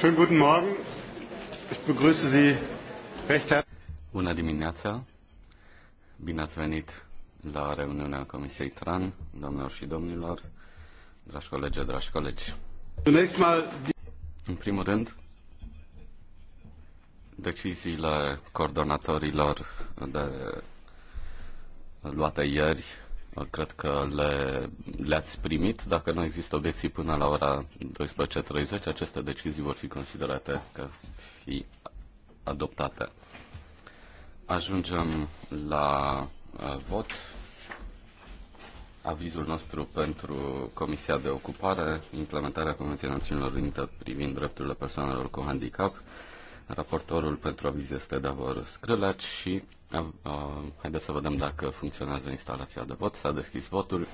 Schönen guten Morgen. Ich begrüße Sie recht herzlich. Bună dimineața. Bine ați venit la reuniunea Comisiei TRAN, domnilor și domnilor, dragi colegi, dragi colegi. În primul rând, deciziile coordonatorilor de luate ieri Cred că le, le-ați primit. Dacă nu există obiecții până la ora 12.30, aceste decizii vor fi considerate că fi adoptate. Ajungem la uh, vot. Avizul nostru pentru Comisia de Ocupare, implementarea Convenției Națiunilor Unite privind drepturile persoanelor cu handicap. Raportorul pentru aviz este Davor Scrălaci și Haideți să vedem dacă funcționează instalația de vot. S-a deschis votul.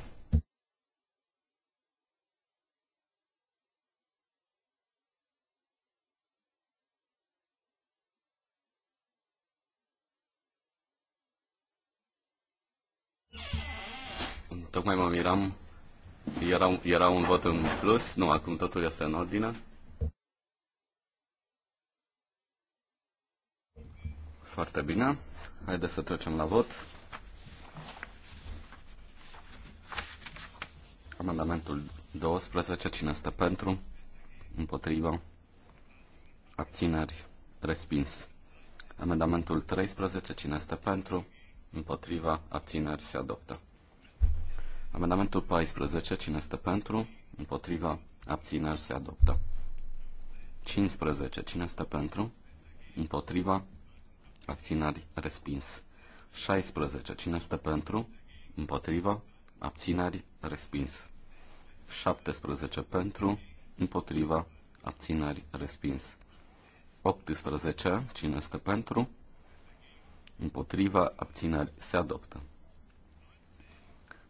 Tocmai mă miram. Era, era un vot în plus. Nu, acum totul este în ordine. Foarte bine. Haideți să trecem la vot. Amendamentul 12. Cine stă pentru? Împotriva? Abțineri? Respins. Amendamentul 13. Cine stă pentru? Împotriva? Abțineri? Se adoptă. Amendamentul 14. Cine stă pentru? Împotriva? Abțineri? Se adoptă. 15. Cine stă pentru? Împotriva? Abținari respins. 16. Cine stă pentru? Împotrivă, Abținari respins. 17 pentru, împotriva, Abținari respins. 18. Cine stă pentru? Împotriva, abțineri, se adoptă.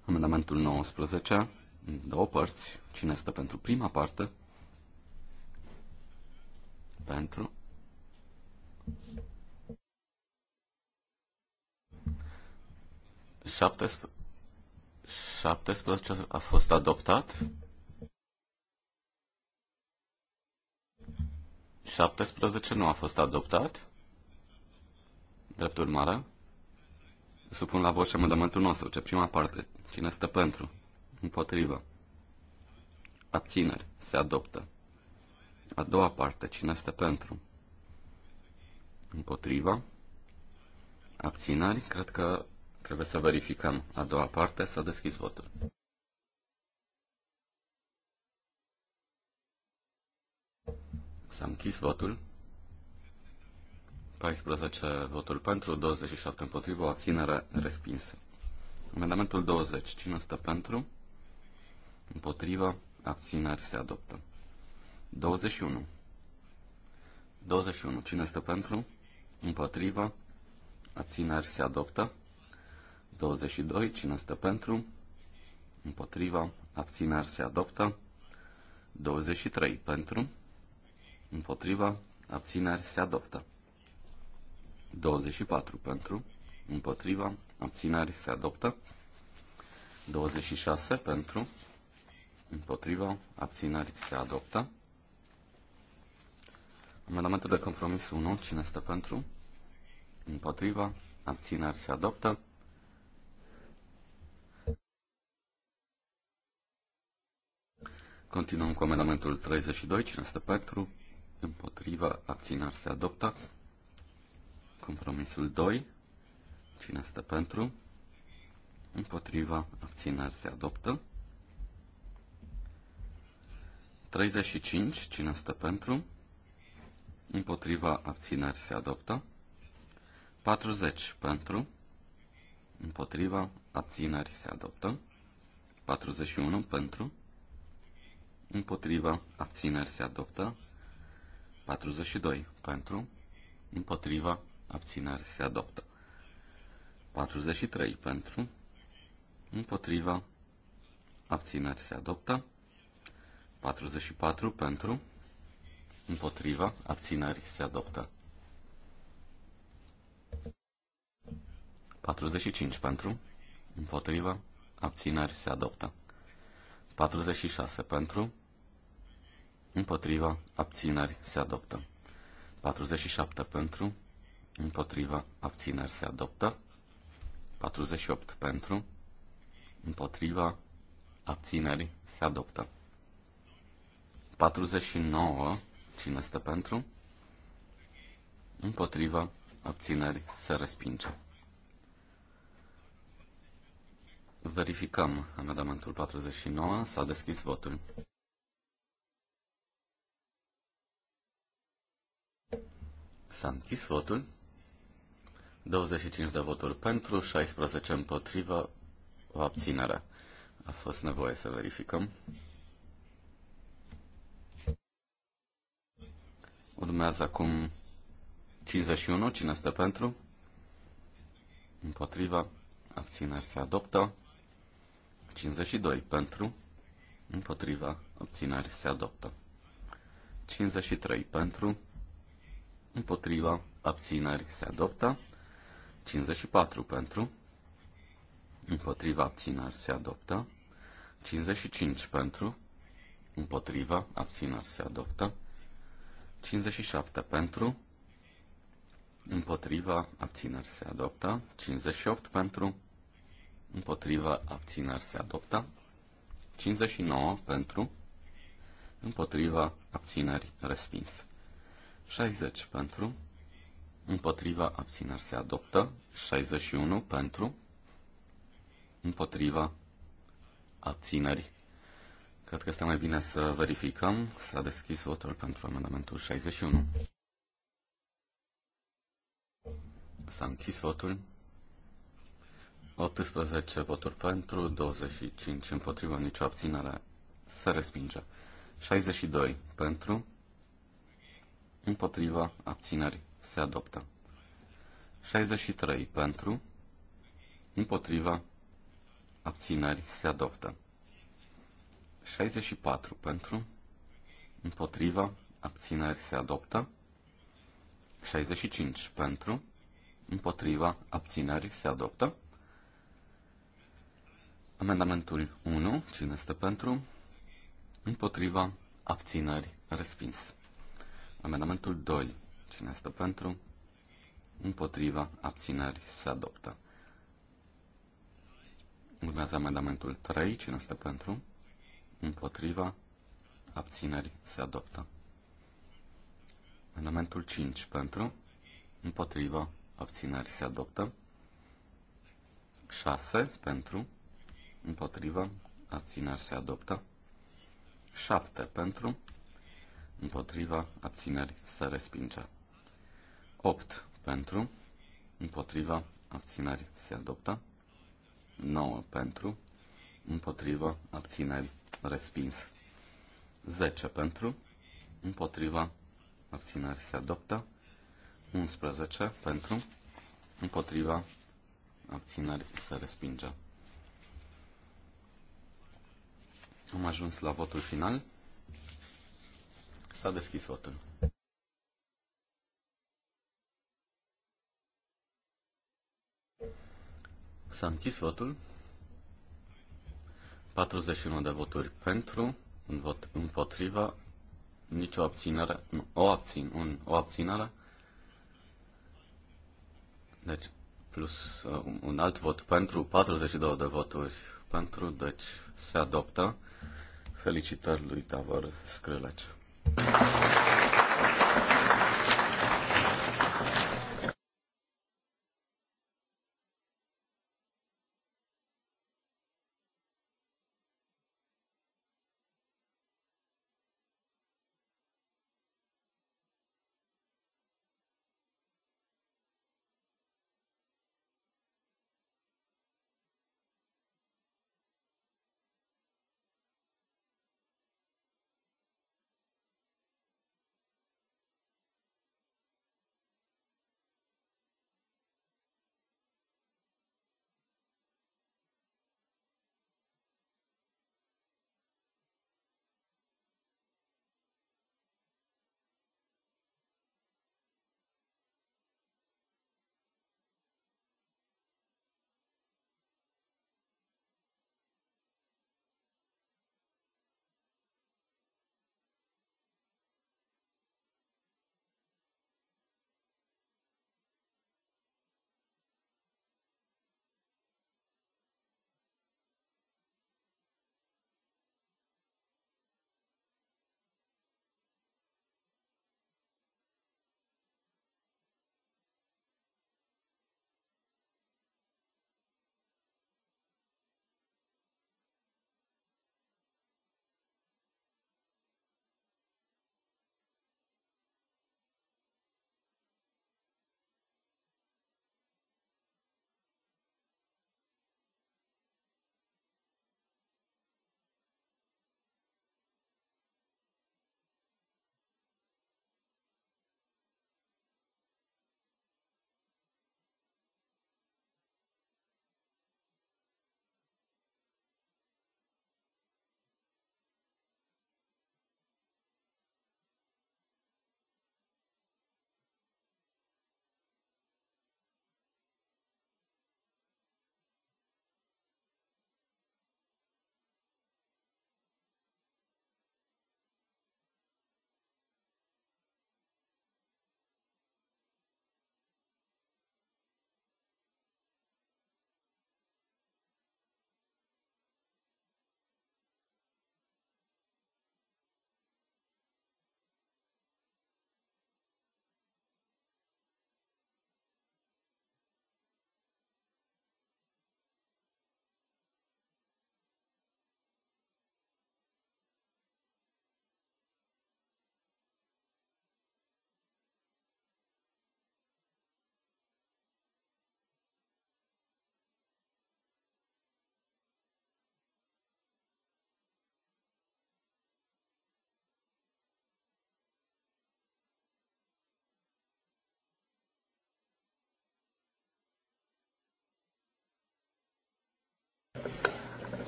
Amendamentul 19, două părți. Cine stă pentru prima parte? Pentru, 17, a fost adoptat. 17 nu a fost adoptat. Drept urmare, supun la vot și amendamentul nostru, ce prima parte. Cine stă pentru? Împotrivă. Abțineri. Se adoptă. A doua parte. Cine stă pentru? Împotriva. Abțineri. Cred că Trebuie să verificăm a doua parte, să deschizi votul. S-a închis votul. 14 voturi pentru, 27 împotrivă, o abținere respinsă. Amendamentul 20. Cine stă pentru? Împotrivă, abțineri se adoptă. 21. 21. Cine stă pentru? Împotrivă, abțineri se adoptă. 22. Cine stă pentru? Împotriva. Abțineri se adoptă. 23. Pentru. Împotriva. Abțineri se adoptă. 24. Pentru. Împotriva. Abțineri se adoptă. 26. Pentru. Împotriva. Abțineri se adoptă. Amendamentul de compromis 1. Cine stă pentru? Împotriva. Abțineri se adoptă. Continuăm cu amendamentul 32. Cine este pentru? Împotriva. Abțineri se adoptă. Compromisul 2. Cine este pentru? Împotriva. Abțineri se adoptă. 35. Cine este pentru? Împotriva. Abțineri se adoptă. 40. Pentru. Împotriva. Abțineri se adoptă. 41. Pentru împotriva, abțineri se adoptă. 42 pentru, împotriva, abțineri se adoptă. 43 pentru, împotriva, abțineri se adoptă. 44 pentru, împotriva, abțineri se adoptă. 45 pentru, împotriva, abțineri se adoptă. 46 pentru, împotriva, abțineri se adoptă. 47 pentru, împotriva, abțineri se adoptă. 48 pentru, împotriva, abțineri se adoptă. 49, cine este pentru? Împotriva, abțineri se respinge. Verificăm amendamentul 49. S-a deschis votul. S-a închis votul. 25 de voturi pentru, 16 împotrivă, o abținere. A fost nevoie să verificăm. Urmează acum 51. Cine este pentru? Împotriva. Abțineri se adoptă. 52 pentru, împotriva, abțineri se adoptă. 53 pentru, împotriva, abțineri se adoptă. 54 pentru, împotriva, abțineri se adoptă. 55 pentru, împotriva, abțineri se adoptă. 57 pentru, împotriva, abțineri se adoptă. 58 pentru, Împotrivă abțineri se adoptă, 59 pentru, Împotrivă abțineri respins, 60 pentru, Împotrivă abțineri se adoptă, 61 pentru, Împotrivă abțineri. Cred că este mai bine să verificăm. S-a deschis votul pentru amendamentul 61. S-a închis votul. 18 voturi pentru, 25 împotriva, nicio abținere. Se respinge. 62 pentru, împotriva, abțineri. Se adoptă. 63 pentru, împotriva, abțineri. Se adoptă. 64 pentru, împotriva, abțineri. Se adoptă. 65 pentru, împotriva, abțineri. Se adoptă. Amendamentul 1. Cine este pentru? Împotriva. Abținări. Respins. Amendamentul 2. Cine este pentru? Împotriva. Abținări. Se adoptă. Urmează amendamentul 3. Cine este pentru? Împotriva. Abținări. Se adoptă. Amendamentul 5. Pentru? Împotriva. Abținări. Se adoptă. 6. Pentru? împotrivă, Abținere se adoptă. 7 pentru, Împotrivă. abțineri se respinge. 8 pentru, Împotrivă. abțineri se adoptă. 9 pentru, Împotrivă. abțineri respins. 10 pentru, Împotrivă. abțineri se adoptă. 11 pentru, Împotrivă. abțineri se respinge. Am ajuns la votul final. S-a deschis votul. S-a închis votul. 41 de voturi pentru, un vot împotriva, nicio abținere, nu, o, abțin, un, o abținere. Deci, plus uh, un alt vot pentru, 42 de voturi pentru, deci se adoptă. Felicitări lui Tavăr Scrâleci.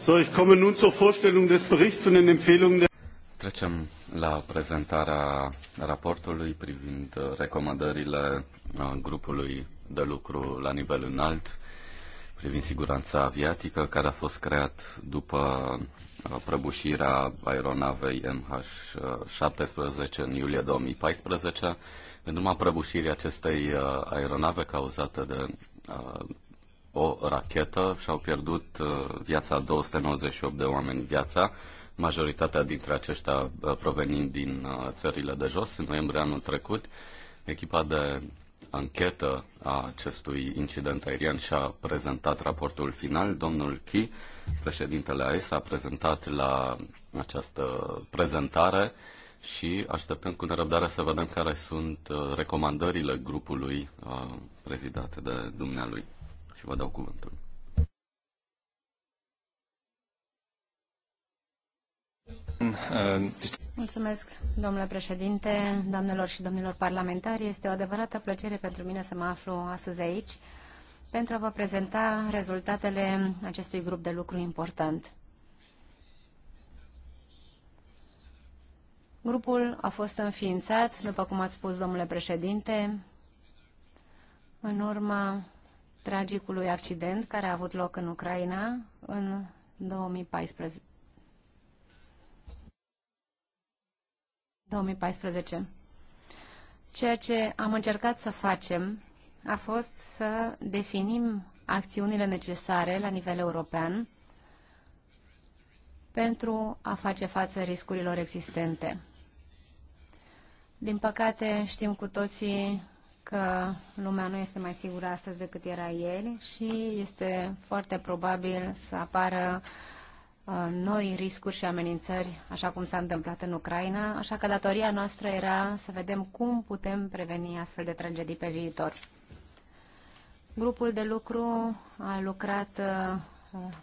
So, ich komme nun zur Vorstellung des Berichts und den Empfehlungen der Trecem la prezentarea raportului privind uh, recomandările uh, grupului de lucru la nivel înalt privind siguranța aviatică care a fost creat după uh, prăbușirea aeronavei MH17 în iulie 2014. În urma prăbușirii acestei aeronave cauzată de o rachetă uh, și au pierdut viața 298 de oameni viața, majoritatea dintre aceștia uh, provenind din uh, țările de jos. În noiembrie anul trecut, echipa de anchetă a acestui incident aerian și-a prezentat raportul final. Domnul Chi, președintele AES, a prezentat la această prezentare și așteptăm cu nerăbdare să vedem care sunt recomandările grupului prezidat de dumnealui și vă dau cuvântul. Mulțumesc, domnule președinte, doamnelor și domnilor parlamentari. Este o adevărată plăcere pentru mine să mă aflu astăzi aici pentru a vă prezenta rezultatele acestui grup de lucru important. Grupul a fost înființat, după cum ați spus, domnule președinte, în urma tragicului accident care a avut loc în Ucraina în 2014. 2014. Ceea ce am încercat să facem a fost să definim acțiunile necesare la nivel european pentru a face față riscurilor existente. Din păcate, știm cu toții că lumea nu este mai sigură astăzi decât era ieri și este foarte probabil să apară uh, noi riscuri și amenințări, așa cum s-a întâmplat în Ucraina, așa că datoria noastră era să vedem cum putem preveni astfel de tragedii pe viitor. Grupul de lucru a lucrat uh,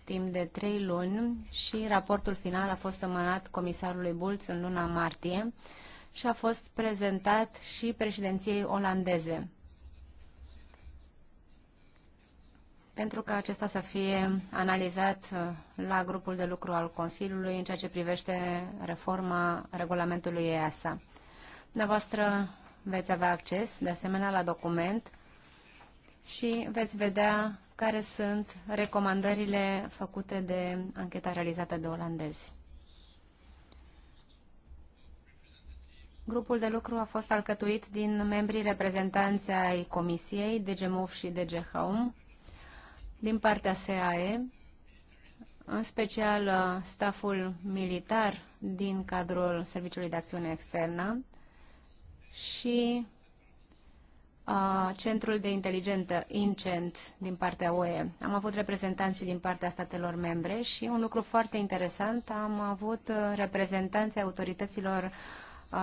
timp de trei luni și raportul final a fost amânat comisarului Bulț în luna martie și a fost prezentat și președinției olandeze. pentru ca acesta să fie analizat uh, la grupul de lucru al Consiliului în ceea ce privește reforma regulamentului EASA. Dumneavoastră veți avea acces, de asemenea, la document și veți vedea care sunt recomandările făcute de ancheta realizată de olandezi. Grupul de lucru a fost alcătuit din membrii reprezentanți ai Comisiei, DG MOV și DG Home, din partea SAE, în special uh, staful militar din cadrul Serviciului de Acțiune Externă și a, uh, Centrul de Inteligentă, INCENT, din partea UE. Am avut reprezentanți și din partea statelor membre și un lucru foarte interesant, am avut uh, reprezentanți autorităților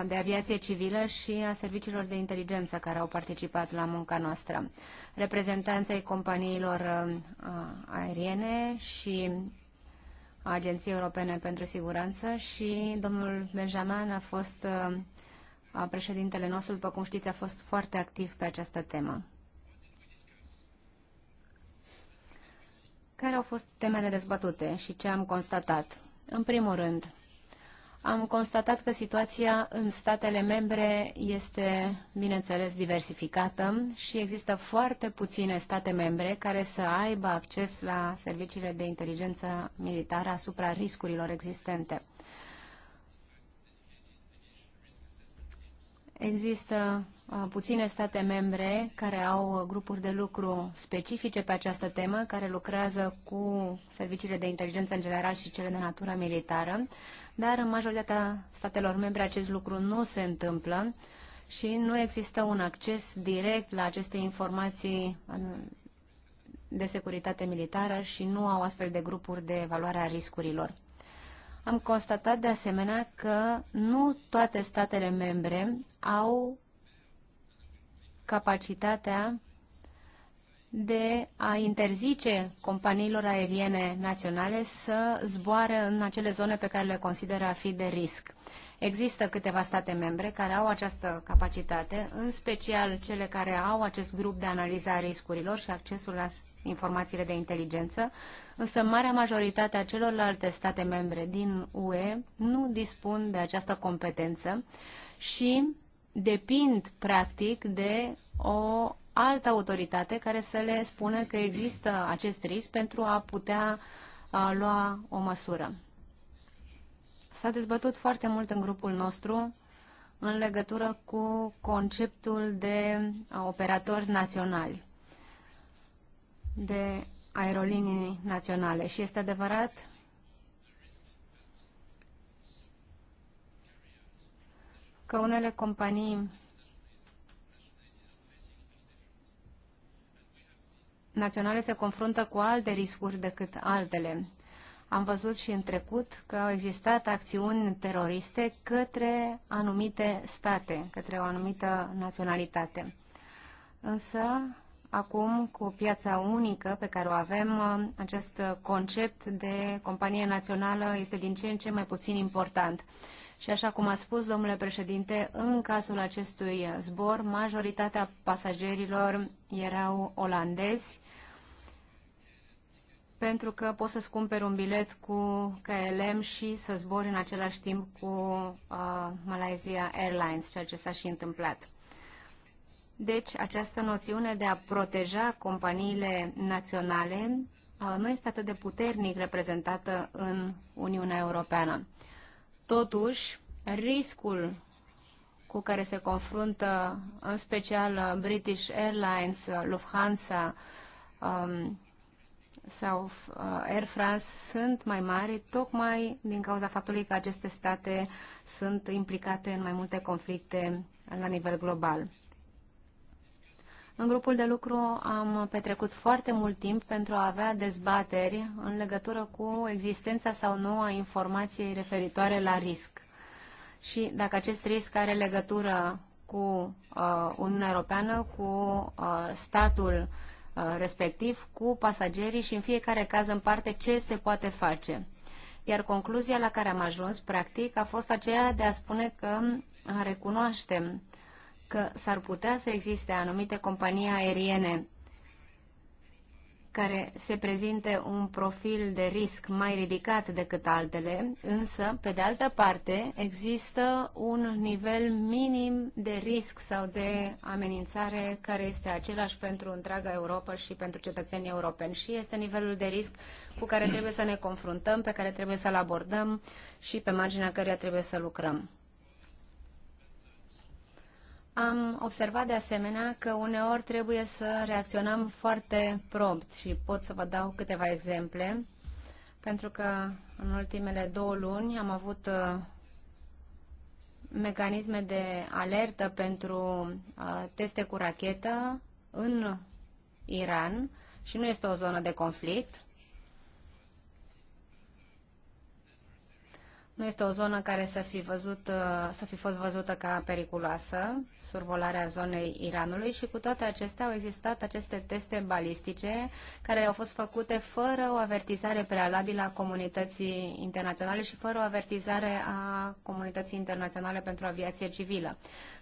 de aviație civilă și a serviciilor de inteligență care au participat la munca noastră, reprezentanței companiilor aeriene și Agenției Europene pentru Siguranță și domnul Benjamin a fost președintele nostru, după cum știți, a fost foarte activ pe această temă. Care au fost temele dezbătute și ce am constatat? În primul rând, am constatat că situația în statele membre este, bineînțeles, diversificată și există foarte puține state membre care să aibă acces la serviciile de inteligență militară asupra riscurilor existente. Există uh, puține state membre care au grupuri de lucru specifice pe această temă, care lucrează cu serviciile de inteligență în general și cele de natură militară dar în majoritatea statelor membre acest lucru nu se întâmplă și nu există un acces direct la aceste informații de securitate militară și nu au astfel de grupuri de evaluare a riscurilor. Am constatat de asemenea că nu toate statele membre au capacitatea de a interzice companiilor aeriene naționale să zboare în acele zone pe care le consideră a fi de risc. Există câteva state membre care au această capacitate, în special cele care au acest grup de analiză a riscurilor și accesul la informațiile de inteligență, însă marea majoritate a celorlalte state membre din UE nu dispun de această competență și depind practic de o altă autoritate care să le spună că există acest risc pentru a putea a, lua o măsură. S-a dezbătut foarte mult în grupul nostru în legătură cu conceptul de operatori naționali, de aerolinii naționale. Și este adevărat că unele companii naționale se confruntă cu alte riscuri decât altele. Am văzut și în trecut că au existat acțiuni teroriste către anumite state, către o anumită naționalitate. Însă, acum, cu piața unică pe care o avem, acest concept de companie națională este din ce în ce mai puțin important și așa cum a spus, domnule președinte, în cazul acestui zbor, majoritatea pasagerilor erau olandezi, pentru că poți să-ți cumperi un bilet cu KLM și să zbori în același timp cu uh, Malaysia Airlines, ceea ce s-a și întâmplat. Deci, această noțiune de a proteja companiile naționale uh, nu este atât de puternic reprezentată în Uniunea Europeană. Totuși, riscul cu care se confruntă în special uh, British Airlines, uh, Lufthansa um, sau uh, Air France sunt mai mari tocmai din cauza faptului că aceste state sunt implicate în mai multe conflicte la nivel global. În grupul de lucru am petrecut foarte mult timp pentru a avea dezbateri în legătură cu existența sau nu a informației referitoare la risc. Și dacă acest risc are legătură cu uh, Uniunea Europeană, cu uh, statul uh, respectiv, cu pasagerii și în fiecare caz în parte ce se poate face. Iar concluzia la care am ajuns, practic, a fost aceea de a spune că recunoaștem uh, că s-ar putea să existe anumite companii aeriene care se prezinte un profil de risc mai ridicat decât altele, însă, pe de altă parte, există un nivel minim de risc sau de amenințare care este același pentru întreaga Europa și pentru cetățenii europeni și este nivelul de risc cu care trebuie să ne confruntăm, pe care trebuie să-l abordăm și pe marginea căruia trebuie să lucrăm. Am observat de asemenea că uneori trebuie să reacționăm foarte prompt și pot să vă dau câteva exemple, pentru că în ultimele două luni am avut uh, mecanisme de alertă pentru uh, teste cu rachetă în Iran și nu este o zonă de conflict, Nu este o zonă care să fi, văzut, uh, să fi fost văzută ca periculoasă, survolarea zonei Iranului și cu toate acestea au existat aceste teste balistice care au fost făcute fără o avertizare prealabilă a comunității internaționale și fără o avertizare a comunității internaționale pentru aviație civilă.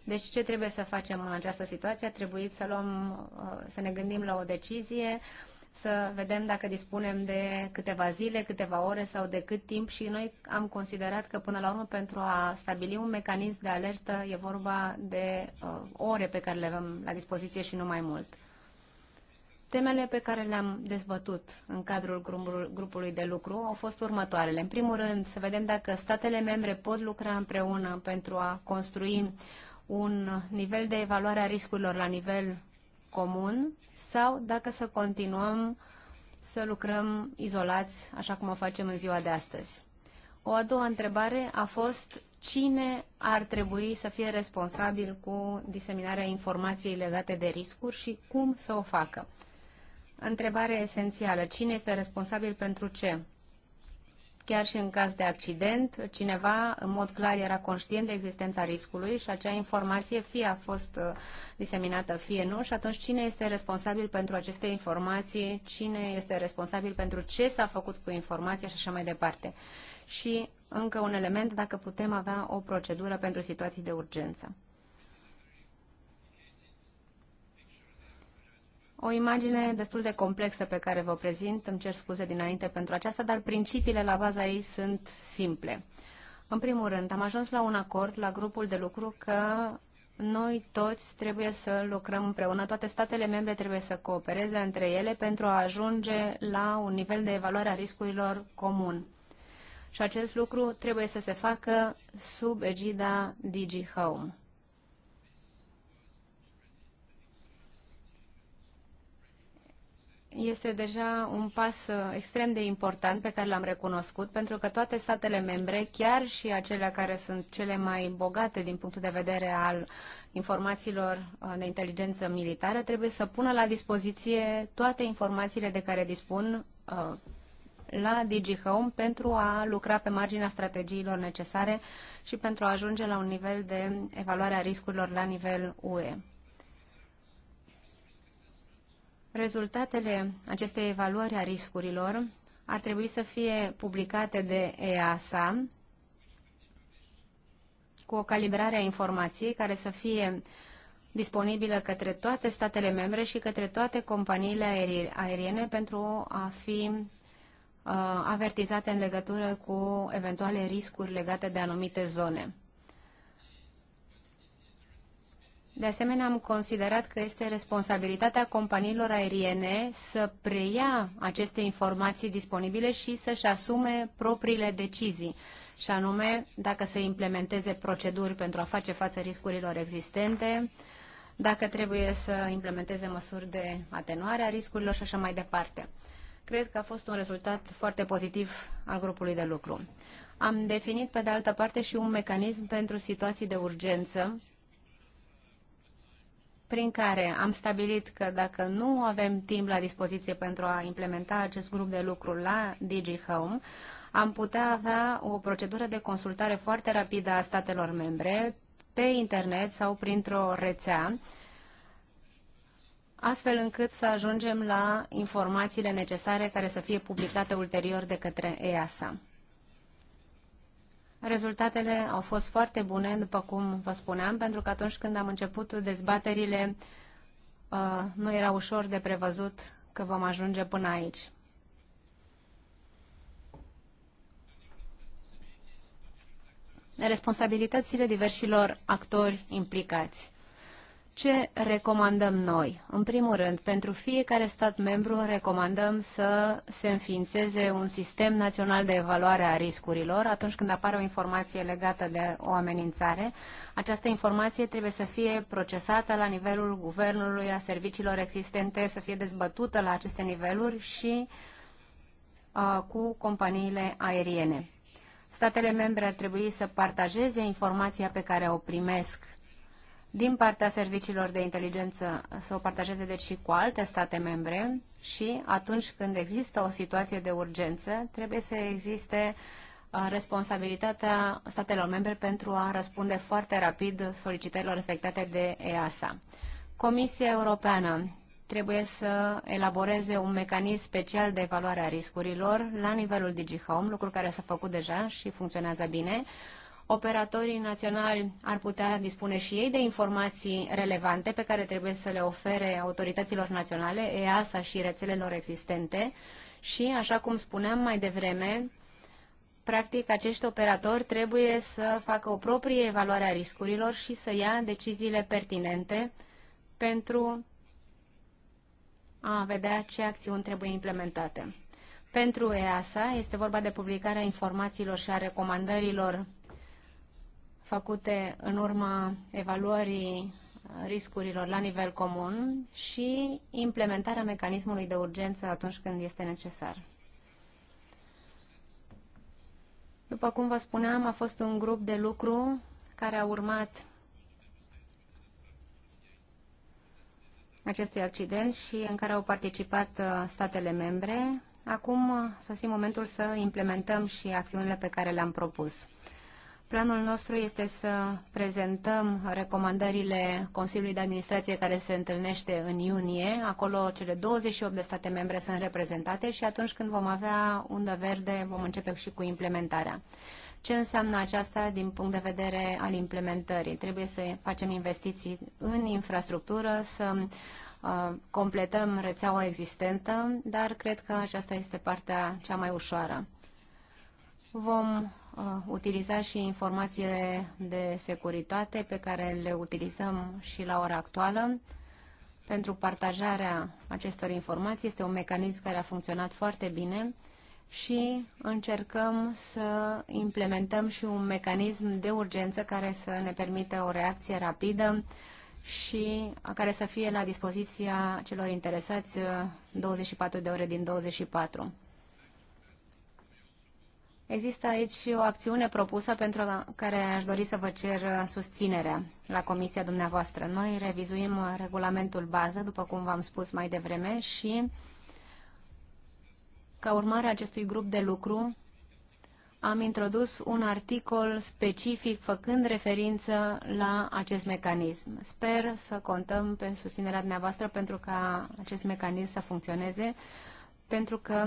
Deci ce trebuie să facem în această situație? Trebuie să, luăm, uh, să ne gândim la o decizie să vedem dacă dispunem de câteva zile, câteva ore sau de cât timp și noi am considerat că până la urmă pentru a stabili un mecanism de alertă e vorba de uh, ore pe care le avem la dispoziție și nu mai mult. Temele pe care le-am dezbătut în cadrul grupului de lucru au fost următoarele. În primul rând, să vedem dacă statele membre pot lucra împreună pentru a construi un nivel de evaluare a riscurilor la nivel comun sau dacă să continuăm să lucrăm izolați, așa cum o facem în ziua de astăzi. O a doua întrebare a fost cine ar trebui să fie responsabil cu diseminarea informației legate de riscuri și cum să o facă. Întrebare esențială. Cine este responsabil pentru ce? Chiar și în caz de accident, cineva în mod clar era conștient de existența riscului și acea informație fie a fost uh, diseminată, fie nu. Și atunci cine este responsabil pentru aceste informații, cine este responsabil pentru ce s-a făcut cu informația și așa mai departe. Și încă un element, dacă putem avea o procedură pentru situații de urgență. O imagine destul de complexă pe care vă prezint, îmi cer scuze dinainte pentru aceasta, dar principiile la baza ei sunt simple. În primul rând, am ajuns la un acord la grupul de lucru că noi toți trebuie să lucrăm împreună, toate statele membre trebuie să coopereze între ele pentru a ajunge la un nivel de evaluare a riscurilor comun. Și acest lucru trebuie să se facă sub egida DigiHome. este deja un pas uh, extrem de important pe care l-am recunoscut, pentru că toate statele membre, chiar și acelea care sunt cele mai bogate din punctul de vedere al informațiilor uh, de inteligență militară, trebuie să pună la dispoziție toate informațiile de care dispun uh, la DigiHome pentru a lucra pe marginea strategiilor necesare și pentru a ajunge la un nivel de evaluare a riscurilor la nivel UE. Rezultatele acestei evaluări a riscurilor ar trebui să fie publicate de EASA cu o calibrare a informației care să fie disponibilă către toate statele membre și către toate companiile aeriene pentru a fi uh, avertizate în legătură cu eventuale riscuri legate de anumite zone. De asemenea, am considerat că este responsabilitatea companiilor aeriene să preia aceste informații disponibile și să-și asume propriile decizii, și anume dacă să implementeze proceduri pentru a face față riscurilor existente, dacă trebuie să implementeze măsuri de atenuare a riscurilor și așa mai departe. Cred că a fost un rezultat foarte pozitiv al grupului de lucru. Am definit, pe de altă parte, și un mecanism pentru situații de urgență prin care am stabilit că dacă nu avem timp la dispoziție pentru a implementa acest grup de lucru la DigiHome, am putea avea o procedură de consultare foarte rapidă a statelor membre pe internet sau printr-o rețea, astfel încât să ajungem la informațiile necesare care să fie publicate ulterior de către EASA. Rezultatele au fost foarte bune, după cum vă spuneam, pentru că atunci când am început dezbaterile, uh, nu era ușor de prevăzut că vom ajunge până aici. Responsabilitățile diversilor actori implicați. Ce recomandăm noi? În primul rând, pentru fiecare stat membru recomandăm să se înființeze un sistem național de evaluare a riscurilor atunci când apare o informație legată de o amenințare. Această informație trebuie să fie procesată la nivelul guvernului, a serviciilor existente, să fie dezbătută la aceste niveluri și uh, cu companiile aeriene. Statele membre ar trebui să partajeze informația pe care o primesc din partea serviciilor de inteligență să o partajeze deci și cu alte state membre și atunci când există o situație de urgență, trebuie să existe uh, responsabilitatea statelor membre pentru a răspunde foarte rapid solicitărilor efectate de EASA. Comisia Europeană trebuie să elaboreze un mecanism special de evaluare a riscurilor la nivelul DigiHome, lucru care s-a făcut deja și funcționează bine. Operatorii naționali ar putea dispune și ei de informații relevante pe care trebuie să le ofere autorităților naționale, EASA și rețelelor existente și, așa cum spuneam mai devreme, practic acești operatori trebuie să facă o proprie evaluare a riscurilor și să ia deciziile pertinente pentru a vedea ce acțiuni trebuie implementate. Pentru EASA este vorba de publicarea informațiilor și a recomandărilor făcute în urma evaluării riscurilor la nivel comun și implementarea mecanismului de urgență atunci când este necesar. După cum vă spuneam, a fost un grup de lucru care a urmat acestui accident și în care au participat uh, statele membre. Acum uh, sosim momentul să implementăm și acțiunile pe care le-am propus. Planul nostru este să prezentăm recomandările Consiliului de Administrație care se întâlnește în iunie. Acolo cele 28 de state membre sunt reprezentate și atunci când vom avea undă verde vom începe și cu implementarea. Ce înseamnă aceasta din punct de vedere al implementării? Trebuie să facem investiții în infrastructură, să uh, completăm rețeaua existentă, dar cred că aceasta este partea cea mai ușoară. Vom Uh, utiliza și informațiile de securitate pe care le utilizăm și la ora actuală pentru partajarea acestor informații. Este un mecanism care a funcționat foarte bine și încercăm să implementăm și un mecanism de urgență care să ne permită o reacție rapidă și care să fie la dispoziția celor interesați uh, 24 de ore din 24. Există aici o acțiune propusă pentru care aș dori să vă cer susținerea la comisia dumneavoastră. Noi revizuim regulamentul bază, după cum v-am spus mai devreme, și ca urmare a acestui grup de lucru am introdus un articol specific făcând referință la acest mecanism. Sper să contăm pe susținerea dumneavoastră pentru ca acest mecanism să funcționeze, pentru că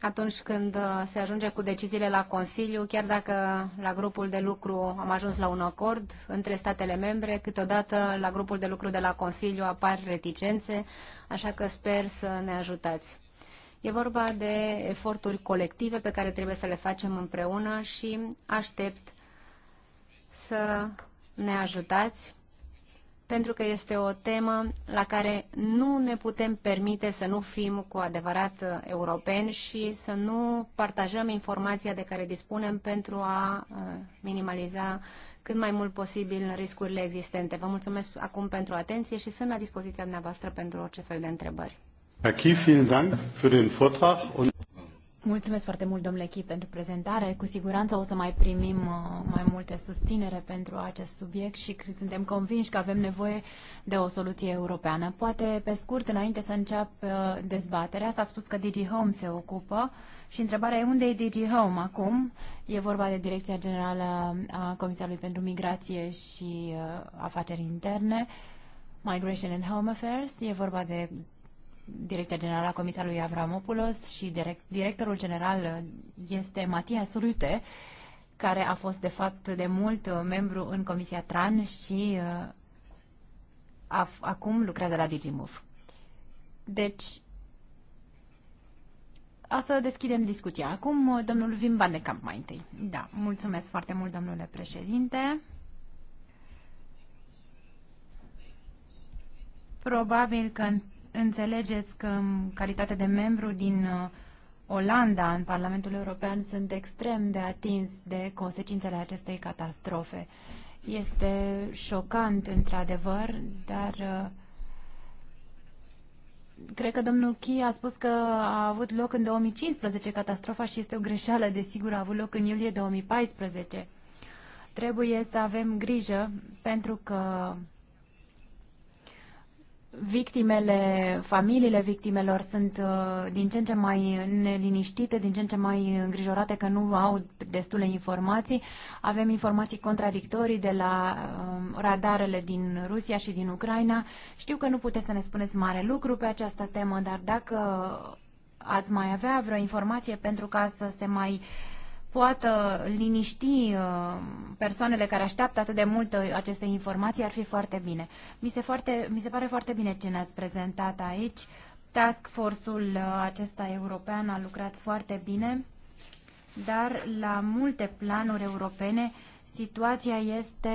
atunci când uh, se ajunge cu deciziile la Consiliu, chiar dacă la grupul de lucru am ajuns la un acord între statele membre, câteodată la grupul de lucru de la Consiliu apar reticențe, așa că sper să ne ajutați. E vorba de eforturi colective pe care trebuie să le facem împreună și aștept să ne ajutați pentru că este o temă la care nu ne putem permite să nu fim cu adevărat uh, europeni și să nu partajăm informația de care dispunem pentru a uh, minimaliza cât mai mult posibil riscurile existente. Vă mulțumesc acum pentru atenție și sunt la dispoziția dumneavoastră pentru orice fel de întrebări. Mulțumesc foarte mult, domnule Chip, pentru prezentare. Cu siguranță o să mai primim uh, mai multe susținere pentru acest subiect și suntem convinși că avem nevoie de o soluție europeană. Poate, pe scurt, înainte să înceapă uh, dezbaterea, s-a spus că DG Home se ocupă și întrebarea e unde e DG Home acum? E vorba de Direcția Generală a Comisarului pentru Migrație și uh, Afaceri Interne, Migration and Home Affairs. E vorba de director general al comisarului Avramopoulos și direct, directorul general este Matias Rute, care a fost de fapt de mult membru în Comisia TRAN și uh, a, acum lucrează la Digimov. Deci, o să deschidem discuția. Acum, domnul Vim Van de Camp mai întâi. Da, mulțumesc foarte mult, domnule președinte. Probabil că înțelegeți că în calitate de membru din uh, Olanda în Parlamentul European sunt extrem de atins de consecințele acestei catastrofe. Este șocant, într-adevăr, dar uh, cred că domnul Chi a spus că a avut loc în 2015 catastrofa și este o greșeală, desigur, a avut loc în iulie 2014. Trebuie să avem grijă pentru că victimele, familiile victimelor sunt uh, din ce în ce mai neliniștite, din ce în ce mai îngrijorate că nu au destule informații. Avem informații contradictorii de la um, radarele din Rusia și din Ucraina. Știu că nu puteți să ne spuneți mare lucru pe această temă, dar dacă ați mai avea vreo informație pentru ca să se mai poată liniști uh, persoanele care așteaptă atât de mult uh, aceste informații, ar fi foarte bine. Mi se, foarte, mi se pare foarte bine ce ne-ați prezentat aici. Task Force-ul uh, acesta european a lucrat foarte bine, dar la multe planuri europene situația este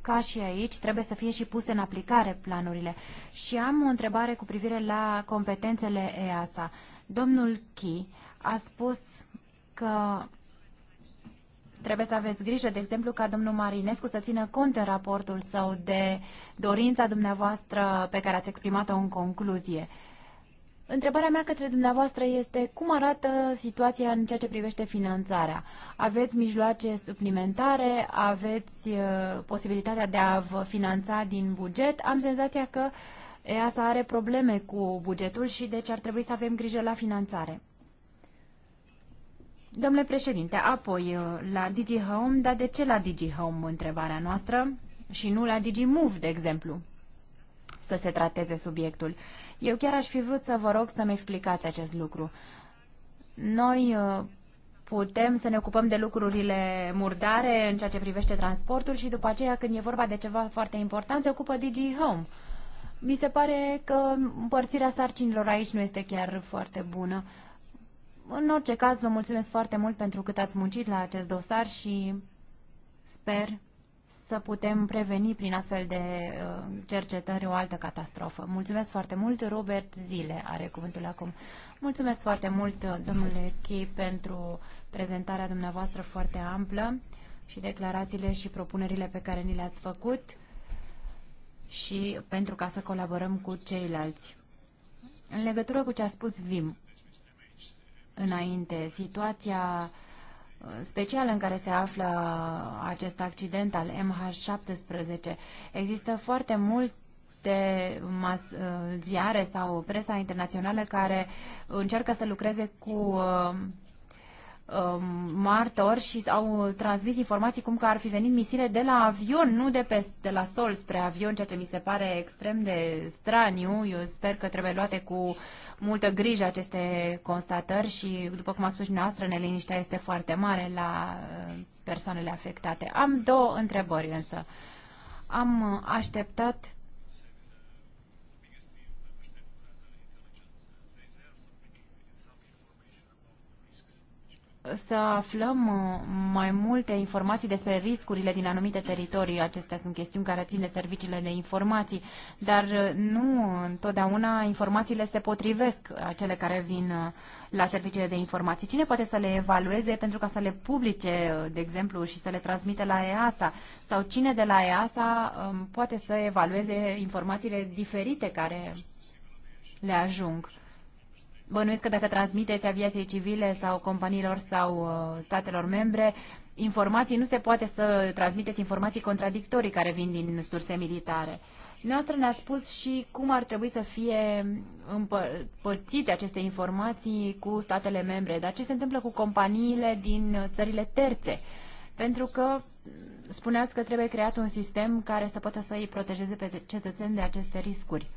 ca și aici, trebuie să fie și puse în aplicare planurile. Și am o întrebare cu privire la competențele EASA. Domnul Chi a spus că trebuie să aveți grijă, de exemplu, ca domnul Marinescu să țină cont în raportul său de dorința dumneavoastră pe care ați exprimat-o în concluzie. Întrebarea mea către dumneavoastră este cum arată situația în ceea ce privește finanțarea? Aveți mijloace suplimentare? Aveți uh, posibilitatea de a vă finanța din buget? Am senzația că EASA are probleme cu bugetul și deci ar trebui să avem grijă la finanțare. Domnule președinte, apoi uh, la DigiHome, dar de ce la DigiHome întrebarea noastră și nu la DigiMove, de exemplu, să se trateze subiectul? Eu chiar aș fi vrut să vă rog să-mi explicați acest lucru. Noi uh, putem să ne ocupăm de lucrurile murdare în ceea ce privește transportul și după aceea când e vorba de ceva foarte important se ocupă DigiHome. Mi se pare că împărțirea sarcinilor aici nu este chiar foarte bună. În orice caz, vă mulțumesc foarte mult pentru cât ați muncit la acest dosar și sper să putem preveni prin astfel de uh, cercetări o altă catastrofă. Mulțumesc foarte mult. Robert Zile are cuvântul acum. Mulțumesc foarte mult, uh, domnule Chei, pentru prezentarea dumneavoastră foarte amplă și declarațiile și propunerile pe care ni le-ați făcut și pentru ca să colaborăm cu ceilalți. În legătură cu ce a spus Vim, înainte. Situația uh, specială în care se află acest accident al MH17. Există foarte mult de mas, uh, ziare sau presa internațională care încearcă să lucreze cu uh, Um, martori și au transmis informații cum că ar fi venit misile de la avion, nu de, pe, de la sol spre avion, ceea ce mi se pare extrem de straniu. Eu sper că trebuie luate cu multă grijă aceste constatări și, după cum a spus și noastră, neliniștea este foarte mare la uh, persoanele afectate. Am două întrebări însă. Am așteptat să aflăm uh, mai multe informații despre riscurile din anumite teritorii. Acestea sunt chestiuni care țin de serviciile de informații, dar uh, nu întotdeauna informațiile se potrivesc, uh, cele care vin la serviciile de informații. Cine poate să le evalueze pentru ca să le publice, de exemplu, și să le transmite la EASA? Sau cine de la EASA um, poate să evalueze informațiile diferite care le ajung? bănuiesc că dacă transmiteți aviației civile sau companiilor sau uh, statelor membre informații, nu se poate să transmiteți informații contradictorii care vin din surse militare. Noastră ne-a spus și cum ar trebui să fie împărțite aceste informații cu statele membre, dar ce se întâmplă cu companiile din țările terțe? Pentru că spuneați că trebuie creat un sistem care să poată să îi protejeze pe cetățeni de aceste riscuri.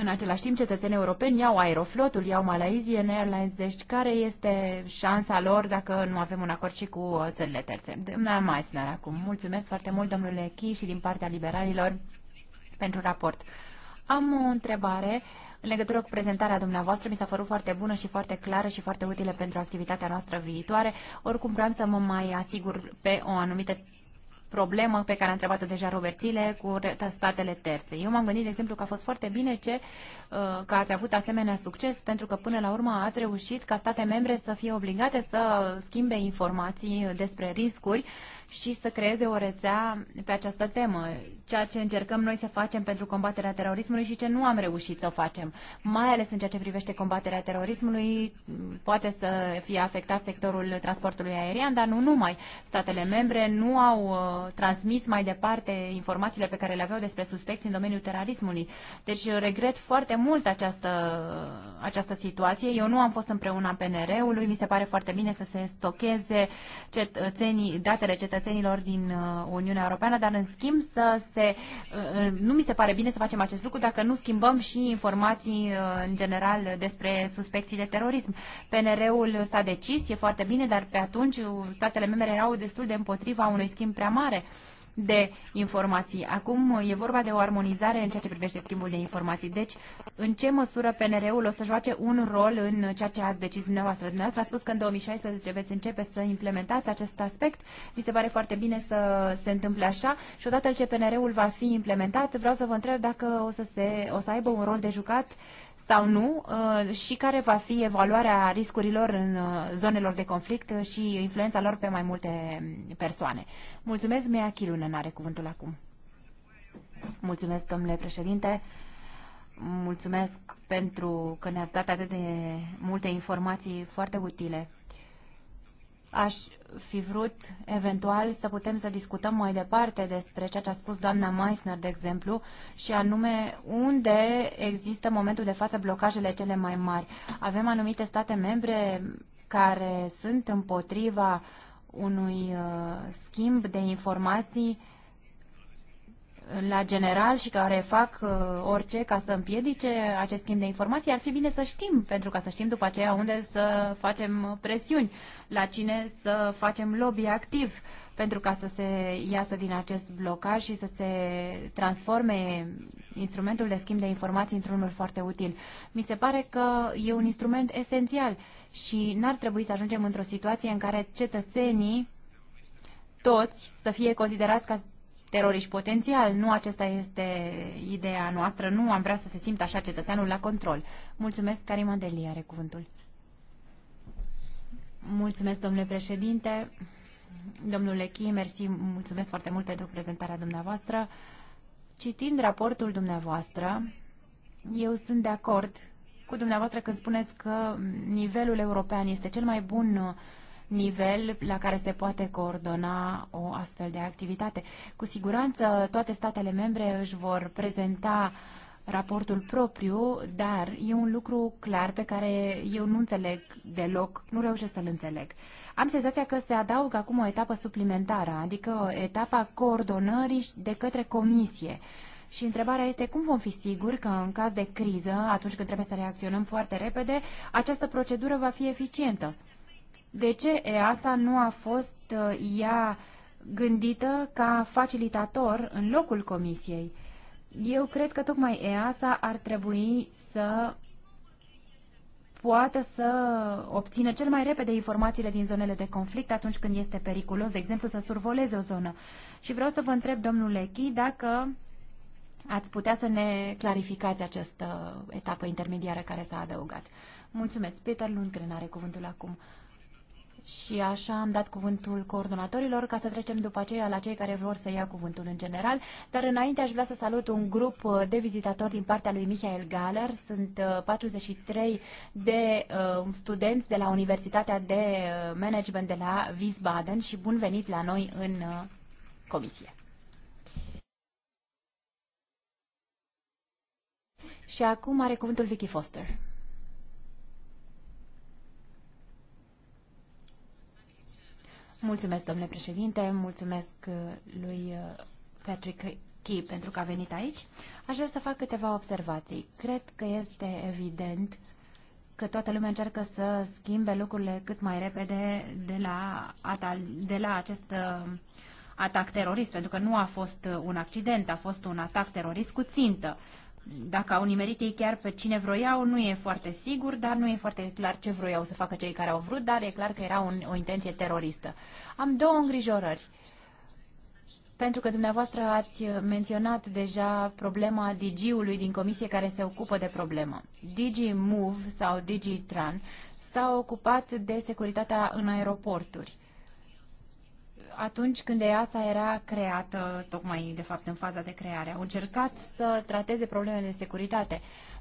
În același timp, cetățenii europeni iau aeroflotul, iau Malaysian Airlines, deci care este șansa lor dacă nu avem un acord și cu uh, țările terțe? mai Meissner, acum, mulțumesc foarte mult, domnule Chi, și din partea liberalilor pentru raport. Am o întrebare. În legătură cu prezentarea dumneavoastră, mi s-a părut foarte bună și foarte clară și foarte utilă pentru activitatea noastră viitoare. Oricum, vreau să mă mai asigur pe o anumită problemă pe care a întrebat-o deja Robertile cu statele terțe. Eu m-am gândit, de exemplu, că a fost foarte bine ce, uh, că ați avut asemenea succes, pentru că până la urmă ați reușit ca state membre să fie obligate să schimbe informații despre riscuri și să creeze o rețea pe această temă, ceea ce încercăm noi să facem pentru combaterea terorismului și ce nu am reușit să o facem. Mai ales în ceea ce privește combaterea terorismului, poate să fie afectat sectorul transportului aerian, dar nu numai. Statele membre nu au uh, transmis mai departe informațiile pe care le aveau despre suspecți în domeniul terorismului. Deci uh, regret foarte mult această, uh, această situație. Eu nu am fost împreună PNR-ului, mi se pare foarte bine să se stocheze cetățenii, datele cetățenilor cetățenilor din uh, Uniunea Europeană, dar în schimb să se... Uh, uh, nu mi se pare bine să facem acest lucru dacă nu schimbăm și informații în general despre suspecții de terorism. PNR-ul s-a decis, e foarte bine, dar pe atunci statele membre erau destul de împotriva unui schimb prea mare de informații. Acum e vorba de o armonizare în ceea ce privește schimbul de informații. Deci, în ce măsură PNR-ul o să joace un rol în ceea ce ați decis dumneavoastră? Dumneavoastră a spus că în 2016 veți începe să implementați acest aspect. Mi se pare foarte bine să se întâmple așa și odată ce PNR-ul va fi implementat, vreau să vă întreb dacă o să, se, o să aibă un rol de jucat sau nu uh, și care va fi evaluarea riscurilor în uh, zonelor de conflict și influența lor pe mai multe persoane. Mulțumesc, Mea Chilunen are cuvântul acum. Mulțumesc, domnule președinte. Mulțumesc pentru că ne-ați dat atât de multe informații foarte utile. Aș fi vrut eventual să putem să discutăm mai departe despre ceea ce a spus doamna Meissner, de exemplu, și anume unde există în momentul de față blocajele cele mai mari. Avem anumite state membre care sunt împotriva unui uh, schimb de informații la general și care fac uh, orice ca să împiedice acest schimb de informații, ar fi bine să știm, pentru ca să știm după aceea unde să facem presiuni, la cine să facem lobby activ, pentru ca să se iasă din acest blocaj și să se transforme instrumentul de schimb de informații într-unul foarte util. Mi se pare că e un instrument esențial și n-ar trebui să ajungem într-o situație în care cetățenii toți să fie considerați ca teroriști potențial. Nu acesta este ideea noastră. Nu am vrea să se simtă așa cetățeanul la control. Mulțumesc, Karima Deli are cuvântul. Mulțumesc, domnule președinte. Domnule Chi, mersi, mulțumesc foarte mult pentru prezentarea dumneavoastră. Citind raportul dumneavoastră, eu sunt de acord cu dumneavoastră când spuneți că nivelul european este cel mai bun uh, nivel la care se poate coordona o astfel de activitate. Cu siguranță toate statele membre își vor prezenta raportul propriu, dar e un lucru clar pe care eu nu înțeleg deloc, nu reușesc să-l înțeleg. Am senzația că se adaugă acum o etapă suplimentară, adică etapa coordonării de către comisie. Și întrebarea este cum vom fi siguri că în caz de criză, atunci când trebuie să reacționăm foarte repede, această procedură va fi eficientă de ce EASA nu a fost uh, ea gândită ca facilitator în locul Comisiei. Eu cred că tocmai EASA ar trebui să poată să obțină cel mai repede informațiile din zonele de conflict atunci când este periculos, de exemplu, să survoleze o zonă. Și vreau să vă întreb, domnule Lechi, dacă ați putea să ne clarificați această etapă intermediară care s-a adăugat. Mulțumesc. Peter Lundgren are cuvântul acum și așa am dat cuvântul coordonatorilor ca să trecem după aceea la cei care vor să ia cuvântul în general. Dar înainte aș vrea să salut un grup de vizitatori din partea lui Michael Galer. Sunt 43 uh, de uh, studenți de la Universitatea de uh, Management de la Wiesbaden și bun venit la noi în uh, comisie. Și acum are cuvântul Vicky Foster. Mulțumesc, domnule președinte, mulțumesc uh, lui uh, Patrick Key pentru că a venit aici. Aș vrea să fac câteva observații. Cred că este evident că toată lumea încearcă să schimbe lucrurile cât mai repede de la, de la acest uh, atac terorist, pentru că nu a fost un accident, a fost un atac terorist cu țintă dacă au nimerit ei chiar pe cine vroiau, nu e foarte sigur, dar nu e foarte clar ce vroiau să facă cei care au vrut, dar e clar că era un, o intenție teroristă. Am două îngrijorări. Pentru că dumneavoastră ați menționat deja problema DG-ului din comisie care se ocupă de problemă. DG Move sau DG Tran s au ocupat de securitatea în aeroporturi atunci când EASA era creată, tocmai de fapt în faza de creare. Au încercat să trateze problemele de securitate,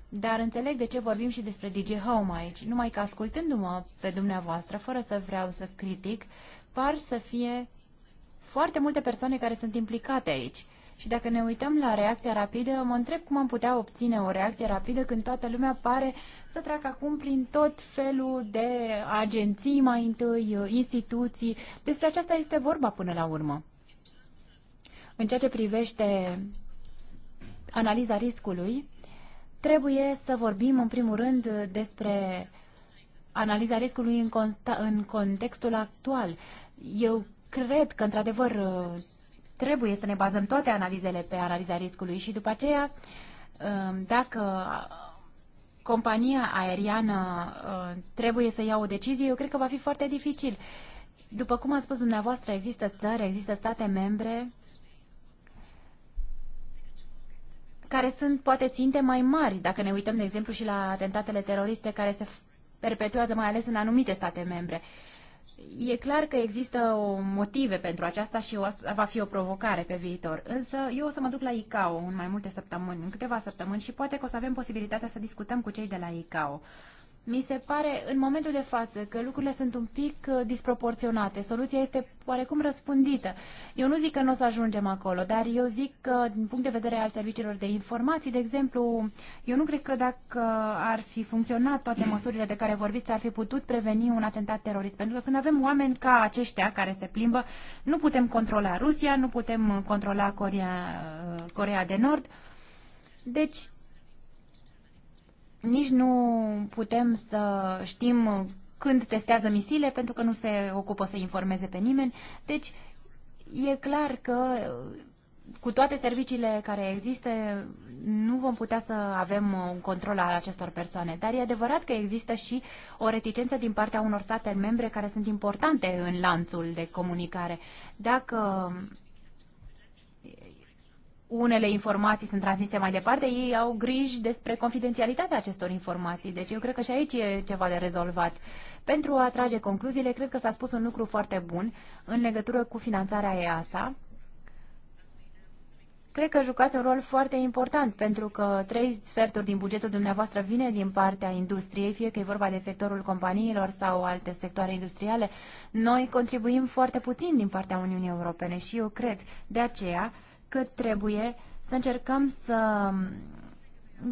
dar înțeleg de ce vorbim și despre DJ Home aici. Numai că ascultându-mă pe dumneavoastră, fără să vreau să critic, par să fie foarte multe persoane care sunt implicate aici. Și dacă ne uităm la reacția rapidă, mă întreb cum am putea obține o reacție rapidă când toată lumea pare să treacă acum prin tot felul de agenții mai întâi, instituții. Despre aceasta este vorba până la urmă. În ceea ce privește analiza riscului, trebuie să vorbim în primul rând despre analiza riscului în, consta, în contextul actual. Eu cred că, într-adevăr, trebuie să ne bazăm toate analizele pe analiza riscului și după aceea, um, dacă compania aeriană uh, trebuie să ia o decizie, eu cred că va fi foarte dificil. După cum a spus dumneavoastră, există țări, există state membre care sunt poate ținte mai mari, dacă ne uităm, de exemplu, și la atentatele teroriste care se perpetuează mai ales în anumite state membre. E clar că există o motive pentru aceasta și o, va fi o provocare pe viitor. Însă eu o să mă duc la ICAO în mai multe săptămâni, în câteva săptămâni și poate că o să avem posibilitatea să discutăm cu cei de la ICAO. Mi se pare în momentul de față că lucrurile sunt un pic uh, disproporționate. Soluția este oarecum răspândită. Eu nu zic că nu o să ajungem acolo, dar eu zic că din punct de vedere al serviciilor de informații, de exemplu, eu nu cred că dacă ar fi funcționat toate măsurile de care vorbiți, ar fi putut preveni un atentat terorist. Pentru că când avem oameni ca aceștia care se plimbă, nu putem controla Rusia, nu putem controla Corea, uh, Corea de Nord. Deci, nici nu putem să știm când testează misile, pentru că nu se ocupă să informeze pe nimeni. Deci, e clar că uh, cu toate serviciile care există, nu vom putea să avem uh, un control al acestor persoane. Dar e adevărat că există și o reticență din partea unor state membre care sunt importante în lanțul de comunicare. Dacă unele informații sunt transmise mai departe, ei au griji despre confidențialitatea acestor informații. Deci eu cred că și aici e ceva de rezolvat. Pentru a trage concluziile, cred că s-a spus un lucru foarte bun în legătură cu finanțarea EASA. Cred că jucați un rol foarte important, pentru că trei sferturi din bugetul dumneavoastră vine din partea industriei, fie că e vorba de sectorul companiilor sau alte sectoare industriale. Noi contribuim foarte puțin din partea Uniunii Europene și eu cred de aceea cât trebuie, să încercăm să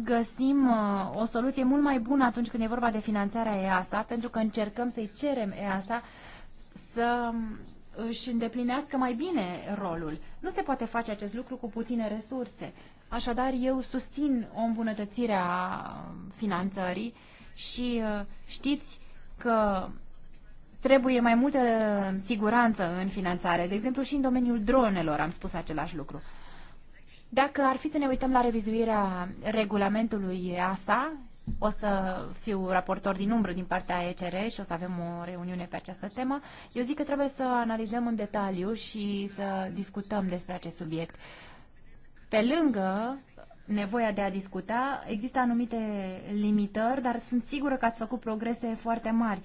găsim uh, o soluție mult mai bună atunci când e vorba de finanțarea EASA, pentru că încercăm să-i cerem EASA să um, își îndeplinească mai bine rolul. Nu se poate face acest lucru cu puține resurse. Așadar, eu susțin o îmbunătățire a um, finanțării și uh, știți că trebuie mai multă siguranță în finanțare. De exemplu, și în domeniul dronelor am spus același lucru. Dacă ar fi să ne uităm la revizuirea regulamentului EASA, o să fiu raportor din umbră din partea ECR și o să avem o reuniune pe această temă. Eu zic că trebuie să analizăm în detaliu și să discutăm despre acest subiect. Pe lângă nevoia de a discuta, există anumite limitări, dar sunt sigură că ați făcut progrese foarte mari.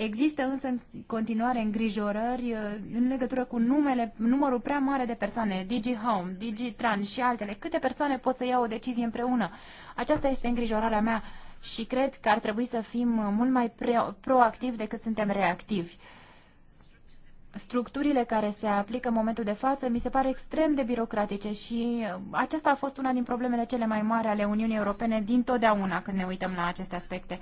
Există însă în continuare îngrijorări uh, în legătură cu numele, numărul prea mare de persoane, digi trans și altele. Câte persoane pot să iau o decizie împreună? Aceasta este îngrijorarea mea și cred că ar trebui să fim uh, mult mai proactivi decât suntem reactivi. Structurile care se aplică în momentul de față mi se pare extrem de birocratice și uh, aceasta a fost una din problemele cele mai mari ale Uniunii Europene din totdeauna când ne uităm la aceste aspecte.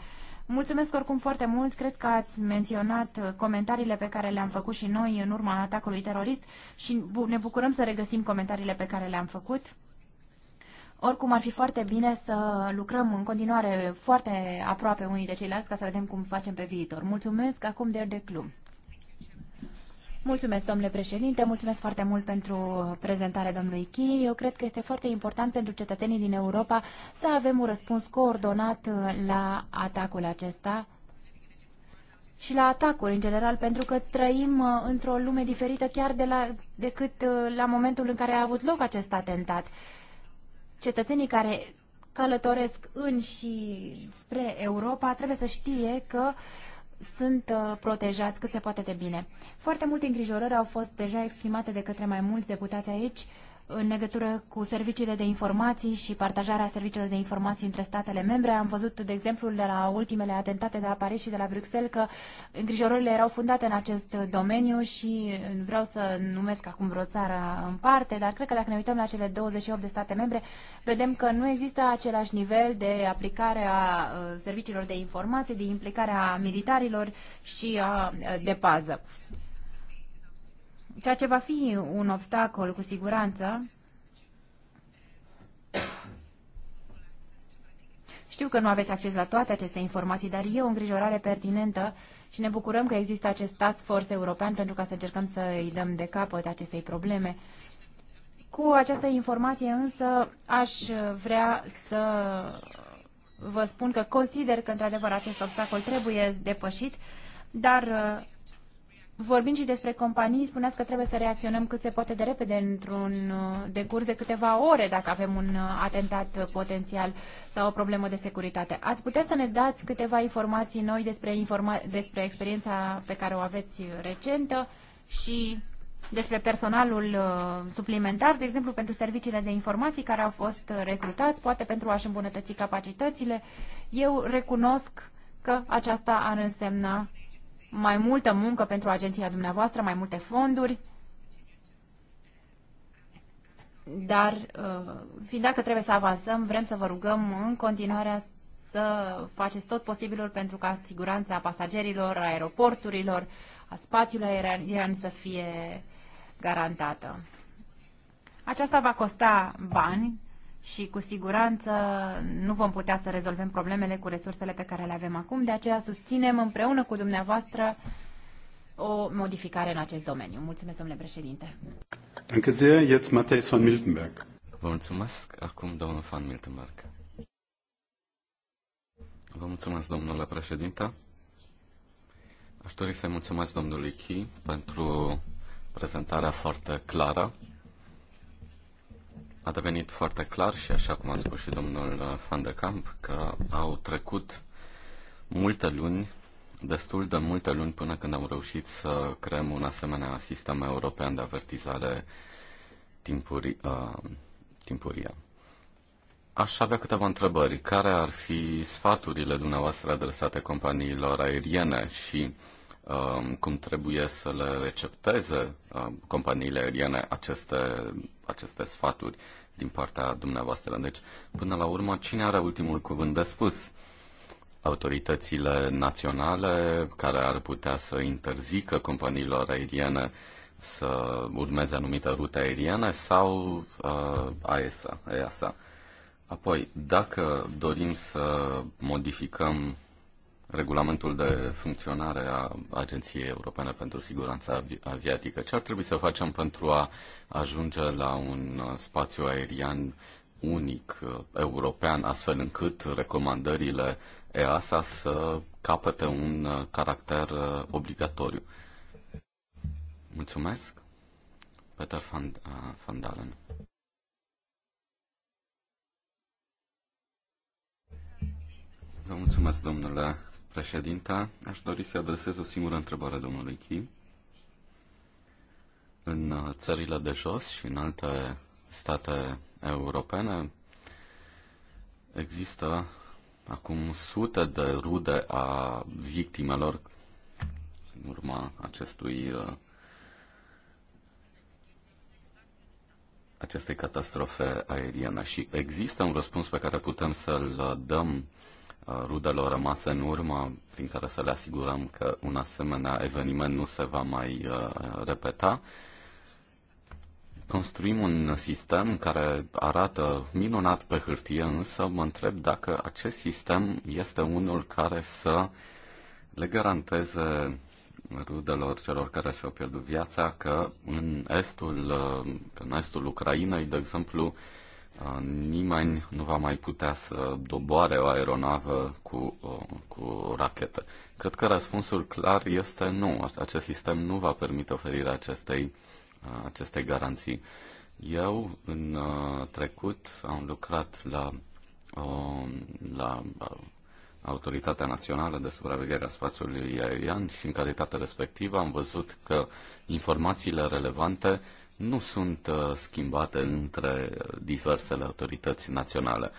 Mulțumesc oricum foarte mult. Cred că ați menționat uh, comentariile pe care le-am făcut și noi în urma atacului terorist și ne bucurăm să regăsim comentariile pe care le-am făcut. Oricum ar fi foarte bine să lucrăm în continuare foarte aproape unii de ceilalți ca să vedem cum facem pe viitor. Mulțumesc acum de de Club. Mulțumesc, domnule președinte, mulțumesc foarte mult pentru prezentarea domnului Chi. Eu cred că este foarte important pentru cetățenii din Europa să avem un răspuns coordonat la atacul acesta și la atacuri în general, pentru că trăim uh, într-o lume diferită chiar de la, decât uh, la momentul în care a avut loc acest atentat. Cetățenii care călătoresc în și spre Europa trebuie să știe că uh, sunt uh, protejați cât se poate de bine. Foarte multe îngrijorări au fost deja exprimate de către mai mulți deputați aici în legătură cu serviciile de informații și partajarea serviciilor de informații între statele membre. Am văzut, de exemplu, de la ultimele atentate de la Paris și de la Bruxelles că îngrijorările erau fundate în acest domeniu și vreau să numesc acum vreo țară în parte, dar cred că dacă ne uităm la cele 28 de state membre, vedem că nu există același nivel de aplicare a uh, serviciilor de informații, de implicare a militarilor și a, uh, de pază ceea ce va fi un obstacol cu siguranță. Știu că nu aveți acces la toate aceste informații, dar e o îngrijorare pertinentă și ne bucurăm că există acest task force european pentru ca să încercăm să îi dăm de capăt acestei probleme. Cu această informație însă aș vrea să vă spun că consider că într-adevăr acest obstacol trebuie depășit, dar Vorbind și despre companii, spuneați că trebuie să reacționăm cât se poate de repede într-un uh, decurs de câteva ore dacă avem un uh, atentat potențial sau o problemă de securitate. Ați putea să ne dați câteva informații noi despre, informa- despre experiența pe care o aveți recentă și despre personalul uh, suplimentar, de exemplu pentru serviciile de informații care au fost recrutați, poate pentru a-și îmbunătăți capacitățile. Eu recunosc că aceasta ar însemna mai multă muncă pentru agenția dumneavoastră, mai multe fonduri, dar uh, fiind dacă trebuie să avansăm, vrem să vă rugăm în continuare să faceți tot posibilul pentru ca siguranța pasagerilor, aeroporturilor, a spațiului aerian să fie garantată. Aceasta va costa bani, și cu siguranță nu vom putea să rezolvăm problemele cu resursele pe care le avem acum, de aceea susținem împreună cu dumneavoastră o modificare în acest domeniu. Mulțumesc, domnule președinte. Danke sehr. Jetzt Matthäus von Miltenberg. Vă mulțumesc. Acum domnul van Miltenberg. Vă mulțumesc, domnule președinte. Aș dori să-i mulțumesc domnului Chi pentru prezentarea foarte clară a devenit foarte clar și așa cum a spus și domnul uh, Van de Camp că au trecut multe luni, destul de multe luni până când am reușit să creăm un asemenea sistem european de avertizare timpuri, uh, timpurie. Aș avea câteva întrebări. Care ar fi sfaturile dumneavoastră adresate companiilor aeriene și uh, cum trebuie să le recepteze uh, companiile aeriene aceste aceste sfaturi din partea dumneavoastră. Deci, până la urmă, cine are ultimul cuvânt de spus? Autoritățile naționale care ar putea să interzică companiilor aeriene să urmeze anumite rute aeriene sau uh, AESA, EASA. Apoi, dacă dorim să modificăm regulamentul de funcționare a Agenției Europene pentru Siguranța Aviatică. Ce ar trebui să facem pentru a ajunge la un spațiu aerian unic uh, european, astfel încât recomandările EASA să capete un uh, caracter uh, obligatoriu? Mulțumesc. Peter van, van Dalen. Vă mulțumesc, domnule președinta. Aș dori să adresez o singură întrebare domnului Kim. În uh, țările de jos și în alte state europene există acum sute de rude a victimelor în urma acestui uh, acestei catastrofe aeriene și există un răspuns pe care putem să-l uh, dăm rudelor rămase în urmă, prin care să le asigurăm că un asemenea eveniment nu se va mai uh, repeta. Construim un sistem care arată minunat pe hârtie, însă mă întreb dacă acest sistem este unul care să le garanteze rudelor celor care și-au pierdut viața că în estul, uh, în estul Ucrainei, de exemplu, nimeni nu va mai putea să doboare o aeronavă cu, cu rachetă. Cred că răspunsul clar este nu. Acest sistem nu va permite oferirea acestei, acestei garanții. Eu, în trecut, am lucrat la, la Autoritatea Națională de Supraveghere a Spațiului Aerian și în calitatea respectivă am văzut că informațiile relevante nu sunt uh, schimbate între diversele autorități naționale.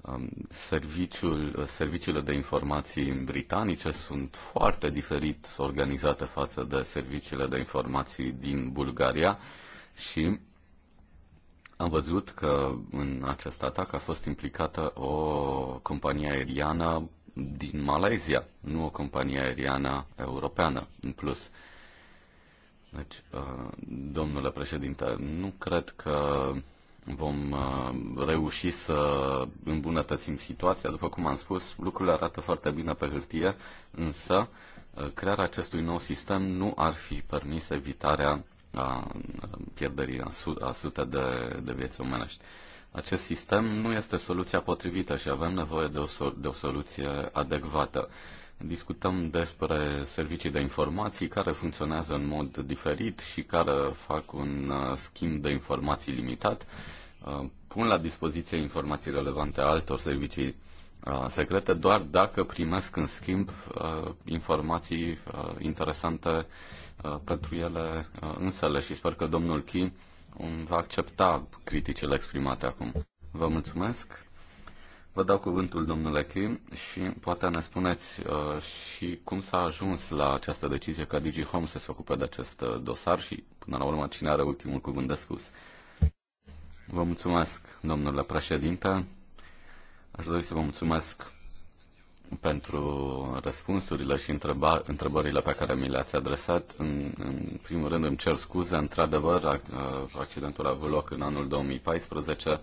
Um, serviciul, uh, serviciile de informații britanice sunt foarte diferit organizate față de serviciile de informații din Bulgaria și am văzut că în acest atac a fost implicată o companie aeriană din Malaysia, nu o companie aeriană europeană în plus. Deci, uh, domnule președinte, nu cred că vom uh, reuși să îmbunătățim situația. După cum am spus, lucrurile arată foarte bine pe hârtie, însă uh, crearea acestui nou sistem nu ar fi permis evitarea a pierderii a, sute de, de vieți omenești. Acest sistem nu este soluția potrivită și avem nevoie de o, so- de o soluție adecvată. Discutăm despre servicii de informații care funcționează în mod diferit și care fac un uh, schimb de informații limitat. Uh, pun la dispoziție informații relevante altor servicii uh, secrete doar dacă primesc în schimb informații interesante pentru ele însele și sper că domnul Chi va accepta criticile exprimate acum. Vă mulțumesc. Vă dau cuvântul, domnule Kim, și poate ne spuneți uh, și cum s-a ajuns la această decizie ca Digi Home să se ocupe de acest uh, dosar și, până la urmă, cine are ultimul cuvânt de spus. Vă mulțumesc, domnule președinte. Aș dori să vă mulțumesc pentru răspunsurile și întreba, întrebările pe care mi le-ați adresat. În, în primul rând îmi cer scuze, într-adevăr, uh, accidentul a avut loc în anul 2014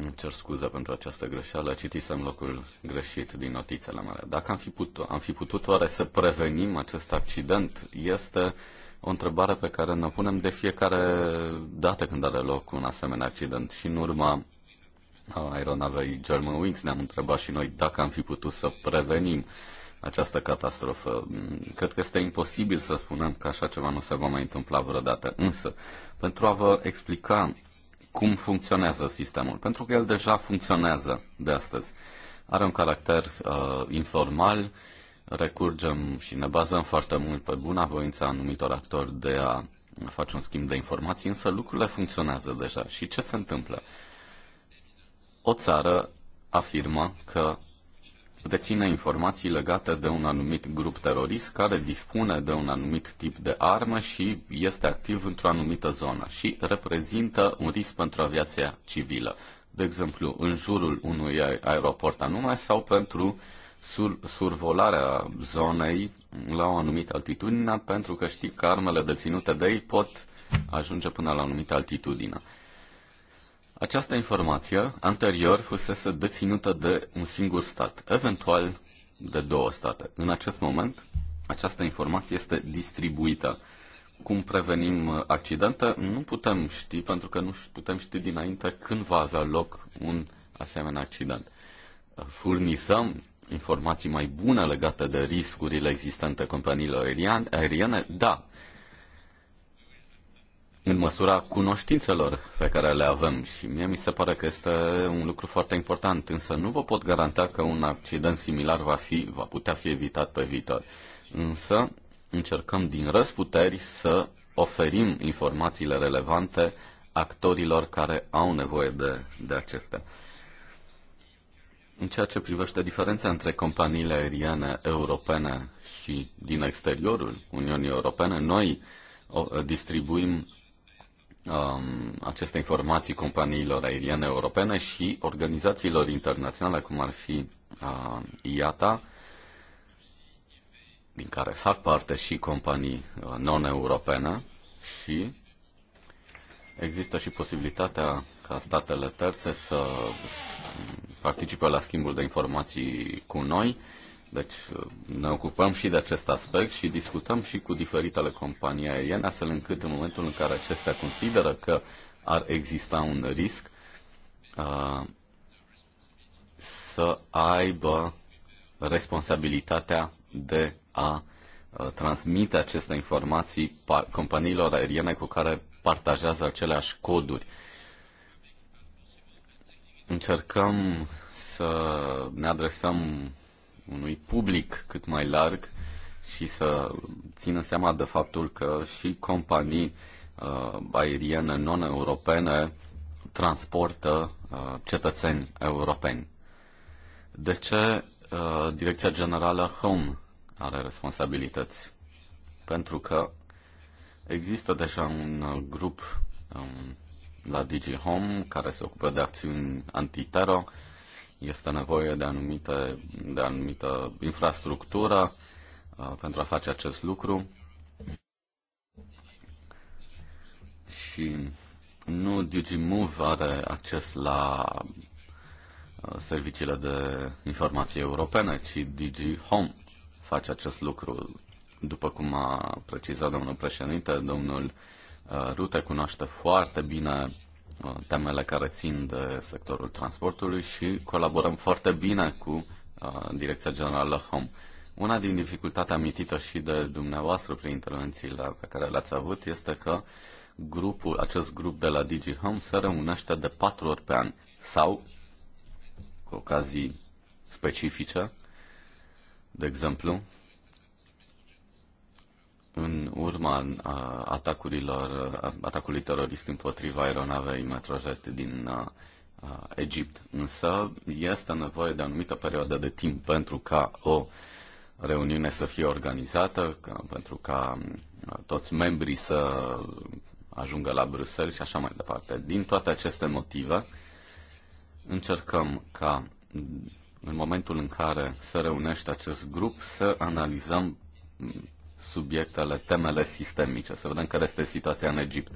îmi cer scuze pentru această greșeală, citisem locul greșit din notițele mele. Dacă am fi putut, am fi putut oare să prevenim acest accident? Este o întrebare pe care ne punem de fiecare dată când are loc un asemenea accident și în urma aeronavei Germanwings ne-am întrebat și noi dacă am fi putut să prevenim această catastrofă. Cred că este imposibil să spunem că așa ceva nu se va mai întâmpla vreodată. Însă, pentru a vă explica cum funcționează sistemul, pentru că el deja funcționează de astăzi. Are un caracter uh, informal, recurgem și ne bazăm foarte mult pe buna voință a anumitor actori de a face un schimb de informații, însă lucrurile funcționează deja. Și ce se întâmplă? O țară afirmă că deține informații legate de un anumit grup terorist care dispune de un anumit tip de armă și este activ într-o anumită zonă și reprezintă un risc pentru aviația civilă, de exemplu în jurul unui aeroport anume sau pentru sur- survolarea zonei la o anumită altitudine, pentru că știi că armele deținute de ei pot ajunge până la o anumită altitudine. Această informație anterior fusese deținută de un singur stat, eventual de două state. În acest moment, această informație este distribuită. Cum prevenim uh, accidente? Nu putem ști, pentru că nu putem ști dinainte când va avea loc un asemenea accident. Uh, furnizăm informații mai bune legate de riscurile existente companiilor aeriene? Da, în măsura cunoștințelor pe care le avem și mie mi se pare că este un lucru foarte important, însă nu vă pot garanta că un accident similar va, fi, va putea fi evitat pe viitor. Însă încercăm din răsputeri să oferim informațiile relevante actorilor care au nevoie de, de acestea. În ceea ce privește diferența între companiile aeriene europene și din exteriorul Uniunii Europene, noi distribuim um, aceste informații companiilor aeriene europene și organizațiilor internaționale, cum ar fi uh, IATA, din care fac parte și companii uh, non-europene și există și posibilitatea ca statele terțe să participe la schimbul de informații cu noi. Uh, deci uh, ne ocupăm și de acest aspect și discutăm și cu diferitele companii aeriene, astfel încât în momentul în care acestea consideră că ar exista un risc, uh, să aibă responsabilitatea de a uh, transmite aceste informații companiilor aeriene cu care partajează aceleași coduri. Încercăm să ne adresăm unui public cât mai larg și să țină seama de faptul că și companii uh, aeriene non-europene transportă uh, cetățeni europeni. De ce uh, Direcția Generală Home are responsabilități? Pentru că există deja un uh, grup um, la DG care se ocupă de acțiuni antitero, uh, este nevoie de, anumite, de anumită infrastructură uh, pentru a face acest lucru. Și nu DigiMove are acces la uh, serviciile de informații europene, ci DigiHome face acest lucru. După cum a precizat domnul președinte, domnul uh, Rute cunoaște foarte bine Uh, temele care țin de sectorul transportului și colaborăm foarte bine cu uh, Direcția Generală HOME. Una din dificultatea amintită și de dumneavoastră prin intervențiile pe care le-ați avut este că grupul, acest grup de la Digi se reunește de patru ori pe an sau cu ocazii specifice, de exemplu, în urma atacurilor, atacului terorist împotriva aeronavei Metrojet din Egipt. Însă este nevoie de anumită perioadă de timp pentru ca o reuniune să fie organizată, ca, pentru ca toți membrii să ajungă la Bruxelles și așa mai departe. Din toate aceste motive, încercăm ca în momentul în care se reunește acest grup să analizăm subiectele, temele sistemice, să vedem care este situația în Egipt,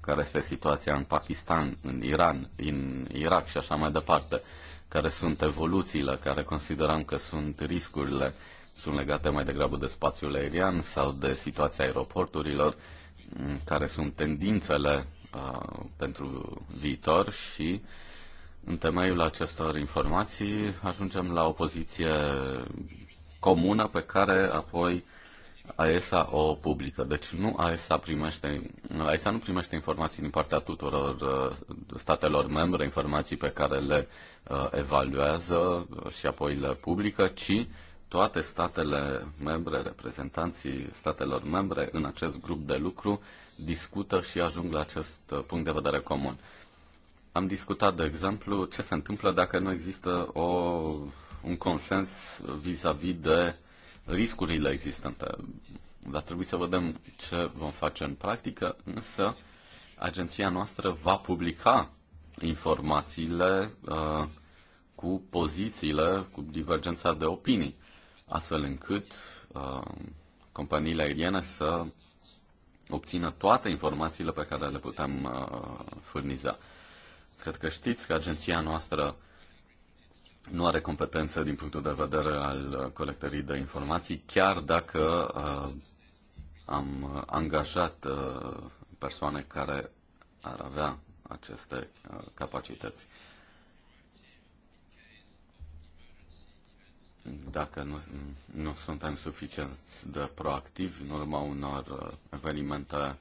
care este situația în Pakistan, în Iran, în Irak și așa mai departe, care sunt evoluțiile, care considerăm că sunt riscurile, sunt legate mai degrabă de spațiul aerian sau de situația aeroporturilor, mm, care sunt tendințele uh, pentru viitor și în temeiul acestor informații ajungem la o poziție comună pe care apoi AESA o publică. Deci nu AESA, primește, AESA nu primește informații din partea tuturor uh, statelor membre, informații pe care le uh, evaluează și apoi le publică, ci toate statele membre, reprezentanții statelor membre în acest grup de lucru discută și ajung la acest uh, punct de vedere comun. Am discutat, de exemplu, ce se întâmplă dacă nu există o, un consens vis-a-vis -vis de riscurile existente. Va trebui să vedem ce vom face în practică, însă agenția noastră va publica informațiile uh, cu pozițiile, cu divergența de opinii, astfel încât uh, companiile aeriene să obțină toate informațiile pe care le putem uh, furniza. Cred că știți că agenția noastră nu are competență din punctul de vedere al colectării de informații, chiar dacă uh, am angajat uh, persoane care ar avea aceste uh, capacități. Dacă nu, nu suntem suficient de proactivi în urma unor uh, evenimente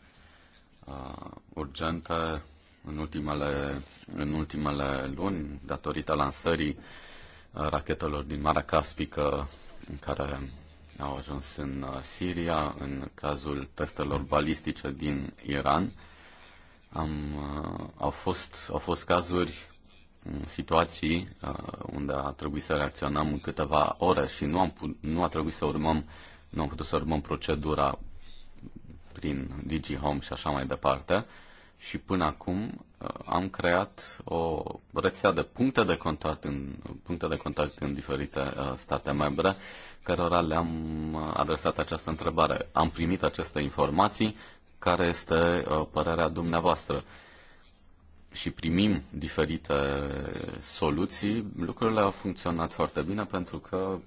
uh, urgente, în ultimele, în ultimele luni, datorită lansării uh, rachetelor din Marea Caspică care au ajuns în Siria, în cazul testelor balistice din Iran. Am, au, fost, au fost cazuri, situații unde a trebuit să reacționăm în câteva ore și nu, am, nu a trebuit să urmăm, nu am putut să urmăm procedura prin DigiHome și așa mai departe și până acum uh, am creat o rețea de puncte de contact în, puncte de contact în diferite uh, state membre, cărora le-am uh, adresat această întrebare. Am primit aceste informații, care este părerea dumneavoastră? Și primim diferite soluții, lucrurile au funcționat foarte bine pentru că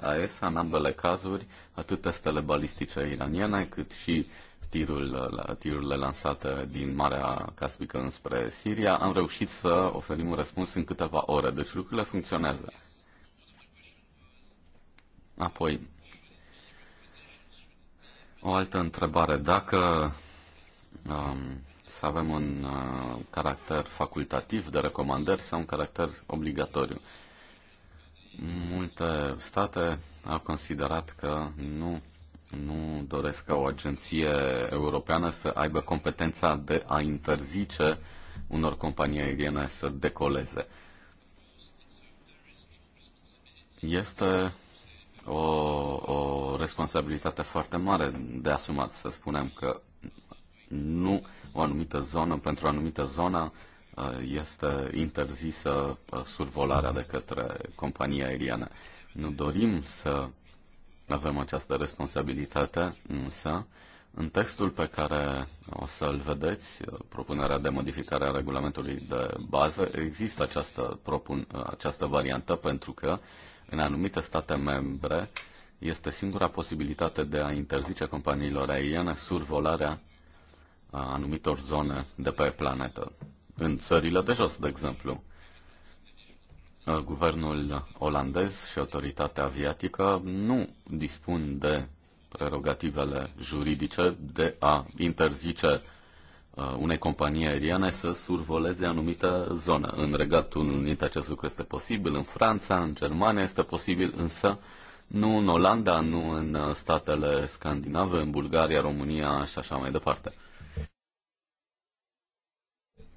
AESA, în ambele cazuri, atât testele balistice iraniene, cât și tirul, tirurile lansate din Marea Caspică înspre Siria, am reușit să oferim un răspuns în câteva ore. Deci lucrurile funcționează. Apoi, o altă întrebare. Dacă um, să avem un uh, caracter facultativ de recomandări sau un caracter obligatoriu. Multe state au considerat că nu nu doresc ca o agenție europeană să aibă competența de a interzice unor companii aeriene să decoleze. Este o, o responsabilitate foarte mare de asumat, să spunem că nu o anumită zonă, pentru o anumită zonă uh, este interzisă uh, survolarea de către compania aeriană. Nu dorim să avem această responsabilitate, însă în textul pe care o să-l vedeți, propunerea de modificare a regulamentului de bază, există această, propun, această variantă pentru că în anumite state membre este singura posibilitate de a interzice companiilor aeriene survolarea a anumitor zone de pe planetă. În țările de jos, de exemplu. Uh, guvernul olandez și autoritatea aviatică nu dispun de prerogativele juridice de a interzice uh, unei companii aeriene să survoleze anumită zonă. În Regatul Unit acest lucru este posibil, în Franța, în Germania este posibil, însă nu în Olanda, nu în uh, statele scandinave, în Bulgaria, România și așa mai departe.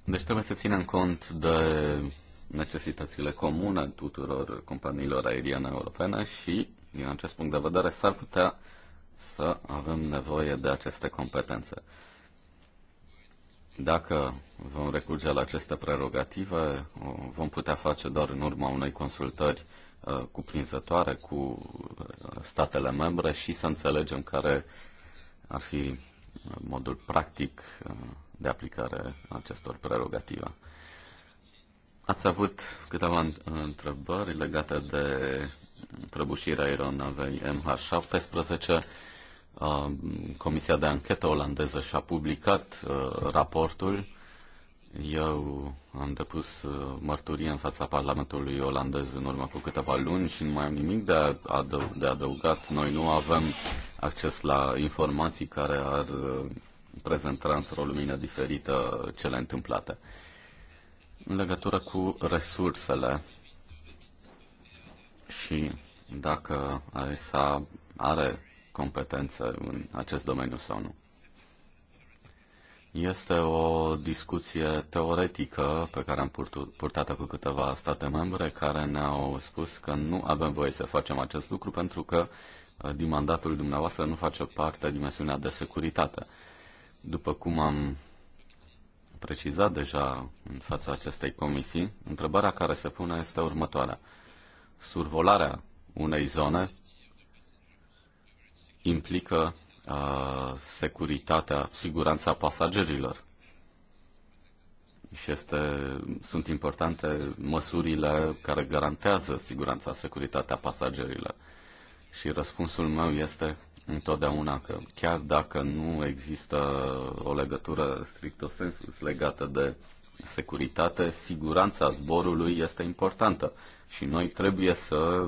Deci trebuie să ținem cont de necesitățile comune tuturor companiilor aeriene europene și, din acest punct de vedere, s-ar putea să avem nevoie de aceste competențe. Dacă vom recurge la aceste prerogative, o vom putea face doar în urma unei consultări uh, cuprinzătoare cu uh, statele membre și să înțelegem care ar fi modul practic uh, de aplicare a acestor prerogative. Ați avut câteva întrebări legate de prăbușirea aeronavei MH17. Uh, Comisia de anchetă olandeză și-a publicat uh, raportul. Eu am depus uh, mărturie în fața Parlamentului olandez în urmă cu câteva luni și nu mai am nimic de, adăug- de adăugat. Noi nu avem acces la informații care ar prezenta într-o lumină diferită cele întâmplate în legătură cu resursele și dacă ASA are competență în acest domeniu sau nu. Este o discuție teoretică pe care am purtat-o cu câteva state membre care ne-au spus că nu avem voie să facem acest lucru pentru că uh, din mandatul dumneavoastră nu face parte dimensiunea de securitate. După cum am precizat deja în fața acestei comisii, întrebarea care se pune este următoarea. Survolarea unei zone implică uh, securitatea, siguranța pasagerilor. Și este, sunt importante măsurile care garantează siguranța, securitatea pasagerilor. Și răspunsul meu este întotdeauna că chiar dacă nu există o legătură stricto sensus legată de securitate, siguranța zborului este importantă și noi trebuie să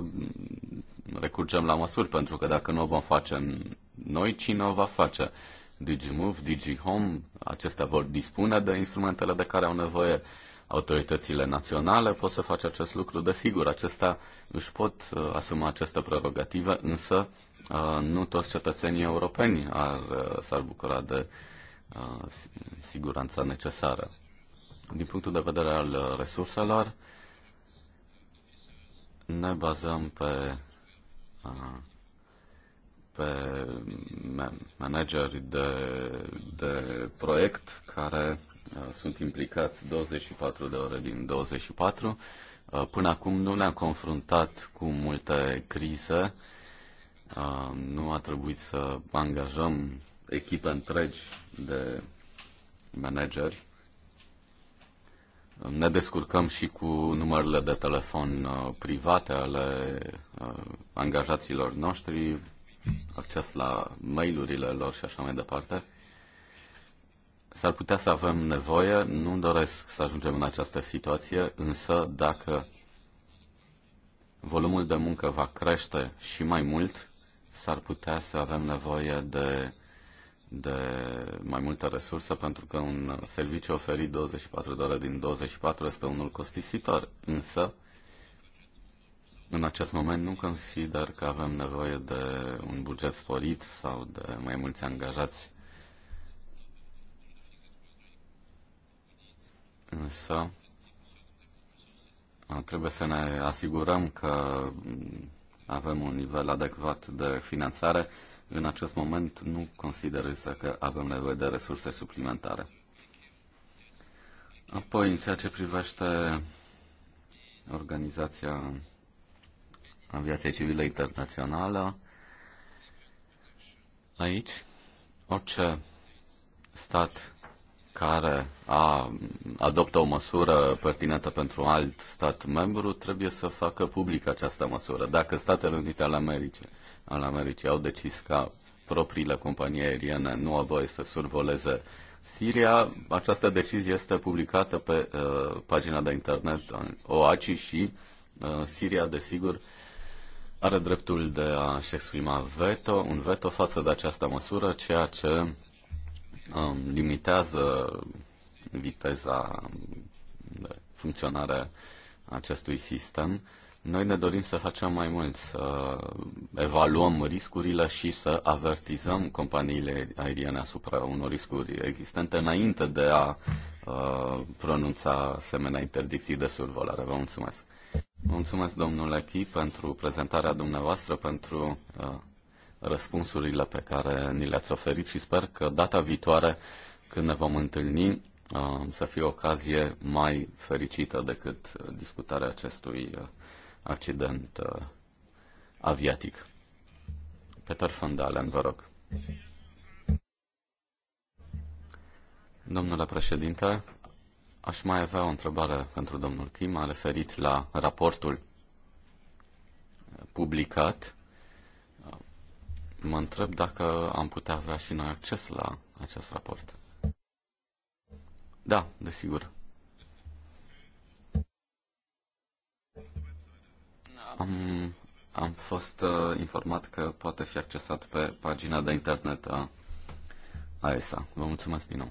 recurgem la măsuri, pentru că dacă nu o vom face noi, cine o va face? DigiMove, DigiHome, acestea vor dispune de instrumentele de care au nevoie autoritățile naționale pot să facă acest lucru, desigur, acestea își pot uh, asuma aceste prerogative, însă Uh, nu toți cetățenii europeni ar, uh, s-ar bucura de uh, siguranța necesară. Din punctul de vedere al resurselor, ne bazăm pe, pe manageri de, de proiect care sunt implicați 24 de ore din 24. Până acum nu ne-am confruntat cu multe crize nu a trebuit să angajăm echipe întregi de manageri. Ne descurcăm și cu numărele de telefon uh, private ale uh, angajaților noștri, acces la mail-urile lor și așa mai departe. S-ar putea să avem nevoie, nu doresc să ajungem în această situație, însă dacă volumul de muncă va crește și mai mult, s-ar putea să avem nevoie de, de mai multe resurse, pentru că un serviciu oferit 24 de ore din 24 este unul costisitor, însă în acest moment nu consider că avem nevoie de un buget sporit sau de mai mulți angajați. Însă trebuie să ne asigurăm că avem un nivel adecvat de finanțare. În acest moment nu consider însă că avem nevoie de resurse suplimentare. Apoi, în ceea ce privește organizația aviației civile internațională, aici orice stat care a, adoptă o măsură pertinentă pentru alt stat membru trebuie să facă public această măsură. Dacă Statele Unite ale Americii, ale Americii au decis ca propriile companii aeriene nu au voie să survoleze Siria, această decizie este publicată pe uh, pagina de internet OACI și uh, Siria, desigur, are dreptul de a-și exprima veto, un veto față de această măsură, ceea ce um, limitează viteza de funcționare acestui sistem. Noi ne dorim să facem mai mult, să evaluăm riscurile și să avertizăm companiile aeriene asupra unor riscuri existente înainte de a uh, pronunța asemenea interdicții de survolare. Vă mulțumesc! Mulțumesc, domnule Chi, pentru prezentarea dumneavoastră, pentru uh, răspunsurile pe care ni le-ați oferit și sper că data viitoare, când ne vom întâlni, uh, să fie o ocazie mai fericită decât discutarea acestui uh, accident uh, aviatic. Peter van Dalen, vă rog. Domnule președinte, aș mai avea o întrebare pentru domnul a referit la raportul publicat mă întreb dacă am putea avea și noi acces la acest raport. Da, desigur. Am, am fost uh, informat că poate fi accesat pe pagina de internet a ESA. Vă mulțumesc din nou.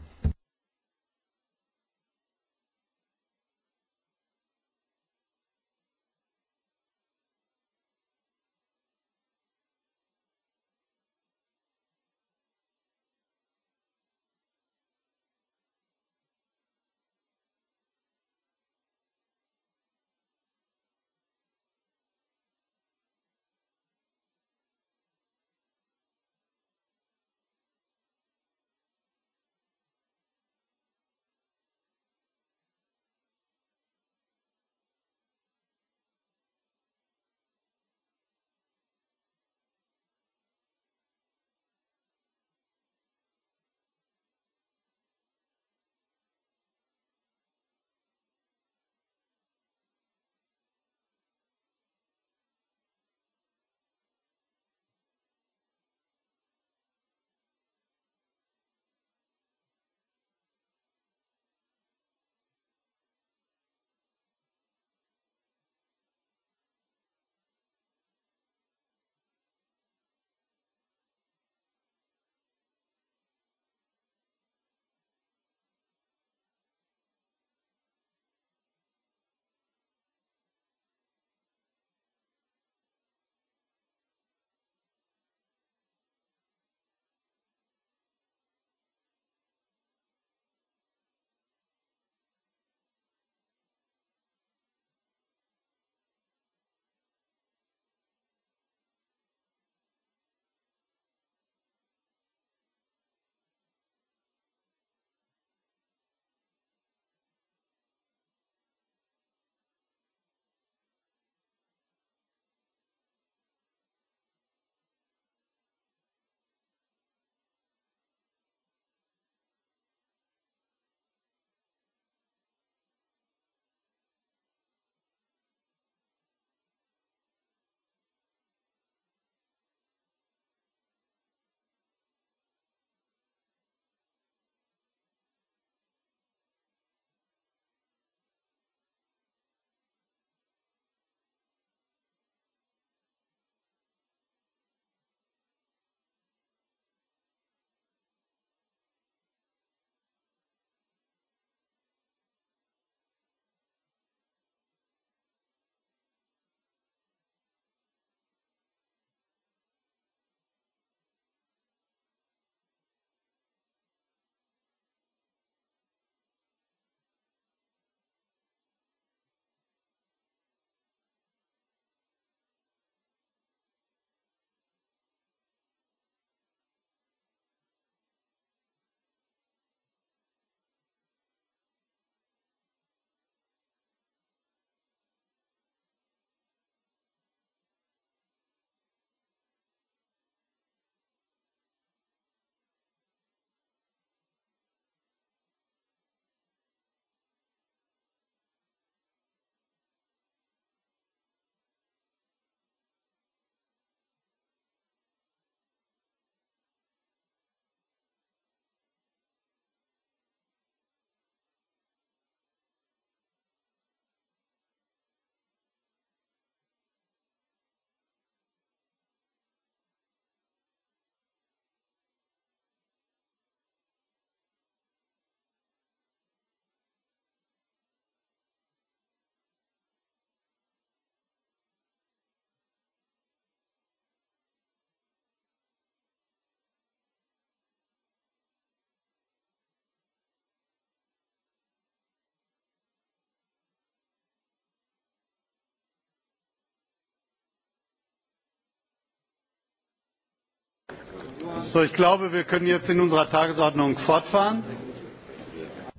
So, ich glaube, wir können jetzt in unserer Tagesordnung fortfahren.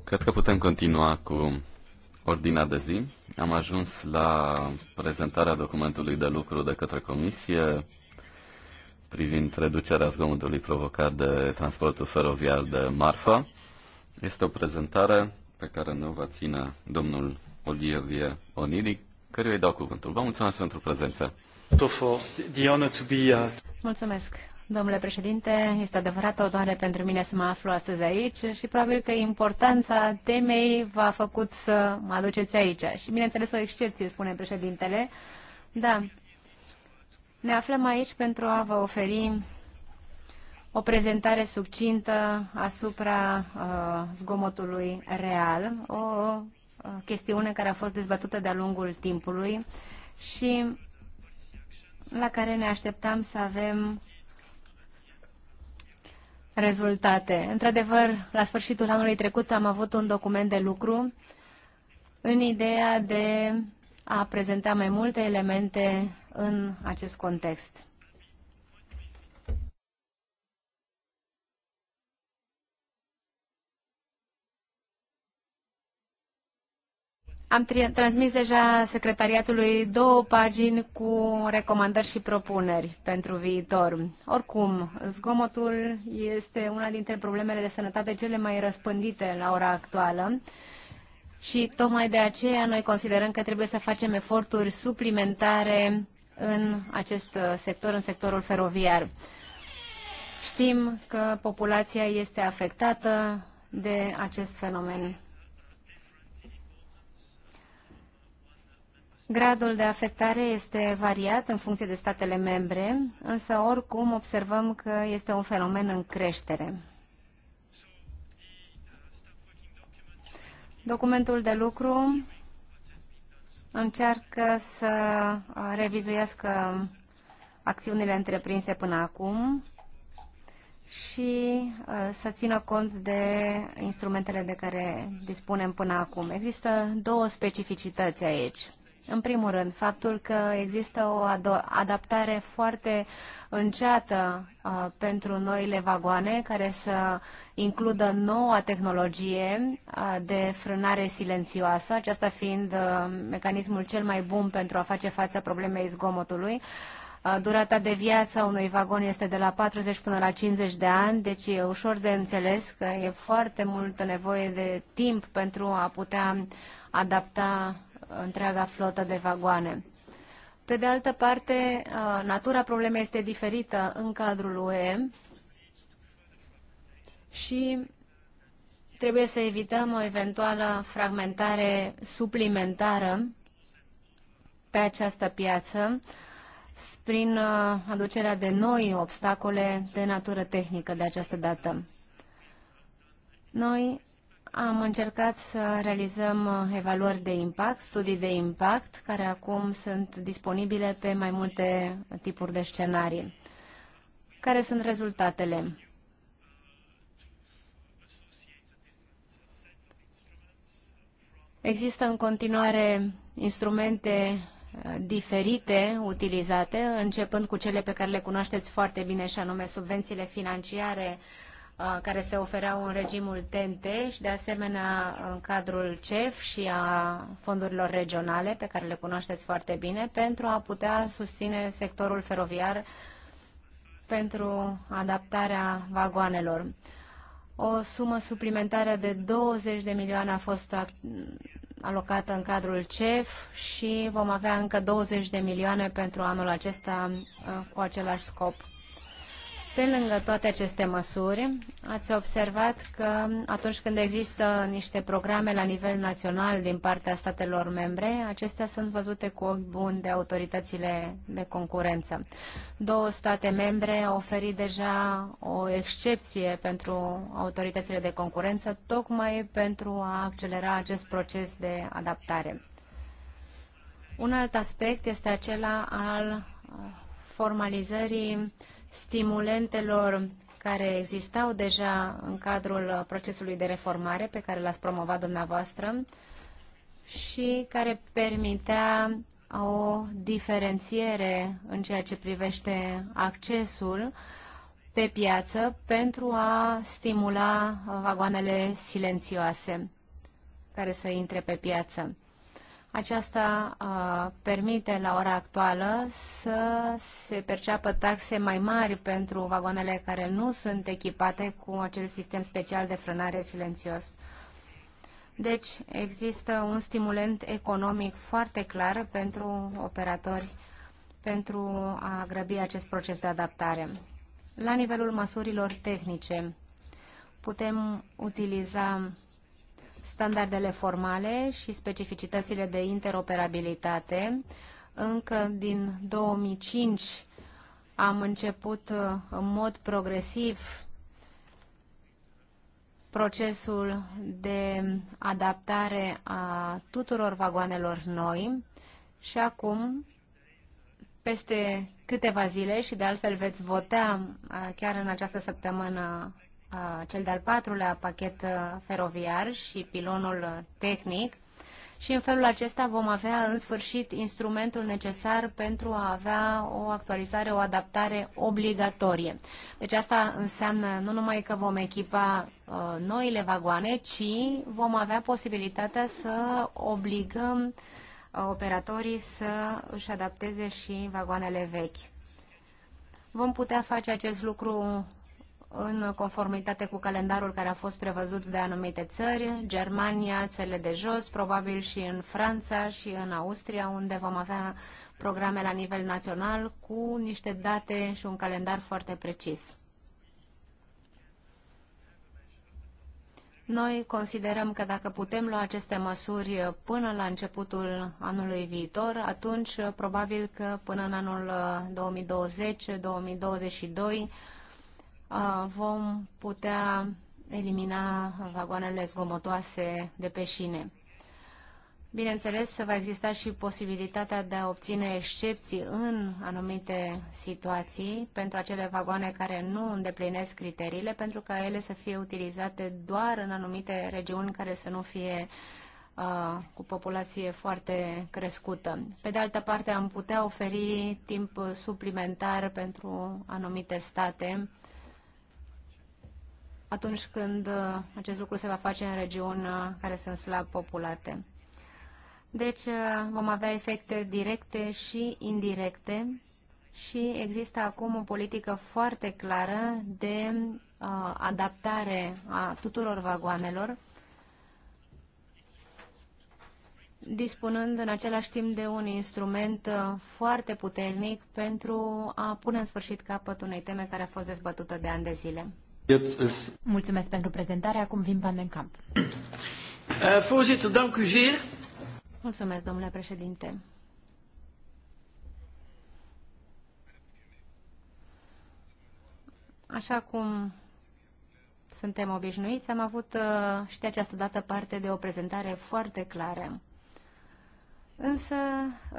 Cred că putem continua cu ordinea de zi. Am ajuns la prezentarea documentului de lucru de către Comisie privind reducerea zgomotului provocat de transportul feroviar de marfă. Este o prezentare pe care ne va ține domnul Olivier Onidi, căruia îi dau cuvântul. Vă mulțumesc pentru prezență. Mulțumesc. Domnule președinte, este adevărat o doare pentru mine să mă aflu astăzi aici și probabil că importanța temei v-a făcut să mă aduceți aici. Și bineînțeles o excepție, spune președintele. Da, ne aflăm aici pentru a vă oferi o prezentare succintă asupra uh, zgomotului real, o uh, chestiune care a fost dezbătută de-a lungul timpului și la care ne așteptam să avem rezultate. Într-adevăr, la sfârșitul anului trecut am avut un document de lucru în ideea de a prezenta mai multe elemente în acest context. Am transmis deja secretariatului două pagini cu recomandări și propuneri pentru viitor. Oricum, zgomotul este una dintre problemele de sănătate cele mai răspândite la ora actuală și tocmai de aceea noi considerăm că trebuie să facem eforturi suplimentare în acest sector, în sectorul feroviar. Știm că populația este afectată de acest fenomen Gradul de afectare este variat în funcție de statele membre, însă oricum observăm că este un fenomen în creștere. Documentul de lucru încearcă să revizuiască acțiunile întreprinse până acum și uh, să țină cont de instrumentele de care dispunem până acum. Există două specificități aici. În primul rând, faptul că există o adaptare foarte înceată uh, pentru noile vagoane care să includă noua tehnologie uh, de frânare silențioasă, aceasta fiind uh, mecanismul cel mai bun pentru a face față problemei zgomotului. Uh, durata de viață a unui vagon este de la 40 până la 50 de ani, deci e ușor de înțeles că e foarte multă nevoie de timp pentru a putea adapta întreaga flotă de vagoane. Pe de altă parte, natura problemei este diferită în cadrul UE și trebuie să evităm o eventuală fragmentare suplimentară pe această piață prin aducerea de noi obstacole de natură tehnică de această dată. Noi am încercat să realizăm uh, evaluări de impact, studii de impact, care acum sunt disponibile pe mai multe tipuri de scenarii. Care sunt rezultatele? Există în continuare instrumente uh, diferite utilizate, începând cu cele pe care le cunoașteți foarte bine, și anume subvențiile financiare, care se ofereau în regimul TNT și de asemenea în cadrul CEF și a fondurilor regionale pe care le cunoașteți foarte bine pentru a putea susține sectorul feroviar pentru adaptarea vagoanelor. O sumă suplimentară de 20 de milioane a fost alocată în cadrul CEF și vom avea încă 20 de milioane pentru anul acesta cu același scop. Pe lângă toate aceste măsuri, ați observat că atunci când există niște programe la nivel național din partea statelor membre, acestea sunt văzute cu ochi buni de autoritățile de concurență. Două state membre au oferit deja o excepție pentru autoritățile de concurență, tocmai pentru a accelera acest proces de adaptare. Un alt aspect este acela al formalizării uh, stimulentelor care existau deja în cadrul procesului de reformare pe care l-ați promovat dumneavoastră și care permitea o diferențiere în ceea ce privește accesul pe piață pentru a stimula vagoanele silențioase care să intre pe piață. Aceasta uh, permite la ora actuală să se perceapă taxe mai mari pentru vagoanele care nu sunt echipate cu acel sistem special de frânare silențios. Deci există un stimulent economic foarte clar pentru operatori pentru a grăbi acest proces de adaptare. La nivelul măsurilor tehnice, putem utiliza Standardele formale și specificitățile de interoperabilitate. Încă din 2005 am început uh, în mod progresiv procesul de adaptare a tuturor vagoanelor noi și acum, peste câteva zile și de altfel veți vota uh, chiar în această săptămână cel de-al patrulea pachet feroviar și pilonul tehnic și în felul acesta vom avea în sfârșit instrumentul necesar pentru a avea o actualizare, o adaptare obligatorie. Deci asta înseamnă nu numai că vom echipa uh, noile vagoane, ci vom avea posibilitatea să obligăm operatorii să își adapteze și vagoanele vechi. Vom putea face acest lucru în conformitate cu calendarul care a fost prevăzut de anumite țări, Germania, țele de jos, probabil și în Franța și în Austria, unde vom avea programe la nivel național cu niște date și un calendar foarte precis. Noi considerăm că dacă putem lua aceste măsuri până la începutul anului viitor, atunci probabil că până în anul 2020-2022 uh, vom putea elimina vagoanele zgomotoase de pe șine. Bineînțeles, va exista și posibilitatea de a obține excepții în anumite situații pentru acele vagoane care nu îndeplinesc criteriile, pentru ca ele să fie utilizate doar în anumite regiuni care să nu fie uh, cu populație foarte crescută. Pe de altă parte, am putea oferi timp suplimentar pentru anumite state atunci când uh, acest lucru se va face în regiuni uh, care sunt slab populate. Deci uh, vom avea efecte directe și indirecte și există acum o politică foarte clară de adaptare a tuturor vagoanelor, dispunând în același timp de un instrument foarte puternic pentru a pune în sfârșit capăt unei teme care a fost dezbătută de ani de zile. Mulțumesc pentru prezentare. Acum vin Van den Camp. Eh, voorzitter, Mulțumesc, domnule președinte. Așa cum suntem obișnuiți, am avut eh, și de această dată parte de o prezentare foarte clară. Însă,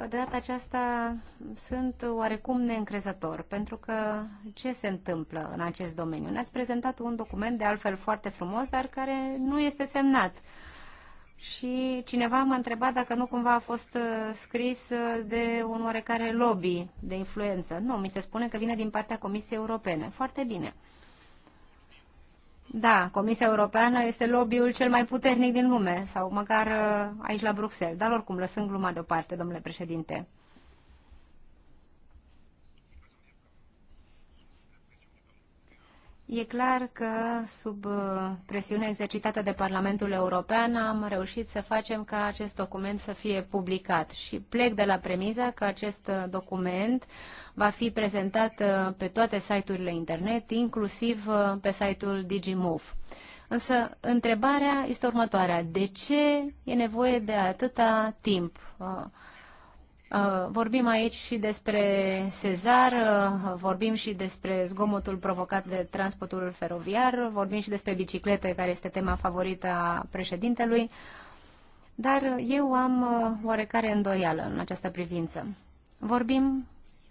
de data aceasta, sunt oarecum neîncrezător, pentru că ce se întâmplă în acest domeniu? Ne-ați prezentat un document, de altfel foarte frumos, dar care nu este semnat. Și cineva m-a întrebat dacă nu cumva a fost uh, scris uh, de un oarecare lobby de influență. Nu, mi se spune că vine din partea Comisiei Europene. Foarte bine. Da, Comisia Europeană este lobby-ul cel mai puternic din lume, sau măcar uh, aici la Bruxelles, dar oricum lăsând gluma deoparte, domnule președinte. E clar că sub uh, presiune exercitată de Parlamentul European am reușit să facem ca acest document să fie publicat și plec de la premiza că acest uh, document va fi prezentat uh, pe toate site-urile internet, inclusiv pe site-ul DigiMove. Însă întrebarea este următoarea. De ce e nevoie de atâta timp? Uh, vorbim aici și despre Sezar, uh, vorbim și despre zgomotul provocat de transportul feroviar, vorbim și despre biciclete, care este tema favorită a președintelui, dar eu am uh, oarecare îndoială în această privință. Vorbim,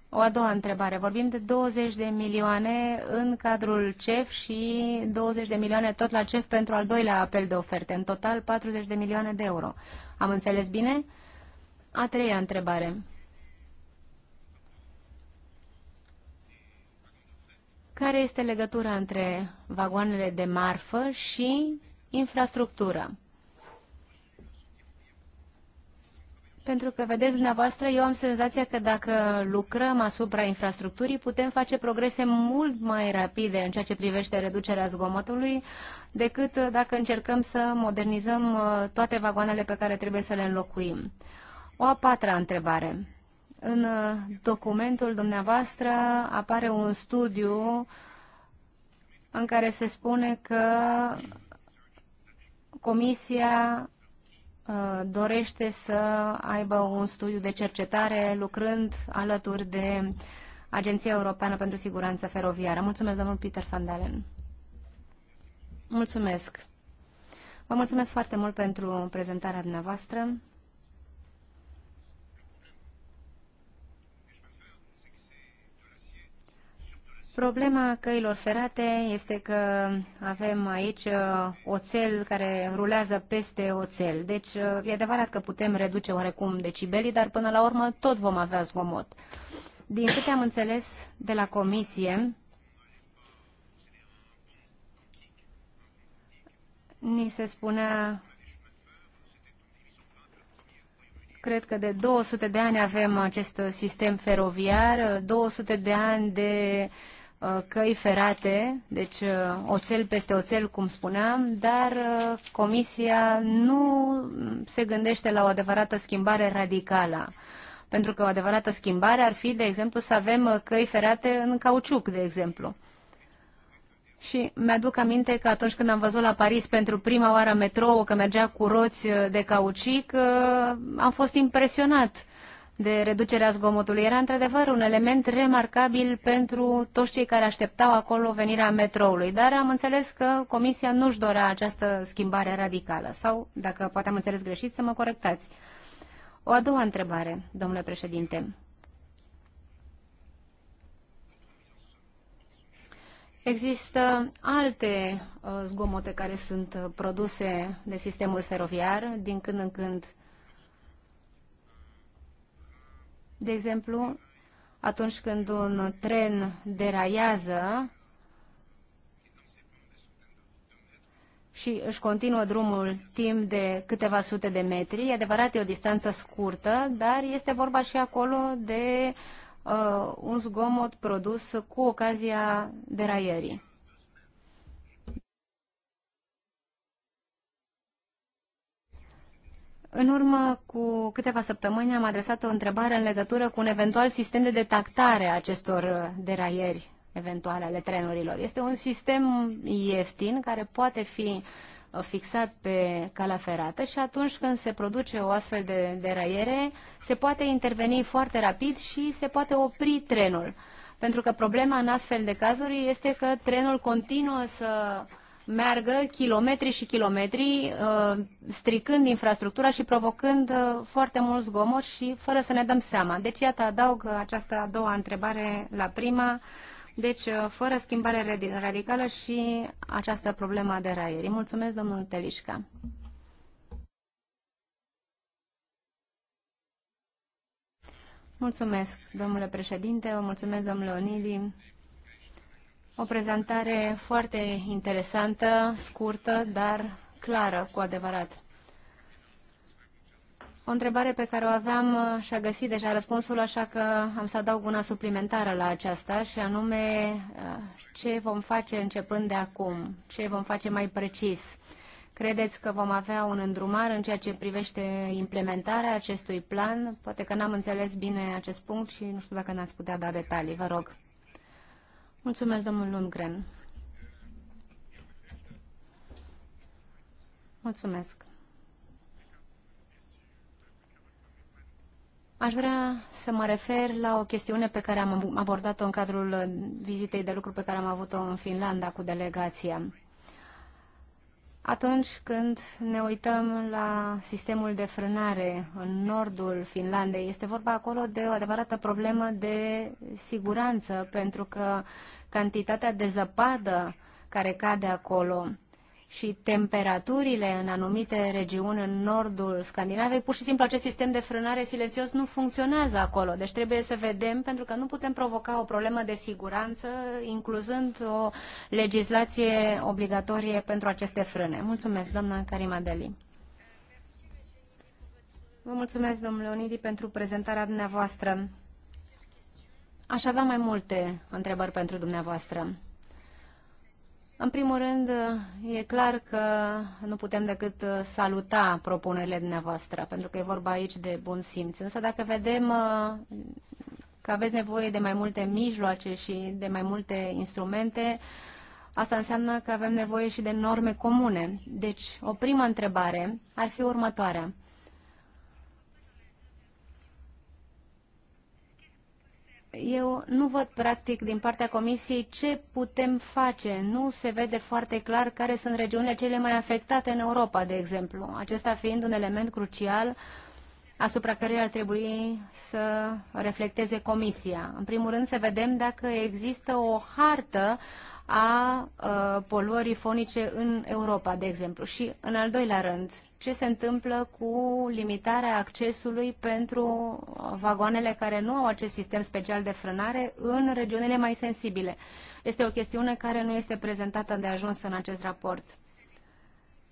o a doua întrebare, vorbim de 20 de milioane în cadrul CEF și 20 de milioane tot la CEF pentru al doilea apel de oferte, în total 40 de milioane de euro. Am înțeles bine? A treia întrebare. Care este legătura între vagoanele de marfă și infrastructura? Pentru că, vedeți dumneavoastră, eu am senzația că dacă lucrăm asupra infrastructurii, putem face progrese mult mai rapide în ceea ce privește reducerea zgomotului, decât dacă încercăm să modernizăm uh, toate vagoanele pe care trebuie să le înlocuim. O a patra întrebare. În uh, documentul dumneavoastră apare un studiu în care se spune că Comisia uh, dorește să aibă un studiu de cercetare lucrând alături de Agenția Europeană pentru Siguranță Feroviară. Mulțumesc, domnul Peter van Dalen. Mulțumesc. Vă mulțumesc foarte mult pentru prezentarea dumneavoastră. Problema căilor ferate este că avem aici uh, oțel care rulează peste oțel. Deci uh, e adevărat că putem reduce oarecum decibelii, dar până la urmă tot vom avea zgomot. Din câte am înțeles de la comisie, ni se spunea cred că de 200 de ani avem acest sistem feroviar, 200 de ani de uh, Uh, căi ferate, deci uh, oțel peste oțel, cum spuneam, dar uh, Comisia nu se gândește la o adevărată schimbare radicală. Pentru că o adevărată schimbare ar fi, de exemplu, să avem căi ferate în cauciuc, de exemplu. Și mi-aduc aminte că atunci când am văzut la Paris pentru prima oară metrou, că mergea cu roți de cauciuc, am fost impresionat de reducerea zgomotului era într-adevăr un element remarcabil pentru toți cei care așteptau acolo venirea metroului, dar am înțeles că Comisia nu-și dorea această schimbare radicală. Sau, dacă poate am înțeles greșit, să mă corectați. O a doua întrebare, domnule președinte. Există alte uh, zgomote care sunt uh, produse de sistemul feroviar din când în când De exemplu, atunci când un tren deraiază și își continuă drumul timp de câteva sute de metri, e adevărat, e o distanță scurtă, dar este vorba și acolo de uh, un zgomot produs cu ocazia deraierii. În urmă cu câteva săptămâni am adresat o întrebare în legătură cu un eventual sistem de detactare a acestor uh, deraieri eventuale ale trenurilor. Este un sistem ieftin care poate fi uh, fixat pe calea ferată și atunci când se produce o astfel de deraiere, se poate interveni foarte rapid și se poate opri trenul. Pentru că problema în astfel de cazuri este că trenul continuă să meargă kilometri și kilometri uh, stricând infrastructura și provocând uh, foarte mult zgomot și fără să ne dăm seama. Deci, iată, adaug această a doua întrebare la prima. Deci, uh, fără schimbare radicală și această problemă a deraierii. Mulțumesc, domnul Telișca. Mulțumesc, domnule președinte, vă mulțumesc, domnule Onidi, o prezentare foarte interesantă, scurtă, dar clară cu adevărat. O întrebare pe care o aveam uh, și-a găsit deja răspunsul, așa că am să adaug una suplimentară la aceasta, și anume uh, ce vom face începând de acum, ce vom face mai precis. Credeți că vom avea un îndrumar în ceea ce privește implementarea acestui plan? Poate că n-am înțeles bine acest punct și nu știu dacă n-ați putea da detalii, vă rog. Mulțumesc, domnul Lundgren. Mulțumesc. Aș vrea să mă refer la o chestiune pe care am abordat-o în cadrul vizitei de lucru pe care am avut-o în Finlanda cu delegația. Atunci când ne uităm la sistemul de frânare în nordul Finlandei, este vorba acolo de o adevărată problemă de siguranță, pentru că cantitatea de zăpadă care cade acolo și temperaturile în anumite regiuni în nordul Scandinavei, pur și simplu acest sistem de frânare silențios nu funcționează acolo. Deci trebuie să vedem, pentru că nu putem provoca o problemă de siguranță, incluzând o legislație obligatorie pentru aceste frâne. Mulțumesc, doamna Karima Deli. Vă mulțumesc, domnule Onidi, pentru prezentarea dumneavoastră. Aș avea mai multe întrebări pentru dumneavoastră. În primul rând, e clar că nu putem decât saluta propunerile dumneavoastră, pentru că e vorba aici de bun simț. Însă dacă vedem uh, că aveți nevoie de mai multe mijloace și de mai multe instrumente, asta înseamnă că avem nevoie și de norme comune. Deci, o primă întrebare ar fi următoarea. eu nu văd practic din partea Comisiei ce putem face. Nu se vede foarte clar care sunt regiunile cele mai afectate în Europa, de exemplu. Acesta fiind un element crucial asupra căruia ar trebui să reflecteze Comisia. În primul rând să vedem dacă există o hartă a uh, poluării fonice în Europa, de exemplu. Și, în al doilea rând, ce se întâmplă cu limitarea accesului pentru uh, vagoanele care nu au acest sistem special de frânare în regiunile mai sensibile. Este o chestiune care nu este prezentată de ajuns în acest raport.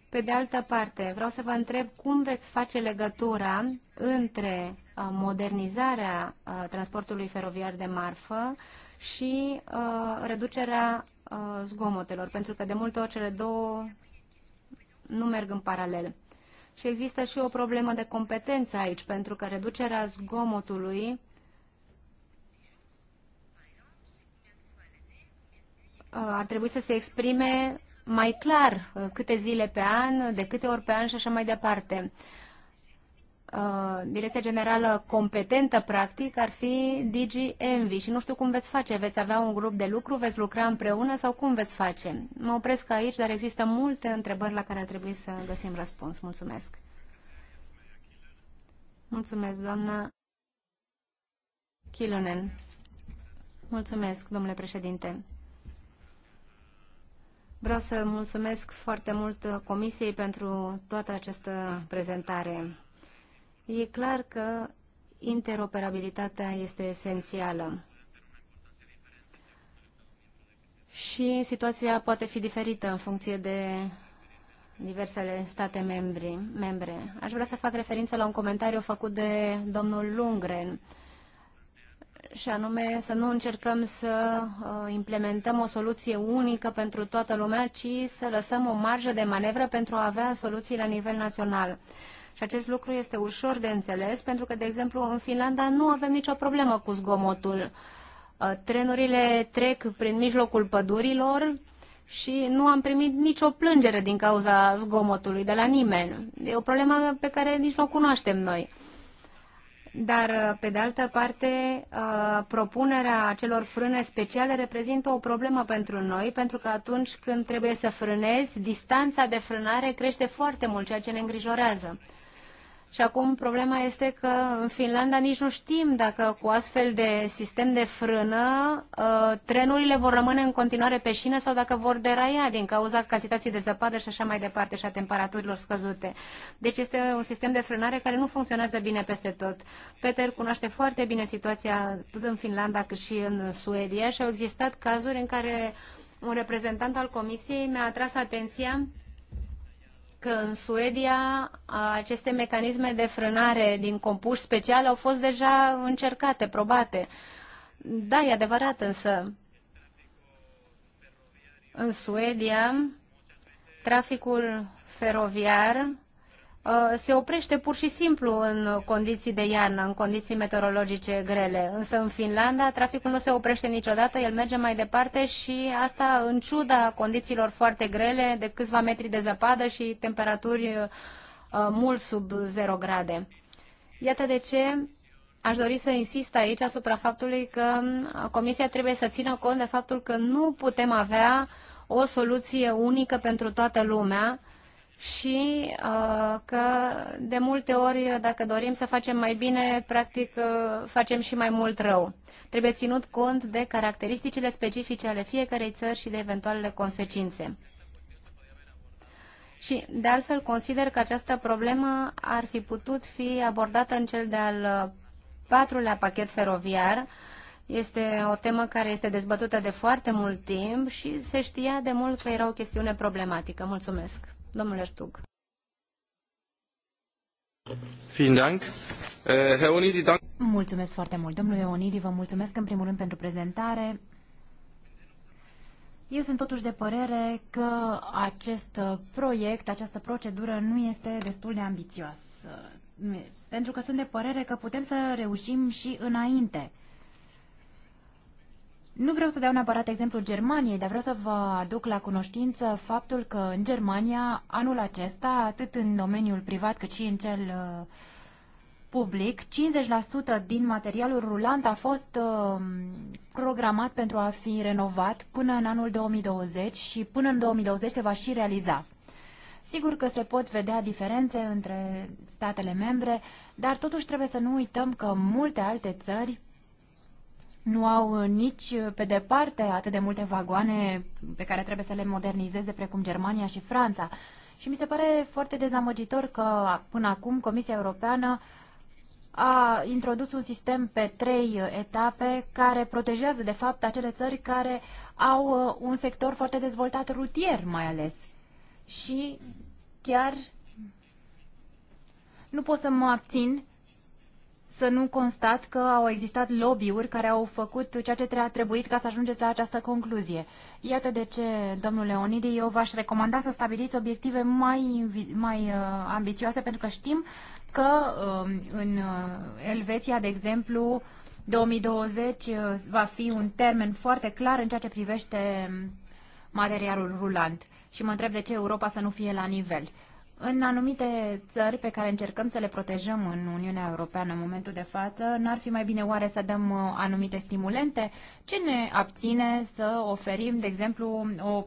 Pe de altă parte, vreau să vă întreb cum veți face legătura între uh, modernizarea transportului feroviar de marfă și reducerea uh, zgomotelor, pentru că de multe ori cele două nu merg în paralel. Și există și o problemă de competență aici, pentru că reducerea zgomotului uh, ar trebui să se exprime mai clar uh, câte zile pe an, de câte ori pe an și așa mai departe. Uh, direcția generală competentă, practic, ar fi Digi Envy și nu știu cum veți face. Veți avea un grup de lucru, veți lucra împreună sau cum veți face? Mă opresc aici, dar există multe întrebări la care ar trebui să găsim răspuns. Mulțumesc. Mulțumesc, doamna Kilonen. Mulțumesc, domnule președinte. Vreau să mulțumesc foarte mult Comisiei pentru toată această prezentare. E clar că interoperabilitatea este esențială. Și situația poate fi diferită în funcție de diversele state membri, membre. Aș vrea să fac referință la un comentariu făcut de domnul Lungren, și anume să nu încercăm să uh, implementăm o soluție unică pentru toată lumea, ci să lăsăm o marjă de manevră pentru a avea soluții la nivel național. Și acest lucru este ușor de înțeles, pentru că, de exemplu, în Finlanda nu avem nicio problemă cu zgomotul. Uh, trenurile trec prin mijlocul pădurilor și nu am primit nicio plângere din cauza zgomotului de la nimeni. E o problemă pe care nici nu o cunoaștem noi dar uh, pe de altă parte uh, propunerea acelor frâne speciale reprezintă o problemă pentru noi, pentru că atunci când trebuie să frânezi, distanța de frânare crește foarte mult, ceea ce ne îngrijorează. Și acum problema este că în Finlanda nici nu știm dacă cu astfel de sistem de frână uh, trenurile vor rămâne în continuare pe șină sau dacă vor deraia din cauza cantității de zăpadă și așa mai departe și a temperaturilor scăzute. Deci este un sistem de frânare care nu funcționează bine peste tot. Peter cunoaște foarte bine situația atât în Finlanda cât și în Suedia și au existat cazuri în care un reprezentant al Comisiei mi-a atras atenția că în Suedia aceste mecanisme de frânare din compuși special au fost deja încercate, probate. Da, e adevărat, însă în Suedia traficul feroviar Uh, se oprește pur și simplu în condiții de iarnă, în condiții meteorologice grele. Însă în Finlanda traficul nu se oprește niciodată, el merge mai departe și asta în ciuda condițiilor foarte grele, de câțiva metri de zăpadă și temperaturi uh, mult sub 0 grade. Iată de ce aș dori să insist aici asupra faptului că uh, Comisia trebuie să țină cont de faptul că nu putem avea o soluție unică pentru toată lumea, și uh, că de multe ori, dacă dorim să facem mai bine, practic uh, facem și mai mult rău. Trebuie ținut cont de caracteristicile specifice ale fiecarei țări și de eventualele consecințe. Și, de altfel, consider că această problemă ar fi putut fi abordată în cel de-al uh, patrulea pachet feroviar. Este o temă care este dezbătută de foarte mult timp și se știa de mult că era o chestiune problematică. Mulțumesc! Ertug. Äh, mulțumesc foarte mult. Domnule Onidi, vă mulțumesc în primul rând pentru prezentare. Eu sunt totuși de părere că acest proiect, această procedură nu este destul de ambițioasă. Pentru că sunt de părere că putem să reușim și înainte. Nu vreau să dau neapărat exemplul Germaniei, dar vreau să vă aduc la cunoștință faptul că în Germania, anul acesta, atât în domeniul privat cât și în cel uh, public, 50% din materialul rulant a fost uh, programat pentru a fi renovat până în anul 2020 și până în 2020 se va și realiza. Sigur că se pot vedea diferențe între statele membre, dar totuși trebuie să nu uităm că multe alte țări nu au uh, nici uh, pe departe atât de multe vagoane pe care trebuie să le modernizeze precum Germania și Franța. Și mi se pare foarte dezamăgitor că până acum Comisia Europeană a introdus un sistem pe trei uh, etape care protejează de fapt acele țări care au un sector foarte dezvoltat rutier mai ales. Și chiar nu pot să mă abțin să nu constat că au existat lobby-uri care au făcut ceea ce a trebuit ca să ajungeți la această concluzie. Iată de ce, domnule Leonidi eu v-aș recomanda să stabiliți obiective mai, mai uh, ambițioase, pentru că știm că um, uh, în Elveția, de exemplu, 2020 uh, va fi un termen foarte clar în ceea ce privește um, materialul rulant. Și mă întreb de ce Europa să nu fie la nivel. În anumite țări pe care încercăm să le protejăm în Uniunea Europeană în momentul de față, n-ar fi mai bine oare să dăm uh, anumite stimulente? Ce ne abține să oferim, de exemplu, o,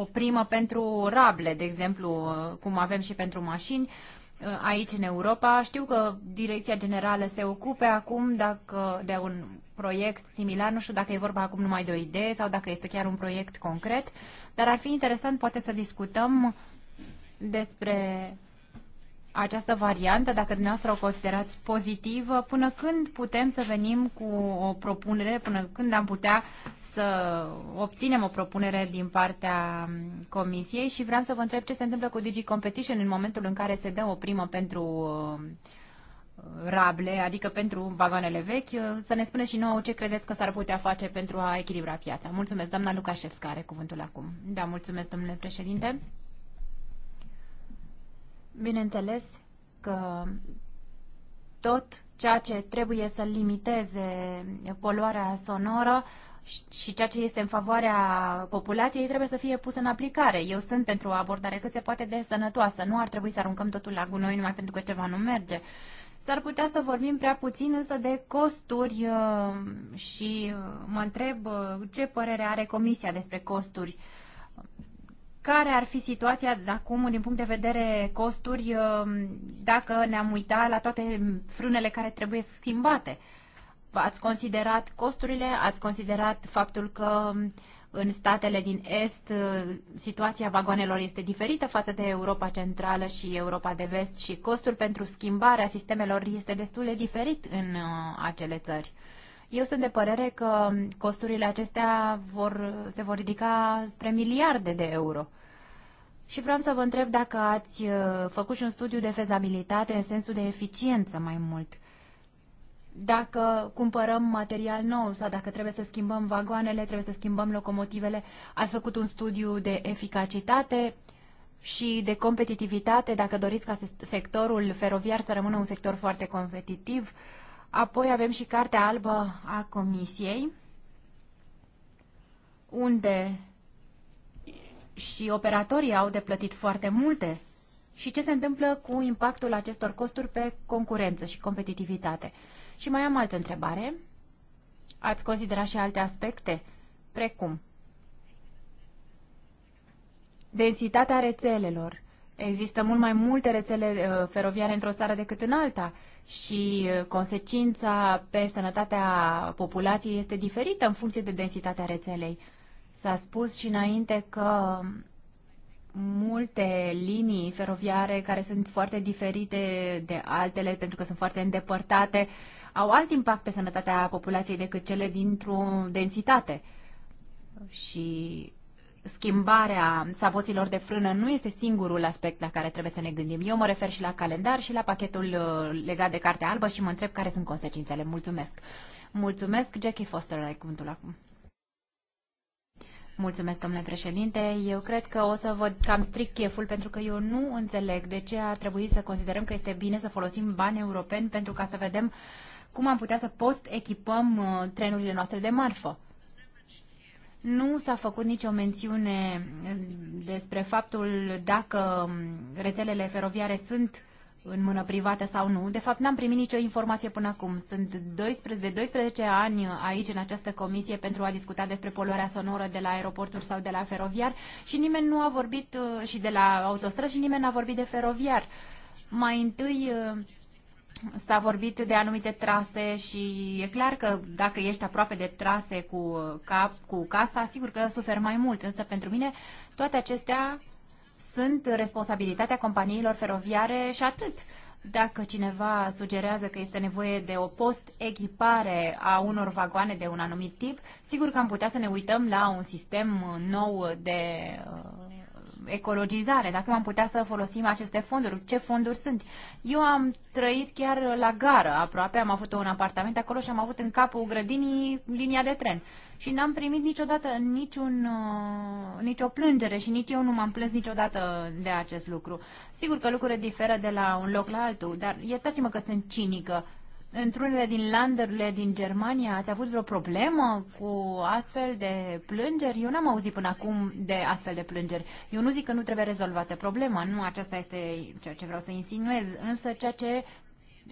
o primă pentru rable, de exemplu, uh, cum avem și pentru mașini? Uh, aici în Europa. Știu că Direcția Generală se ocupe acum dacă de un proiect similar, nu știu dacă e vorba acum numai de o idee sau dacă este chiar un proiect concret, dar ar fi interesant poate să discutăm despre această variantă, dacă dumneavoastră o considerați pozitivă, până când putem să venim cu o propunere, până când am putea să obținem o propunere din partea Comisiei și vreau să vă întreb ce se întâmplă cu Digi Competition în momentul în care se dă o primă pentru uh, rable, adică pentru vagoanele vechi, să ne spuneți și nouă ce credeți că s-ar putea face pentru a echilibra piața. Mulțumesc, doamna Lucașevska are cuvântul acum. Da, mulțumesc, domnule președinte. Bineînțeles că tot ceea ce trebuie să limiteze poluarea sonoră și ceea ce este în favoarea populației trebuie să fie pus în aplicare. Eu sunt pentru o abordare cât se poate de sănătoasă. Nu ar trebui să aruncăm totul la gunoi numai pentru că ceva nu merge. S-ar putea să vorbim prea puțin însă de costuri uh, și uh, mă întreb uh, ce părere are Comisia despre costuri care ar fi situația de acum din punct de vedere costuri um, dacă ne-am uitat la toate frânele care trebuie schimbate? Ați considerat costurile, ați considerat faptul că um, în statele din Est uh, situația vagonelor este diferită față de Europa Centrală și Europa de Vest și costul pentru schimbarea sistemelor este destul de diferit în uh, acele țări. Eu sunt de părere că costurile acestea vor, se vor ridica spre miliarde de euro. Și vreau să vă întreb dacă ați uh, făcut și un studiu de fezabilitate în sensul de eficiență mai mult. Dacă cumpărăm material nou sau dacă trebuie să schimbăm vagoanele, trebuie să schimbăm locomotivele, ați făcut un studiu de eficacitate și de competitivitate, dacă doriți ca sectorul feroviar să rămână un sector foarte competitiv. Uh, Apoi avem și Cartea Albă a Comisiei, unde și operatorii au de plătit foarte multe. Și ce se întâmplă cu impactul acestor costuri pe concurență și competitivitate? Și mai am altă întrebare. Ați considerat și alte aspecte, precum densitatea rețelelor, Există mult mai multe rețele uh, feroviare într-o țară decât în alta și uh, consecința pe sănătatea populației este diferită în funcție de densitatea rețelei. S-a spus și înainte că multe linii feroviare care sunt foarte diferite de altele pentru că sunt foarte îndepărtate au alt impact pe sănătatea populației decât cele dintr-o densitate. Și schimbarea saboților de frână nu este singurul aspect la care trebuie să ne gândim. Eu mă refer și la calendar și la pachetul uh, legat de Cartea Albă și mă întreb care sunt consecințele. Mulțumesc! Mulțumesc, Jackie Foster, ai cuvântul acum. Mulțumesc, domnule președinte. Eu cred că o să vă cam stric cheful pentru că eu nu înțeleg de ce ar trebui să considerăm că este bine să folosim bani europeni pentru ca să vedem cum am putea să post-echipăm uh, trenurile noastre de marfă. Nu s-a făcut nicio mențiune despre faptul dacă rețelele feroviare sunt în mână privată sau nu. De fapt, n-am primit nicio informație până acum. Sunt 12, de 12 ani aici, în această comisie, pentru a discuta despre poluarea sonoră de la aeroporturi sau de la feroviar și nimeni nu a vorbit uh, și de la autostrăzi și nimeni n-a vorbit de feroviar. Mai întâi uh, S-a vorbit de anumite trase și e clar că dacă ești aproape de trase cu, cap, cu casa, sigur că suferi mai mult. Însă pentru mine toate acestea sunt responsabilitatea companiilor feroviare și atât. Dacă cineva sugerează că este nevoie de o post-echipare a unor vagoane de un anumit tip, sigur că am putea să ne uităm la un sistem nou de uh, ecologizare, dacă am putea să folosim aceste fonduri, ce fonduri sunt. Eu am trăit chiar la gară aproape, am avut un apartament acolo și am avut în capul grădinii linia de tren. Și n-am primit niciodată niciun, uh, nicio plângere și nici eu nu m-am plâns niciodată de acest lucru. Sigur că lucrurile diferă de la un loc la altul, dar iertați-mă că sunt cinică într-unele din landerile din Germania ați avut vreo problemă cu astfel de plângeri? Eu n-am auzit până acum de astfel de plângeri. Eu nu zic că nu trebuie rezolvată problema, nu aceasta este ceea ce vreau să insinuez, însă ceea ce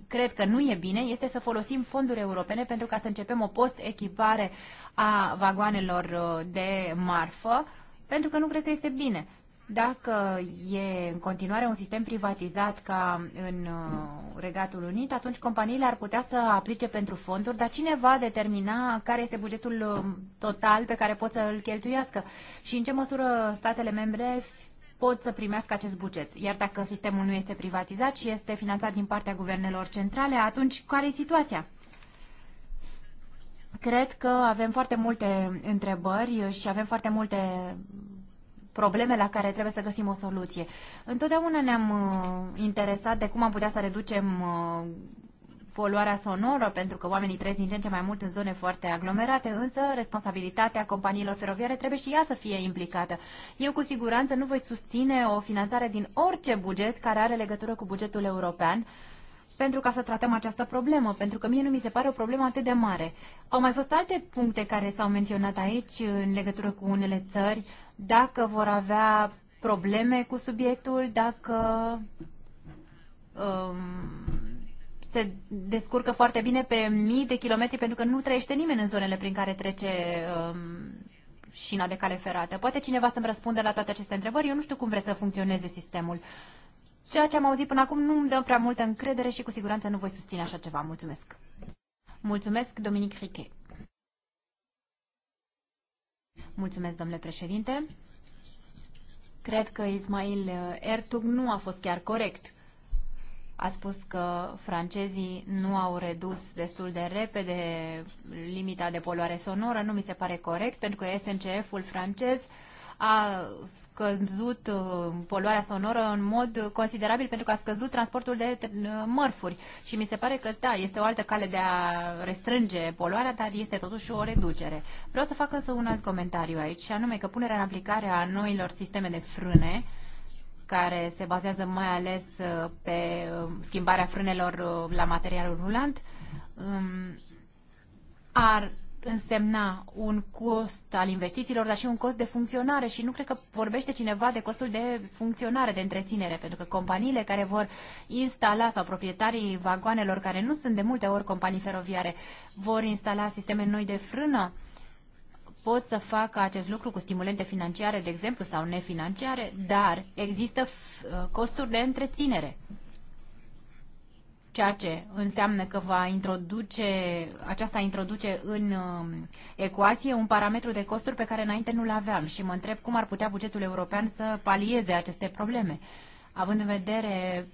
cred că nu e bine este să folosim fonduri europene pentru ca să începem o post-echipare a vagoanelor uh, de marfă, pentru că nu cred că este bine. Dacă e în continuare un sistem privatizat ca în uh, Regatul Unit, atunci companiile ar putea să aplice pentru fonduri, dar cine va determina care este bugetul uh, total pe care pot să îl cheltuiască și în ce măsură statele membre pot să primească acest buget. Iar dacă sistemul nu este privatizat și este finanțat din partea guvernelor centrale, atunci care e situația? Cred că avem foarte multe întrebări și avem foarte multe probleme la care trebuie să găsim o soluție. Întotdeauna ne-am uh, interesat de cum am putea să reducem uh, poluarea sonoră, pentru că oamenii trăiesc din ce în ce mai mult în zone foarte aglomerate, însă responsabilitatea companiilor feroviare trebuie și ea să fie implicată. Eu cu siguranță nu voi susține o finanțare din orice buget care are legătură cu bugetul european, pentru ca să tratăm această problemă, pentru că mie nu mi se pare o problemă atât de mare. Au mai fost alte puncte care s-au menționat aici în legătură cu unele țări, dacă vor avea probleme cu subiectul, dacă um, se descurcă foarte bine pe mii de kilometri, pentru că nu trăiește nimeni în zonele prin care trece um, șina de cale ferată. Poate cineva să-mi răspundă la toate aceste întrebări. Eu nu știu cum vreți să funcționeze sistemul. Ceea ce am auzit până acum nu îmi dă prea multă încredere și cu siguranță nu voi susține așa ceva. Mulțumesc! Mulțumesc, Dominic Riche. Mulțumesc, domnule președinte. Cred că Ismail uh, Ertug nu a fost chiar corect. A spus că francezii nu au redus destul de repede limita de poluare sonoră. Nu mi se pare corect, pentru că SNCF-ul francez uh, a scăzut uh, poluarea sonoră în mod considerabil pentru că a scăzut transportul de uh, mărfuri. Și mi se pare că, da, este o altă cale de a restrânge poluarea, dar este totuși o reducere. Vreau să fac însă un alt comentariu aici, și anume că punerea în aplicare a noilor sisteme de frâne care se bazează mai ales uh, pe schimbarea frânelor la materialul rulant, um, ar însemna un cost al investițiilor, dar și un cost de funcționare și nu cred că vorbește cineva de costul de funcționare, de întreținere, pentru că companiile care vor instala sau proprietarii vagoanelor, care nu sunt de multe ori companii feroviare, vor instala sisteme noi de frână, pot să facă acest lucru cu stimulente financiare, de exemplu, sau nefinanciare, dar există costuri de întreținere ceea ce înseamnă că va introduce, aceasta introduce în um, ecuație un parametru de costuri pe care înainte nu-l aveam și mă întreb cum ar putea bugetul european să palieze aceste probleme, având în vedere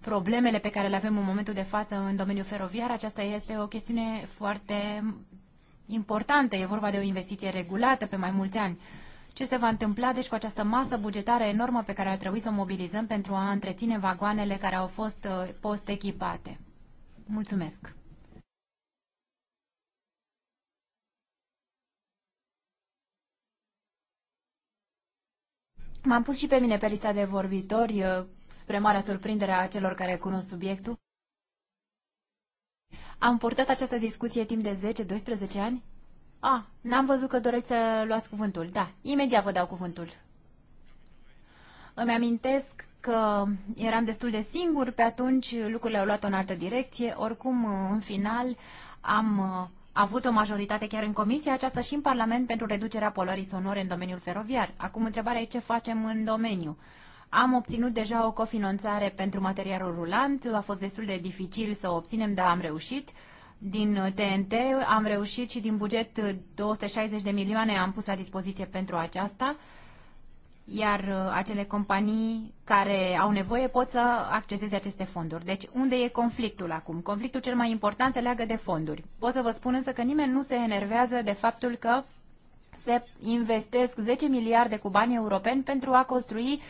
problemele pe care le avem în momentul de față în domeniul feroviar, aceasta este o chestiune foarte importantă. E vorba de o investiție regulată pe mai mulți ani ce se va întâmpla deci cu această masă bugetară enormă pe care ar trebui să o mobilizăm pentru a întreține vagoanele care au fost uh, post-echipate. Mulțumesc! M-am pus și pe mine pe lista de vorbitori, uh, spre marea surprindere a celor care cunosc subiectul. Am purtat această discuție timp de 10-12 ani a, ah, n-am văzut că doreți să luați cuvântul. Da, imediat vă dau cuvântul. Îmi amintesc că eram destul de singur, pe atunci lucrurile au luat o în altă direcție. Oricum, în final, am uh, avut o majoritate chiar în comisia aceasta și în Parlament pentru reducerea poluării sonore în domeniul feroviar. Acum întrebarea e ce facem în domeniu. Am obținut deja o cofinanțare pentru materialul rulant, a fost destul de dificil să o obținem, dar am reușit din TNT. Am reușit și din buget 260 de milioane am pus la dispoziție pentru aceasta iar uh, acele companii care au nevoie pot să acceseze aceste fonduri. Deci unde e conflictul acum? Conflictul cel mai important se leagă de fonduri. Pot să vă spun însă că nimeni nu se enervează de faptul că se investesc 10 miliarde cu bani europeni pentru a construi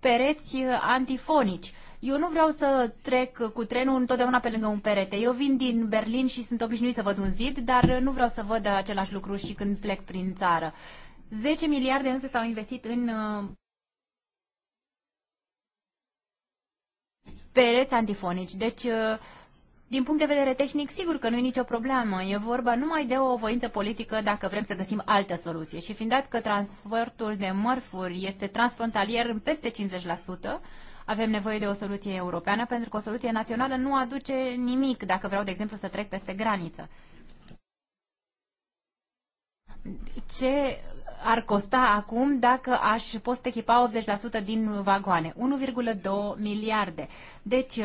pereți uh, antifonici eu nu vreau să trec cu trenul întotdeauna pe lângă un perete. Eu vin din Berlin și sunt obișnuit să văd un zid, dar nu vreau să văd același lucru și când plec prin țară. 10 miliarde însă s-au investit în uh, pereți antifonici. Deci, uh, din punct de vedere tehnic, sigur că nu e nicio problemă. E vorba numai de o voință politică dacă vrem să găsim altă soluție. Și fiind dat că transportul de mărfuri este transfrontalier în peste 50%, avem nevoie de o soluție europeană pentru că o soluție națională nu aduce nimic dacă vreau, de exemplu, să trec peste graniță. Ce ar costa acum dacă aș post echipa 80% din vagoane? 1,2 miliarde. Deci 8,8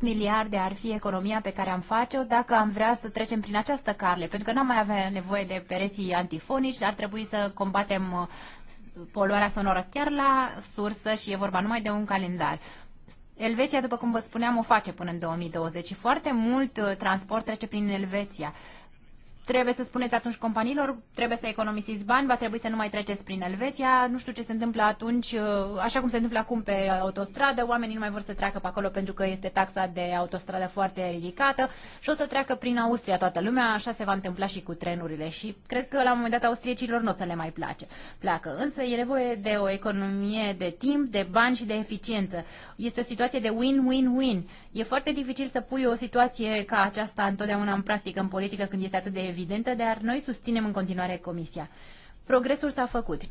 miliarde ar fi economia pe care am face-o dacă am vrea să trecem prin această carle, pentru că n-am mai avea nevoie de pereții antifonici, ar trebui să combatem poluarea sonoră chiar la sursă și e vorba numai de un calendar. Elveția, după cum vă spuneam, o face până în 2020 și foarte mult uh, transport trece prin Elveția trebuie să spuneți atunci companiilor, trebuie să economisiți bani, va trebui să nu mai treceți prin Elveția, nu știu ce se întâmplă atunci, uh, așa cum se întâmplă acum pe autostradă, oamenii nu mai vor să treacă pe acolo pentru că este taxa de autostradă foarte ridicată și o să treacă prin Austria toată lumea, așa se va întâmpla și cu trenurile și cred că la un moment dat austriecilor nu o să le mai place, Pleacă, Însă e nevoie de o economie de timp, de bani și de eficiență. Este o situație de win-win-win. E foarte dificil să pui o situație ca aceasta întotdeauna în practică, în politică, când este atât de evidentă, dar noi susținem în continuare Comisia. Progresul s-a făcut, 50%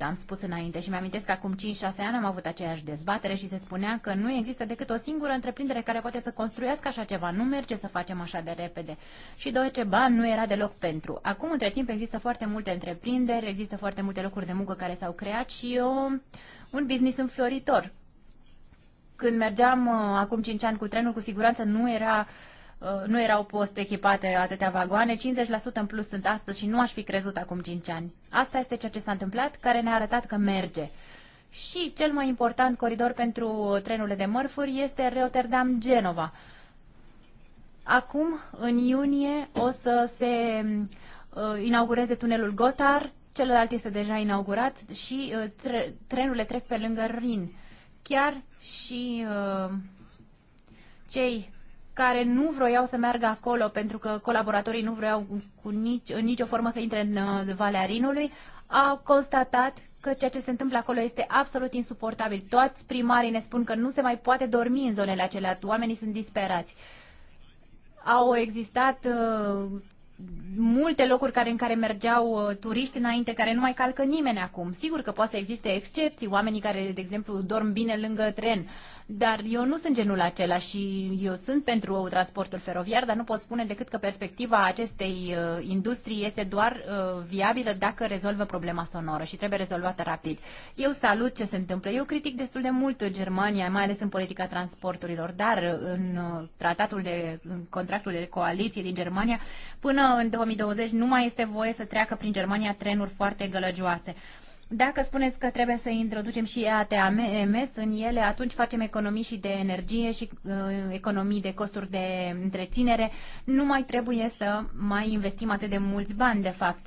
am spus înainte și mi-amintesc că acum 5-6 ani am avut aceeași dezbatere și se spunea că nu există decât o singură întreprindere care poate să construiască așa ceva, nu merge să facem așa de repede. Și Deutsche Bahn nu era deloc pentru. Acum, între timp, există foarte multe întreprinderi, există foarte multe locuri de muncă care s-au creat și o, un business înfioritor. Când mergeam uh, acum 5 ani cu trenul, cu siguranță nu era uh, Uh, nu erau post echipate atâtea vagoane, 50% în plus sunt astăzi și nu aș fi crezut acum 5 ani. Asta este ceea ce s-a întâmplat, care ne-a arătat că merge. Și cel mai important coridor pentru trenurile de mărfuri este Rotterdam-Genova. Acum, în iunie, o să se uh, inaugureze tunelul Gotar, celălalt este deja inaugurat și uh, tre- trenurile trec pe lângă Rin. Chiar și uh, cei care nu vroiau să meargă acolo pentru că colaboratorii nu vroiau cu nici, în nicio formă să intre în uh, Valea Rinului, au constatat că ceea ce se întâmplă acolo este absolut insuportabil. Toți primarii ne spun că nu se mai poate dormi în zonele acelea, oamenii sunt disperați. Au existat uh, multe locuri care, în care mergeau uh, turiști înainte, care nu mai calcă nimeni acum. Sigur că poate să existe excepții, oamenii care, de exemplu, dorm bine lângă tren dar eu nu sunt genul acela și eu sunt pentru transportul feroviar, dar nu pot spune decât că perspectiva acestei uh, industrii este doar uh, viabilă dacă rezolvă problema sonoră și trebuie rezolvată rapid. Eu salut ce se întâmplă. Eu critic destul de mult Germania, mai ales în politica transporturilor, dar uh, în tratatul de în contractul de coaliție din Germania, până în 2020 nu mai este voie să treacă prin Germania trenuri foarte gălăgioase. Dacă spuneți că trebuie să introducem și EATMS în ele, atunci facem economii și de energie și uh, economii de costuri de întreținere. Nu mai trebuie să mai investim atât de mulți bani, de fapt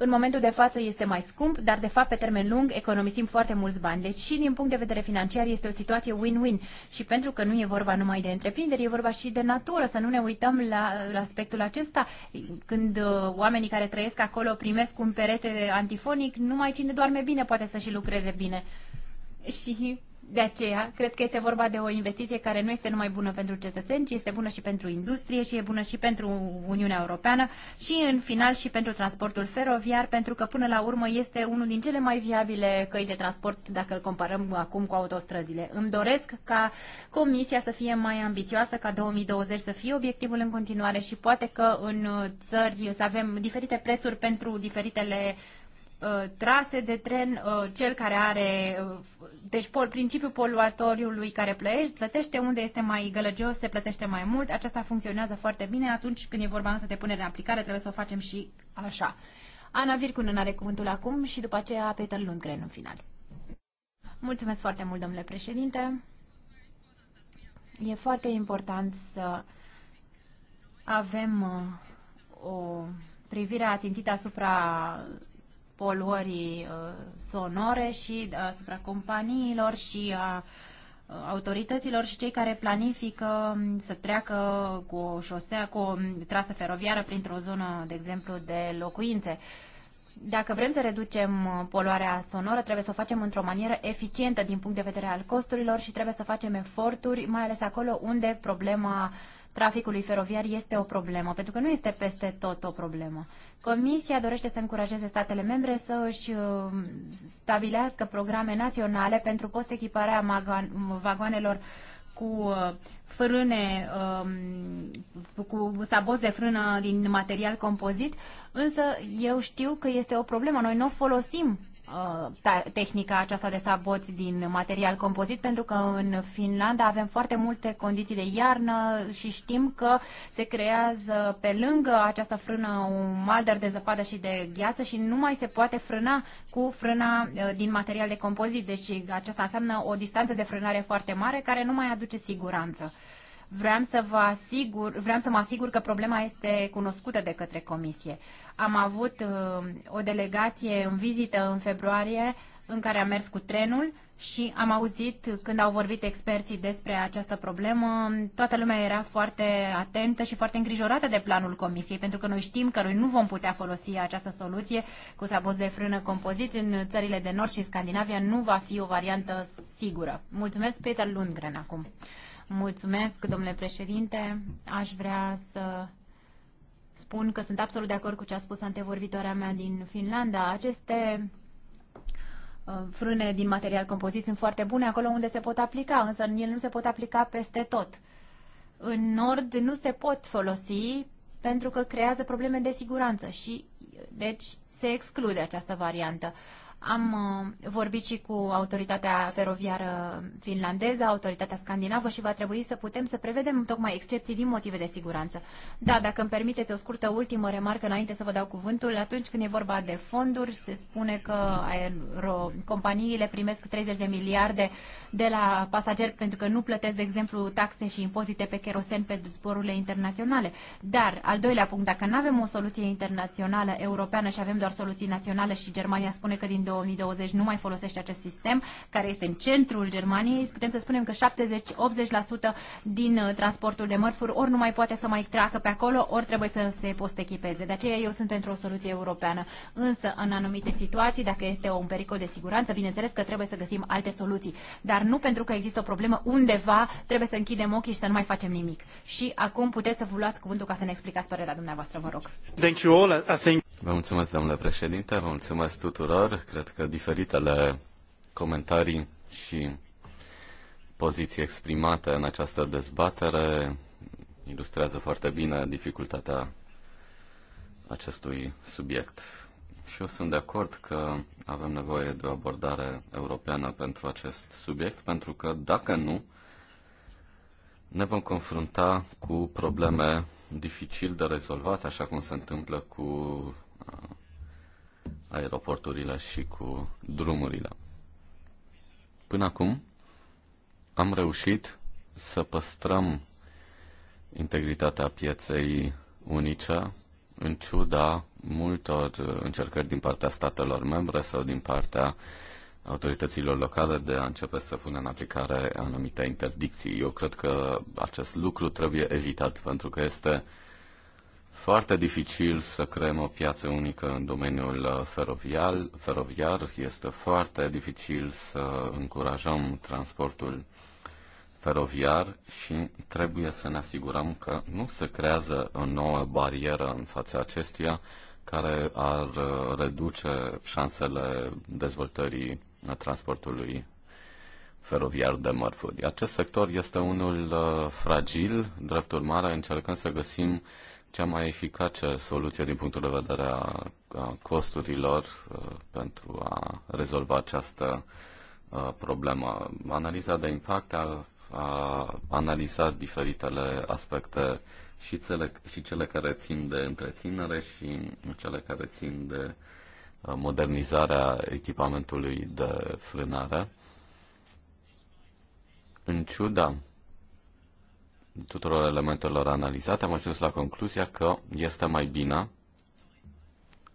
în momentul de față este mai scump, dar de fapt pe termen lung economisim foarte mulți bani. Deci și din punct de vedere financiar este o situație win-win și pentru că nu e vorba numai de întreprinderi, e vorba și de natură, să nu ne uităm la, la aspectul acesta. Când uh, oamenii care trăiesc acolo primesc un perete antifonic, numai cine doarme bine poate să și lucreze bine. Și de aceea, cred că este vorba de o investiție care nu este numai bună pentru cetățeni, ci este bună și pentru industrie și e bună și pentru Uniunea Europeană și, în final, și pentru transportul feroviar, pentru că, până la urmă, este unul din cele mai viabile căi de transport dacă îl comparăm acum cu autostrăzile. Îmi doresc ca Comisia să fie mai ambițioasă, ca 2020 să fie obiectivul în continuare și poate că în țări să avem diferite prețuri pentru diferitele uh, Uh, trase de tren, uh, cel care are, uh, deci principiul poluatoriului care plăiești, plătește unde este mai gălăgios, se plătește mai mult, aceasta funcționează foarte bine, atunci când e vorba să de punere în aplicare, trebuie să o facem și așa. Ana Vircunen are cuvântul acum și după aceea Peter Lundgren în final. Mulțumesc foarte mult, domnule președinte. E foarte important să avem o privire ațintită asupra poluării uh, sonore și uh, asupra companiilor și a uh, autorităților și cei care planifică um, să treacă cu o șosea, cu o um, trasă feroviară printr-o zonă, de exemplu, de locuințe. Dacă vrem să reducem poluarea sonoră, trebuie să o facem într-o manieră eficientă din punct de vedere al costurilor și trebuie să facem eforturi, mai ales acolo unde problema uh, traficului feroviar este o problemă, pentru că nu este peste tot o problemă. Comisia dorește să încurajeze statele membre să își uh, stabilească programe naționale pentru postechiparea vagoanelor cu uh, frâne, um, cu sabos de frână din material compozit, însă eu știu că este o problemă. Noi nu o folosim Uh, tehnica aceasta de saboți din material compozit, pentru că în Finlanda avem foarte multe condiții de iarnă și știm că se creează pe lângă această frână un malder de zăpadă și de gheață și nu mai se poate frâna cu frâna uh, din material de compozit. Deci aceasta înseamnă o distanță de frânare foarte mare care nu mai aduce siguranță. Vreau să vă asigur, vreau să mă asigur că problema este cunoscută de către comisie. Am avut uh, o delegație în vizită în februarie în care am mers cu trenul și am auzit când au vorbit experții despre această problemă, toată lumea era foarte atentă și foarte îngrijorată de planul comisiei, pentru că noi știm că noi nu vom putea folosi această soluție cu sabos de frână compozit în țările de nord și în Scandinavia nu va fi o variantă sigură. Mulțumesc, Peter Lundgren, acum. Mulțumesc, domnule președinte. Aș vrea să spun că sunt absolut de acord cu ce a spus antevorbitoarea mea din Finlanda. Aceste uh, frâne din material compozit sunt foarte bune acolo unde se pot aplica, însă ele nu se pot aplica peste tot. În nord nu se pot folosi pentru că creează probleme de siguranță și deci se exclude această variantă. Am uh, vorbit și cu autoritatea feroviară finlandeză, autoritatea scandinavă și va trebui să putem să prevedem tocmai excepții din motive de siguranță. Da, dacă îmi permiteți o scurtă ultimă remarcă înainte să vă dau cuvântul, atunci când e vorba de fonduri, se spune că aero, companiile primesc 30 de miliarde de la pasageri pentru că nu plătesc, de exemplu, taxe și impozite pe kerosen pe zborurile internaționale. Dar, al doilea punct, dacă nu avem o soluție internațională europeană și avem doar soluții naționale și Germania spune că din 2020 nu mai folosește acest sistem, care este în centrul Germaniei. Putem să spunem că 70-80% din uh, transportul de mărfuri ori nu mai poate să mai treacă pe acolo, ori trebuie să se postechipeze. De aceea eu sunt pentru o soluție europeană. Însă, în anumite situații, dacă este un pericol de siguranță, bineînțeles că trebuie să găsim alte soluții. Dar nu pentru că există o problemă undeva, trebuie să închidem ochii și să nu mai facem nimic. Și acum puteți să vă luați cuvântul ca să ne explicați părerea dumneavoastră, vă rog. Thank you all. I think... Vă mulțumesc, domnule președinte, vă mulțumesc tuturor. Cred că diferitele comentarii și poziții exprimate în această dezbatere ilustrează foarte bine dificultatea acestui subiect. Și eu sunt de acord că avem nevoie de o abordare europeană pentru acest subiect, pentru că dacă nu, ne vom confrunta cu probleme dificil de rezolvat, așa cum se întâmplă cu uh, aeroporturile și cu drumurile. Până acum am reușit să păstrăm integritatea pieței unice în ciuda multor încercări din partea statelor membre sau din partea autorităților locale de a începe să pună în aplicare anumite interdicții. Eu cred că acest lucru trebuie evitat pentru că este foarte dificil să creăm o piață unică în domeniul uh, feroviar, feroviar. Este foarte dificil să încurajăm transportul feroviar și trebuie să ne asigurăm că nu se creează o nouă barieră în fața acestuia care ar uh, reduce șansele dezvoltării uh, transportului feroviar de mărfuri. Acest sector este unul fragil, drept urmare încercăm să găsim cea mai eficace soluție din punctul de vedere a, costurilor uh, pentru a rezolva această uh, problemă. Analiza de impact a, a analizat diferitele aspecte și cele, și cele care țin de întreținere și cele care țin de uh, modernizarea echipamentului de frânare. În ciuda tuturor elementelor analizate, am ajuns la concluzia că este mai bine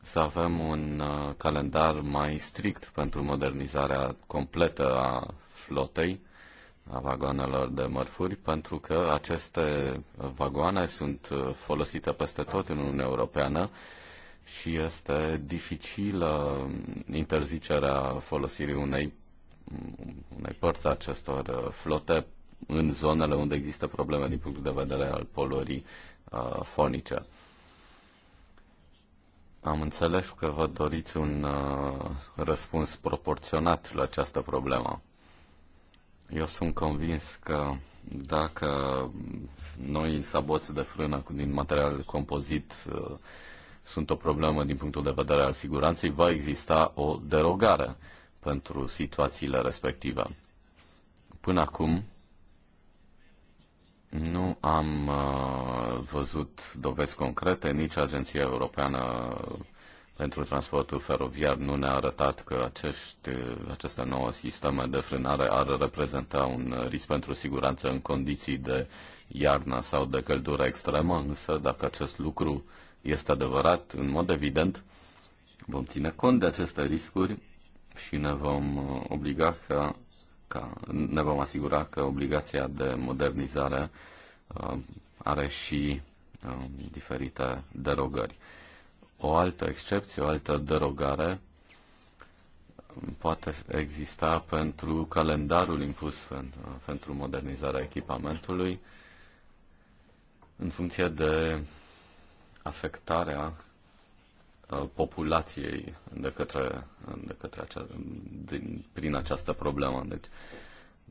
să avem un uh, calendar mai strict pentru modernizarea completă a flotei, a vagoanelor de mărfuri, pentru că aceste vagoane sunt uh, folosite peste tot în Uniunea Europeană și este dificilă um, interzicerea folosirii unei, unei părți a acestor uh, flote în zonele unde există probleme din punctul de vedere al poluării uh, fonice. Am înțeles că vă doriți un uh, răspuns proporționat la această problemă. Eu sunt convins că dacă noi saboți de frână din material compozit uh, sunt o problemă din punctul de vedere al siguranței, va exista o derogare pentru situațiile respective. Până acum, nu am uh, văzut dovezi concrete, nici Agenția Europeană pentru Transportul Feroviar nu ne-a arătat că acești, aceste nouă sisteme de frânare ar reprezenta un risc pentru siguranță în condiții de iarnă sau de căldură extremă, însă dacă acest lucru este adevărat, în mod evident, vom ține cont de aceste riscuri și ne vom uh, obliga ca ca, ne vom asigura că obligația de modernizare uh, are și uh, diferite derogări. O altă excepție, o altă derogare um, poate exista pentru calendarul impus uh, pentru modernizarea echipamentului în funcție de afectarea Uh, populației de către, de către acea, din, prin această problemă. Deci,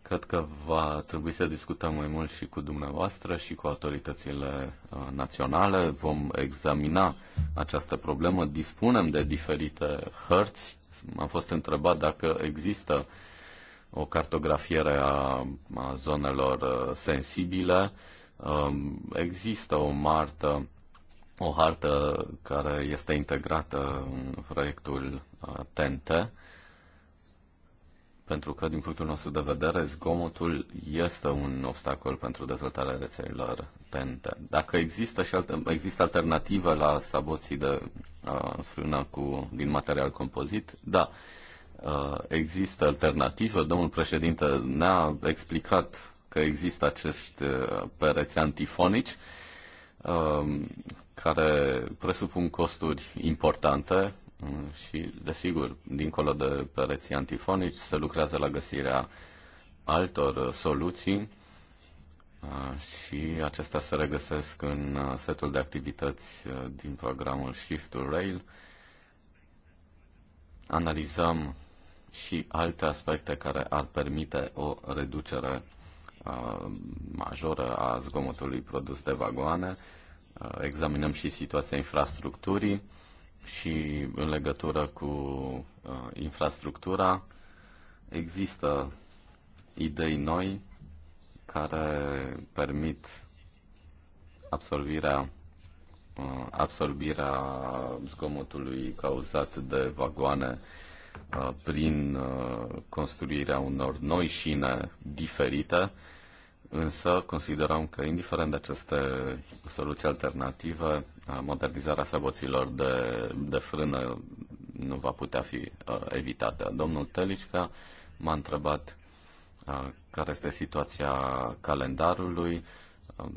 cred că va trebui să discutăm mai mult și cu dumneavoastră și cu autoritățile uh, naționale. Vom examina această problemă. Dispunem de diferite hărți. Am fost întrebat dacă există o cartografiere a, a zonelor uh, sensibile. Um, există o martă o hartă care este integrată în proiectul TNT, uh, pentru că, din punctul nostru de vedere, zgomotul este un obstacol pentru dezvoltarea rețelelor TNT. Dacă există și alte, există alternative la saboții de uh, frână cu, din material compozit, da, uh, există alternative. Domnul președinte ne-a explicat că există acești uh, pereți antifonici uh, care presupun costuri importante mm, și, desigur, dincolo de pereții antifonici, se lucrează la găsirea altor uh, soluții uh, și acestea se regăsesc în uh, setul de activități din programul Shift to Rail. Analizăm și alte aspecte care ar permite o reducere majoră a zgomotului produs de vagoane Uh, examinăm și situația infrastructurii și în legătură cu uh, infrastructura există idei noi care permit absorbirea uh, absorbirea zgomotului cauzat de vagoane uh, prin uh, construirea unor noi șine diferite însă considerăm că, indiferent de aceste soluții alternative, modernizarea saboților de, de frână nu va putea fi uh, evitată. Domnul Telișca m-a întrebat uh, care este situația calendarului. Um,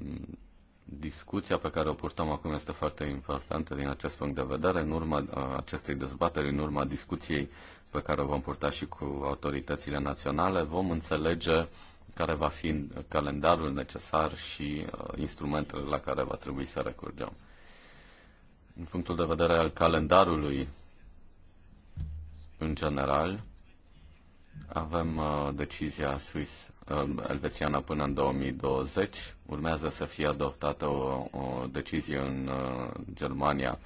discuția pe care o purtăm acum este foarte importantă din acest punct de vedere, în urma uh, acestei dezbateri, în urma discuției pe care o vom purta și cu autoritățile naționale, vom înțelege care va fi calendarul necesar și uh, instrumentele la care va trebui să recurgem. În punctul de vedere al calendarului, în general, avem uh, decizia Swiss uh, elvețiană până în 2020. Urmează să fie adoptată o, o decizie în uh, Germania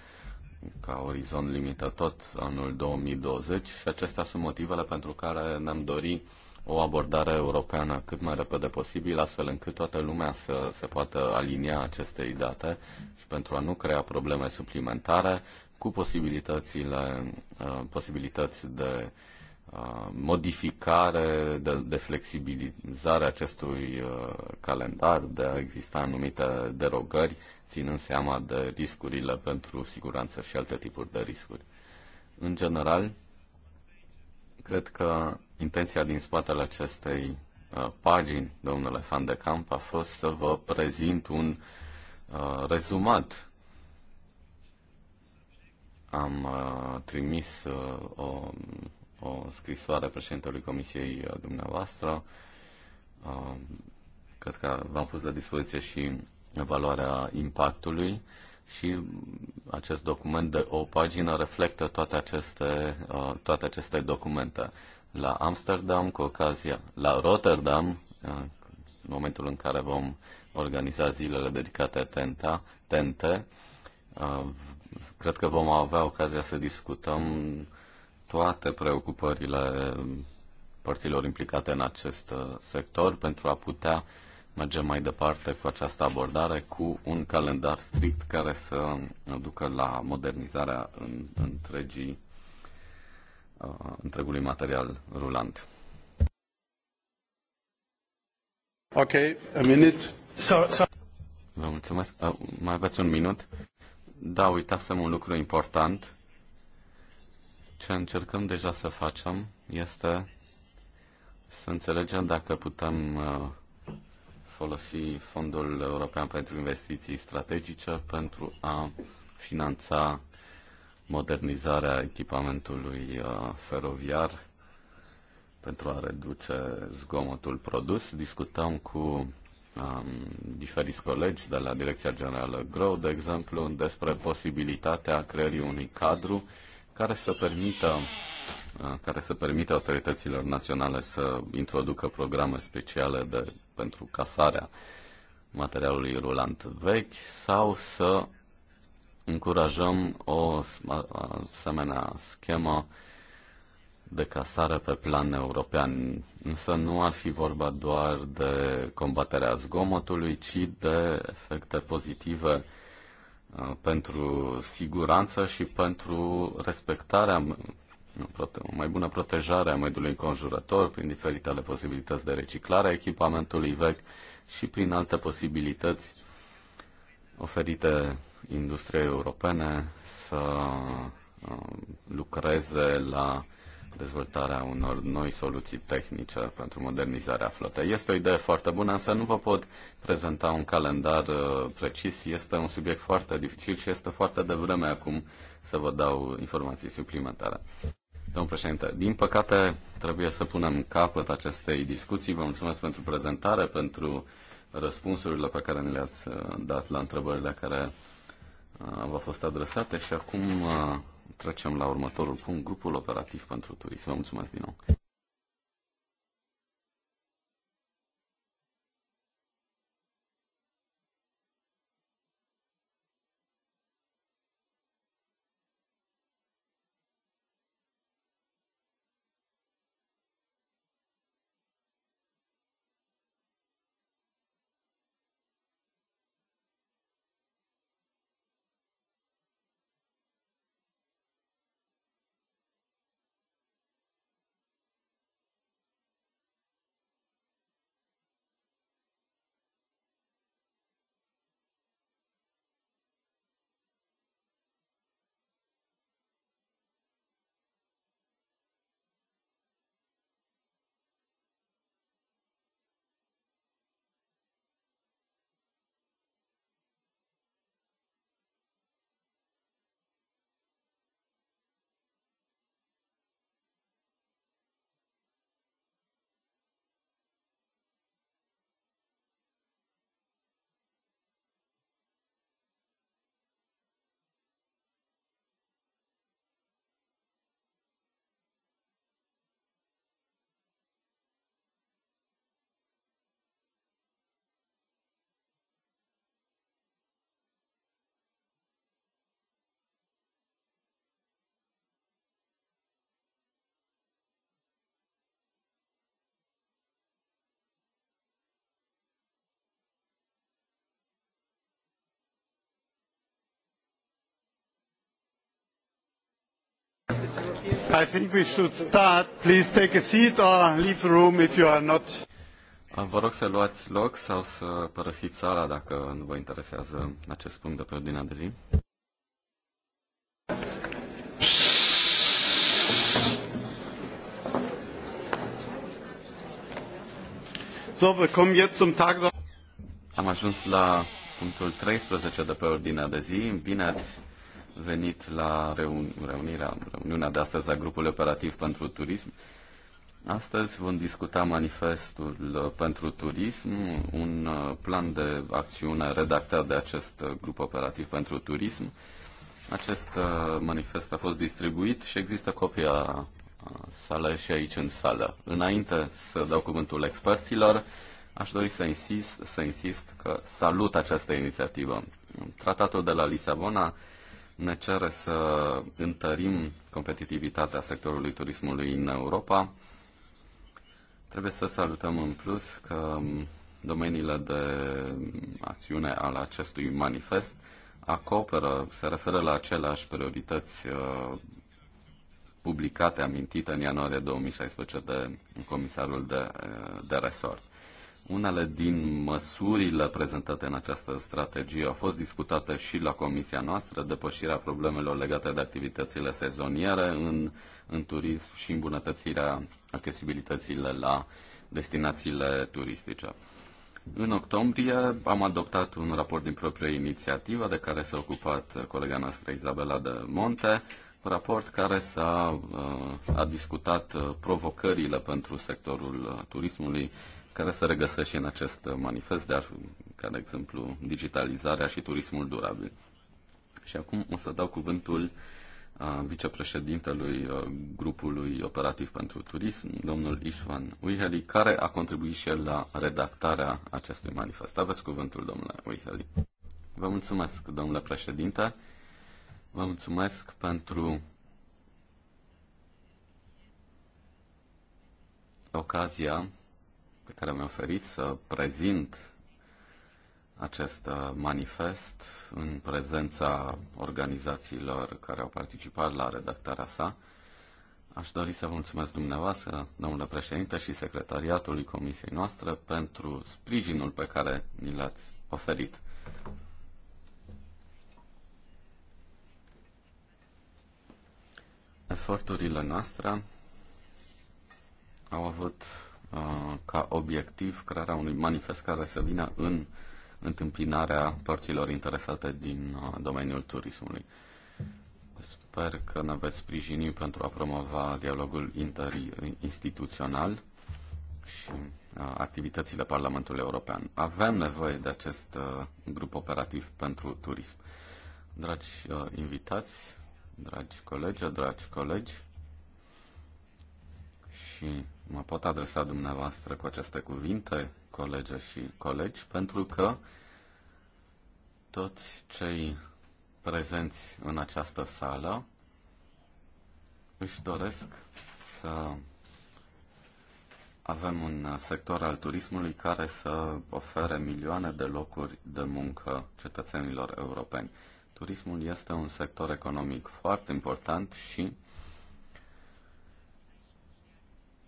ca orizont limită tot anul 2020 și acestea sunt motivele pentru care ne-am dorit o abordare europeană cât mai repede posibil, astfel încât toată lumea să se poată alinia acestei date și pentru a nu crea probleme suplimentare cu posibilitățile, uh, posibilități de uh, modificare, de, de flexibilizare acestui uh, calendar, de a exista anumite derogări, ținând seama de riscurile pentru siguranță și alte tipuri de riscuri. În general, Cred că intenția din spatele acestei uh, pagini, domnule Fan de Camp, a fost să vă prezint un uh, rezumat. Am uh, trimis uh, o, o scrisoare președintelui Comisiei uh, dumneavoastră. Uh, cred că v-am pus la dispoziție și evaluarea impactului. Uh, și acest document de o pagină reflectă toate aceste, uh, toate aceste documente. La Amsterdam, cu ocazia, la Rotterdam, uh, în momentul în care vom organiza zilele dedicate Tenta, Tente, uh, cred că vom avea ocazia să discutăm toate preocupările părților implicate în acest sector pentru a putea uh, mergem mai departe cu această abordare, cu un calendar strict care să ducă la modernizarea în, întregii, uh, întregului material rulant. Ok, a minute. So, so... Vă mulțumesc. Uh, mai aveți un minut? Da, uitasem un lucru important. Ce încercăm deja să facem este să înțelegem dacă putem uh, folosi Fondul European pentru Investiții Strategice pentru a finanța modernizarea echipamentului uh, feroviar pentru a reduce zgomotul produs. Discutăm cu um, diferiți colegi de la Direcția Generală GROW, de exemplu, despre posibilitatea creării unui cadru uh, care să permită uh, care să permită autorităților naționale să introducă programe speciale de, pentru casarea materialului rulant vechi sau să încurajăm o asemenea schemă de casare pe plan european. Însă nu ar fi vorba doar de combaterea zgomotului, ci de efecte pozitive Uh, pentru siguranță și pentru respectarea, o mai bună protejare a mediului înconjurător prin diferitele posibilități de reciclare a echipamentului vechi și prin alte posibilități oferite industriei europene să uh, lucreze la dezvoltarea unor noi soluții tehnice pentru modernizarea flotei. Este o idee foarte bună, însă nu vă pot prezenta un calendar uh, precis. Este un subiect foarte dificil și este foarte devreme acum să vă dau informații suplimentare. Domnul președinte, din păcate trebuie să punem capăt acestei discuții. Vă mulțumesc pentru prezentare, pentru răspunsurile pe care ne le-ați uh, dat la întrebările care uh, v-au fost adresate și acum Trecem la următorul punct, grupul operativ pentru turism. Vă mulțumesc din nou. I think we should start. Please take a seat or leave the room if you are not. Ah, vă rog să luați loc sau să părăsiți sala dacă nu vă interesează acest punct de pe ordinea de zi. So, wir kommen jetzt zum Tagesordnungspunkt. Am ajuns la punctul 13 de pe ordinea de zi. Bine ați venit la reunirea, reuniunea de astăzi a grupului operativ pentru turism. Astăzi vom discuta manifestul pentru turism, un plan de acțiune redactat de acest grup operativ pentru turism. Acest manifest a fost distribuit și există copia sală și aici în sală. Înainte să dau cuvântul experților, aș dori să insist, să insist că salut această inițiativă. Tratatul de la Lisabona ne cere să întărim competitivitatea sectorului turismului în Europa. Trebuie să salutăm în plus că domeniile de acțiune al acestui manifest acoperă, se referă la aceleași priorități uh, publicate, amintite în ianuarie 2016 de comisarul de, uh, de resort. Unele din măsurile prezentate în această strategie au fost discutate și la comisia noastră, depășirea problemelor legate de activitățile sezoniere în, în turism și îmbunătățirea accesibilităților la destinațiile turistice. În octombrie am adoptat un raport din proprie inițiativă de care s-a ocupat colega noastră Izabela de Monte, raport care s-a uh, a discutat uh, provocările pentru sectorul uh, turismului care se regăsește și în acest manifest, de ca de exemplu digitalizarea și turismul durabil. Și acum o să dau cuvântul vicepreședintelui grupului operativ pentru turism, domnul Ișvan Uiheli, care a contribuit și el la redactarea acestui manifest. Aveți cuvântul, domnule Uiheli. Vă mulțumesc, domnule președinte. Vă mulțumesc pentru ocazia pe care mi-a oferit să prezint acest uh, manifest în prezența organizațiilor care au participat la redactarea sa. Aș dori să vă mulțumesc dumneavoastră, domnule președinte și secretariatului comisiei noastre pentru sprijinul pe care ni l-ați oferit. Eforturile noastre au avut Uh, ca obiectiv crearea unui manifest care să vină în întâmpinarea părților interesate din uh, domeniul turismului. Sper că ne veți sprijini pentru a promova dialogul interinstituțional și uh, activitățile Parlamentului European. Avem nevoie de acest grup operativ pentru turism. Dragi invitați, dragi colegi, dragi colegi și mă pot adresa dumneavoastră cu aceste cuvinte, colege și colegi, pentru că toți cei prezenți în această sală își doresc să avem un sector al turismului care să ofere milioane de locuri de muncă cetățenilor europeni. Turismul este un sector economic foarte important și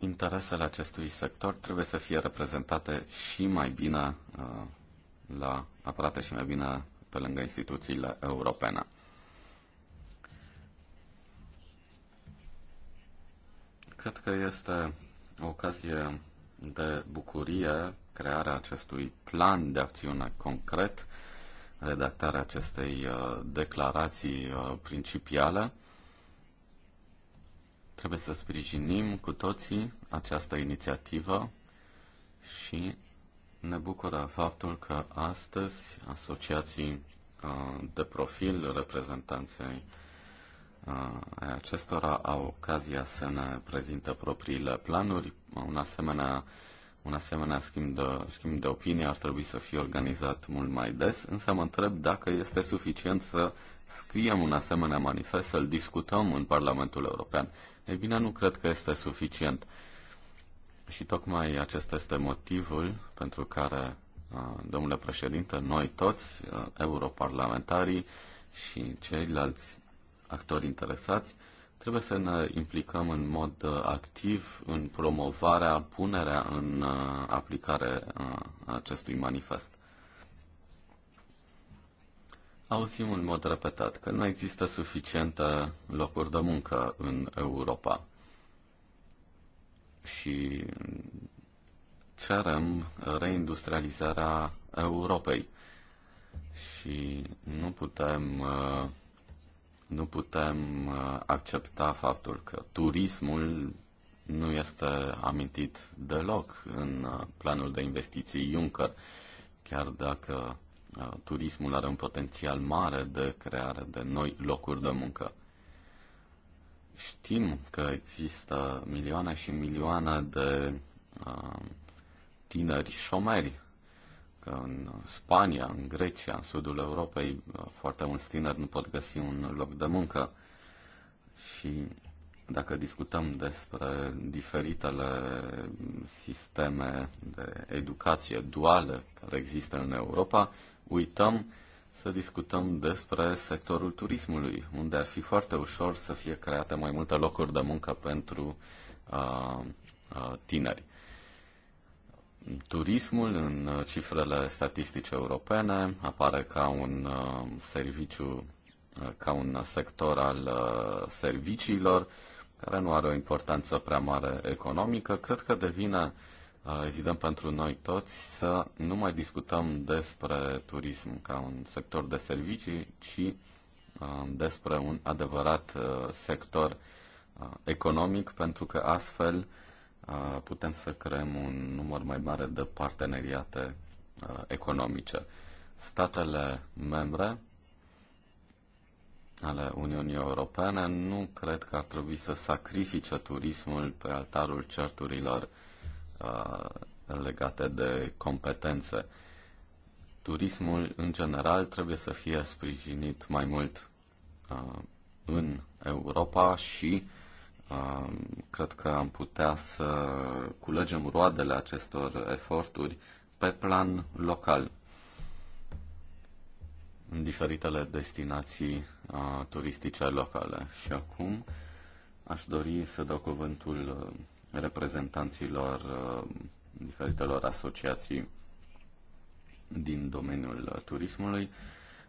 interesele acestui sector trebuie să fie reprezentate și mai bine uh, la aparate și mai bine pe lângă instituțiile europene. Cred că este o ocazie de bucurie crearea acestui plan de acțiune concret, redactarea acestei uh, declarații uh, principiale Trebuie să sprijinim cu toții această inițiativă și ne bucură faptul că astăzi asociații uh, de profil, reprezentanței uh, acestora au ocazia să ne prezintă propriile planuri. Un asemenea, un asemenea schimb, de, schimb de opinie ar trebui să fie organizat mult mai des, însă mă întreb dacă este suficient să scriem un asemenea manifest, să-l discutăm în Parlamentul European ei bine, nu cred că este suficient. Și tocmai acesta este motivul pentru care, domnule președinte, noi toți, europarlamentarii și ceilalți actori interesați, trebuie să ne implicăm în mod activ în promovarea, punerea în aplicare a acestui manifest. Auzim în mod repetat că nu există suficiente locuri de muncă în Europa și cerem reindustrializarea Europei și nu putem uh, nu putem uh, accepta faptul că turismul nu este amintit deloc în uh, planul de investiții Juncker, chiar dacă Uh, turismul are un potențial mare de creare de noi locuri de muncă. Știm că există milioane și milioane de uh, tineri șomeri, că în Spania, în Grecia, în sudul Europei, uh, foarte mulți tineri nu pot găsi un loc de muncă. Și dacă discutăm despre diferitele sisteme de educație duale care există în Europa, uităm să discutăm despre sectorul turismului, unde ar fi foarte ușor să fie create mai multe locuri de muncă pentru uh, uh, tineri. Turismul, în cifrele statistice europene, apare ca un uh, serviciu, uh, ca un sector al uh, serviciilor, care nu are o importanță prea mare economică. Cred că devine uh, Uh, evident pentru noi toți, să nu mai discutăm despre turism ca un sector de servicii, ci uh, despre un adevărat uh, sector economic, pentru că astfel putem să creăm un număr mai mare de parteneriate economice. Statele membre ale Uniunii Europene nu cred că ar trebui să sacrifice turismul pe altarul certurilor Uh, legate de competențe. Turismul, în general, trebuie să fie sprijinit mai mult uh, în Europa și uh, cred că am putea să culegem roadele acestor eforturi pe plan local în diferitele destinații turistice locale. Și acum aș dori să dau cuvântul reprezentanților uh, diferitelor asociații din domeniul turismului.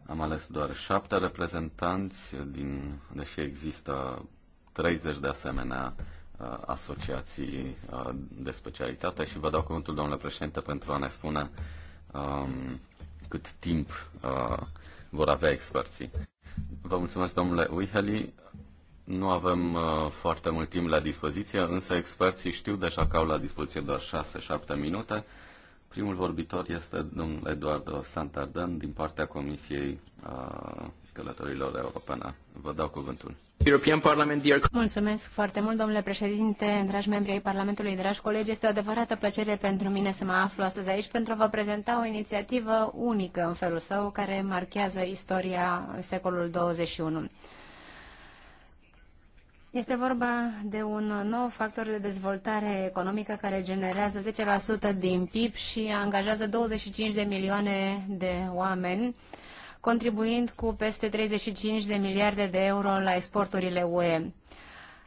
Am ales doar șapte reprezentanți, din, deși există 30 de asemenea uh, asociații uh, de specialitate și vă dau cuvântul, domnule președinte, pentru a ne spune um, cât timp uh, vor avea experții. Vă mulțumesc, domnule Uiheli. Nu avem uh, foarte mult timp la dispoziție, însă experții știu deja că au la dispoziție doar 6-7 minute. Primul vorbitor este domnul Eduardo Santardan din partea Comisiei uh, Călătorilor Europene. Vă dau cuvântul. European Parliament, dear... Mulțumesc foarte mult, domnule președinte, dragi membri ai Parlamentului, dragi colegi. Este o adevărată plăcere pentru mine să mă aflu astăzi aici pentru a vă prezenta o inițiativă unică în felul său care marchează istoria secolul 21. Este vorba de un nou factor de dezvoltare economică care generează 10% din PIB și angajează 25 de milioane de oameni, contribuind cu peste 35 de miliarde de euro la exporturile UE.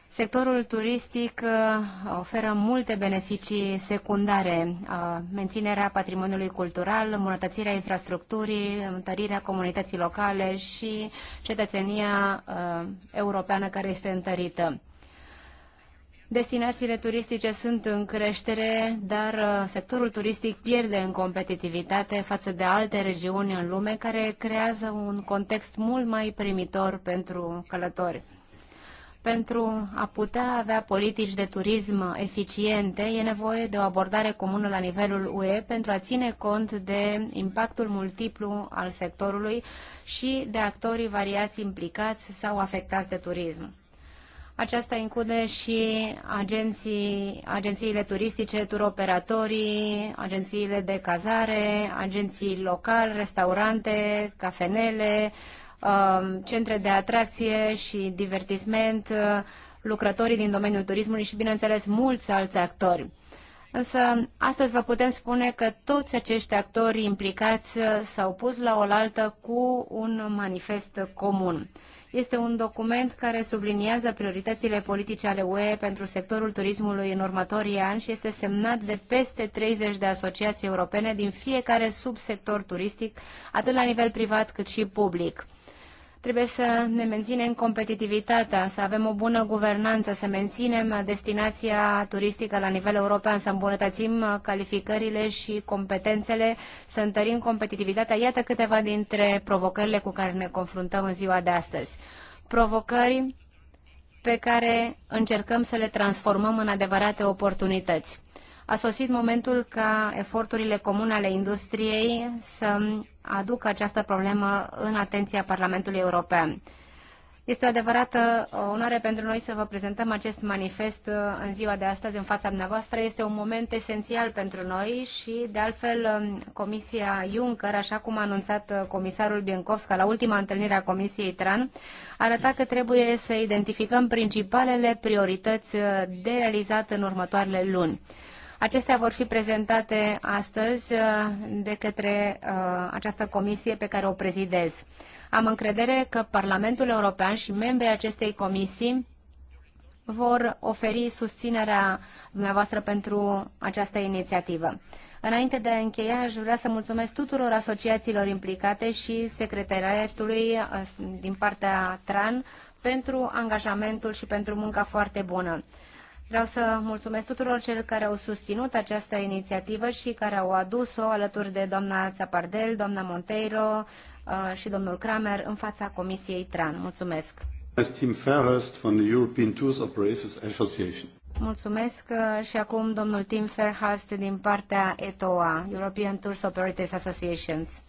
Sectorul turistic uh, oferă multe beneficii secundare, uh, menținerea patrimoniului cultural, îmbunătățirea infrastructurii, întărirea comunității locale și cetățenia uh, europeană care este întărită. Destinațiile turistice sunt în creștere, dar sectorul turistic pierde în competitivitate față de alte regiuni în lume care creează un context mult mai primitor pentru călători. Pentru a putea avea politici de turism eficiente, e nevoie de o abordare comună la nivelul UE pentru a ține cont de impactul multiplu al sectorului și de actorii variați implicați sau afectați de turism. Aceasta include și agenții, agențiile turistice, turoperatorii, agențiile de cazare, agenții locali, restaurante, cafenele, Um, centre de atracție și divertisment, uh, lucrătorii din domeniul turismului și, bineînțeles, mulți alți actori. Însă, astăzi vă putem spune că toți acești actori implicați uh, s-au pus la oaltă cu un manifest comun. Este un document care subliniază prioritățile politice ale UE pentru sectorul turismului în următorii ani și este semnat de peste 30 de asociații europene din fiecare subsector turistic, atât la nivel privat cât și public. Trebuie să ne menținem competitivitatea, să avem o bună guvernanță, să menținem destinația turistică la nivel european, să îmbunătățim calificările și competențele, să întărim competitivitatea. Iată câteva dintre provocările cu care ne confruntăm în ziua de astăzi. Provocări pe care încercăm să le transformăm în adevărate oportunități. A sosit momentul ca eforturile comune ale industriei să aduc această problemă în atenția Parlamentului European. Este o adevărată onoare pentru noi să vă prezentăm acest manifest uh, în ziua de astăzi în fața dumneavoastră. Este un moment esențial pentru noi și, de altfel, um, Comisia Juncker, așa cum a anunțat uh, comisarul Biencovska la ultima întâlnire a Comisiei TRAN, arăta că trebuie să identificăm principalele priorități uh, de realizat în următoarele luni. Acestea vor fi prezentate astăzi uh, de către uh, această comisie pe care o prezidez. Am încredere că Parlamentul European și membrii acestei comisii vor oferi susținerea dumneavoastră pentru această inițiativă. Înainte de a încheia, aș vrea să mulțumesc tuturor asociațiilor implicate și secretariatului uh, din partea TRAN pentru angajamentul și pentru munca foarte bună. Vreau să mulțumesc tuturor celor care au susținut această inițiativă și care au adus-o alături de doamna Țapardel, doamna Monteiro uh, și domnul Kramer în fața Comisiei TRAN. Mulțumesc! Tim Fairhurst European Tours Operators Association. Mulțumesc uh, și acum domnul Tim Fairhurst din partea ETOA, European Tours Operators Associations.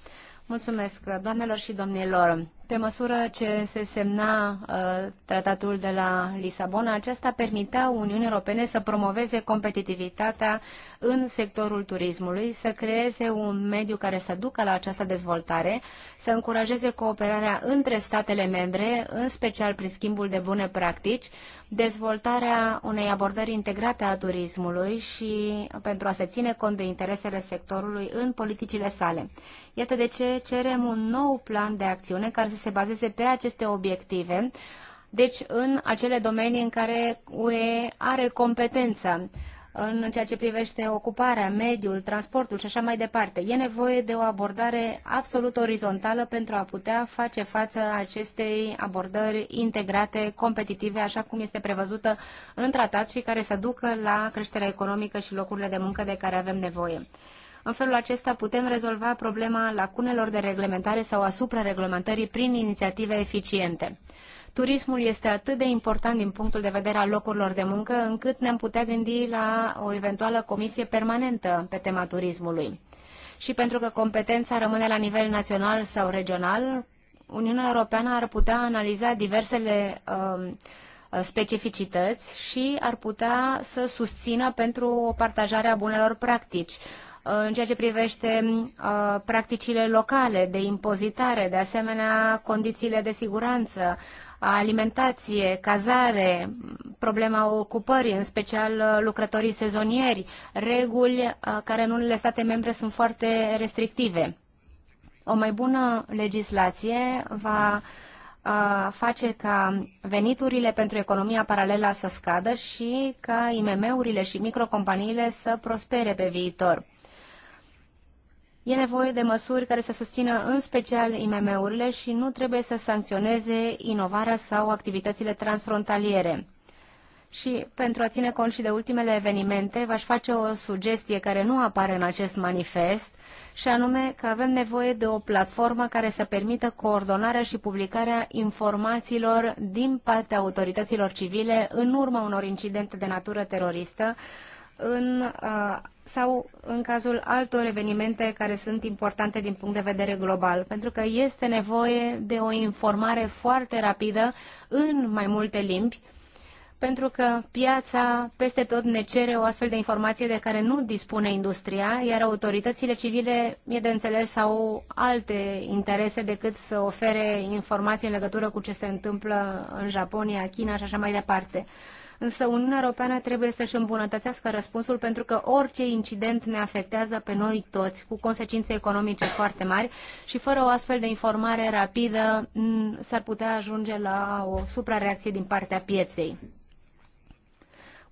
Mulțumesc, uh, doamnelor și domnilor. Pe măsură ce se semna uh, tratatul de la Lisabona, acesta permitea Uniunii Europene să promoveze competitivitatea în sectorul turismului, să creeze un mediu care să ducă la această dezvoltare, să încurajeze cooperarea între statele membre, în special prin schimbul de bune practici, dezvoltarea unei abordări integrate a turismului și pentru a se ține cont de interesele sectorului în politicile sale. Iată de ce cerem un nou plan de acțiune care să se bazeze pe aceste obiective, deci în acele domenii în care UE are competența în ceea ce privește ocuparea, mediul, transportul și așa mai departe. E nevoie de o abordare absolut orizontală pentru a putea face față acestei abordări integrate, competitive, așa cum este prevăzută în tratat și care să ducă la creșterea economică și locurile de muncă de care avem nevoie. În felul acesta putem rezolva problema lacunelor de reglementare sau a reglementării prin inițiative eficiente. Turismul este atât de important din punctul de vedere al locurilor de muncă, încât ne-am putea gândi la o eventuală comisie permanentă pe tema turismului. Și pentru că competența rămâne la nivel național sau regional, Uniunea Europeană ar putea analiza diversele uh, specificități și ar putea să susțină pentru o partajare a bunelor practici, în ceea ce privește uh, practicile locale de impozitare, de asemenea condițiile de siguranță, alimentație, cazare, problema ocupării, în special uh, lucrătorii sezonieri, reguli uh, care în unele state membre sunt foarte restrictive. O mai bună legislație va face ca veniturile pentru economia paralelă să scadă și ca IMM-urile și microcompaniile să prospere pe viitor. E nevoie de măsuri care să susțină în special IMM-urile și nu trebuie să sancționeze inovarea sau activitățile transfrontaliere. Și pentru a ține cont și de ultimele evenimente, v-aș face o sugestie care nu apare în acest manifest, și anume că avem nevoie de o platformă care să permită coordonarea și publicarea informațiilor din partea autorităților civile în urma unor incidente de natură teroristă în uh, sau în cazul altor evenimente care sunt importante din punct de vedere global, pentru că este nevoie de o informare foarte rapidă în mai multe limbi, pentru că piața peste tot ne cere o astfel de informație de care nu dispune industria, iar autoritățile civile, e de înțeles, au alte interese decât să ofere informații în legătură cu ce se întâmplă în Japonia, China și așa mai departe însă Uniunea Europeană trebuie să-și îmbunătățească răspunsul pentru că orice incident ne afectează pe noi toți, cu consecințe economice foarte mari și fără o astfel de informare rapidă s-ar putea ajunge la o suprareacție din partea pieței.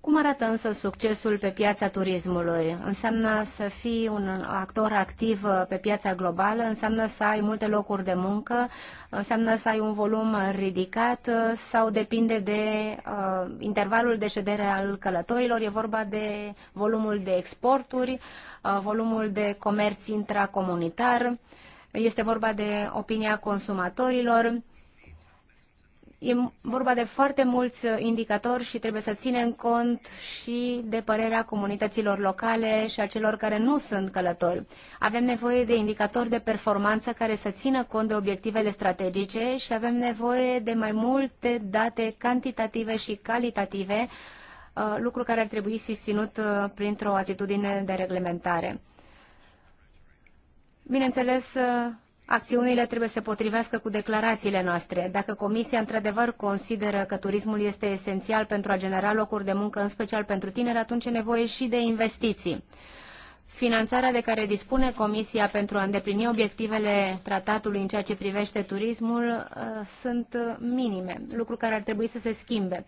Cum arată însă succesul pe piața turismului? Înseamnă să fii un actor activ uh, pe piața globală, înseamnă să ai multe locuri de muncă, înseamnă să ai un volum ridicat uh, sau depinde de uh, intervalul de ședere al călătorilor, e vorba de volumul de exporturi, uh, volumul de comerț intracomunitar, este vorba de opinia consumatorilor E vorba de foarte mulți uh, indicatori și trebuie să ținem cont și de părerea comunităților locale și a celor care nu sunt călători. Avem nevoie de indicatori de performanță care să țină cont de obiectivele strategice și avem nevoie de mai multe date cantitative și calitative, uh, lucru care ar trebui susținut uh, printr-o atitudine de reglementare. Bineînțeles, acțiunile trebuie să se potrivească cu declarațiile noastre. Dacă Comisia într-adevăr consideră că turismul este esențial pentru a genera locuri de muncă, în special pentru tineri, atunci e nevoie și de investiții. Finanțarea de care dispune Comisia pentru a îndeplini obiectivele tratatului în ceea ce privește turismul uh, sunt minime, lucru care ar trebui să se schimbe.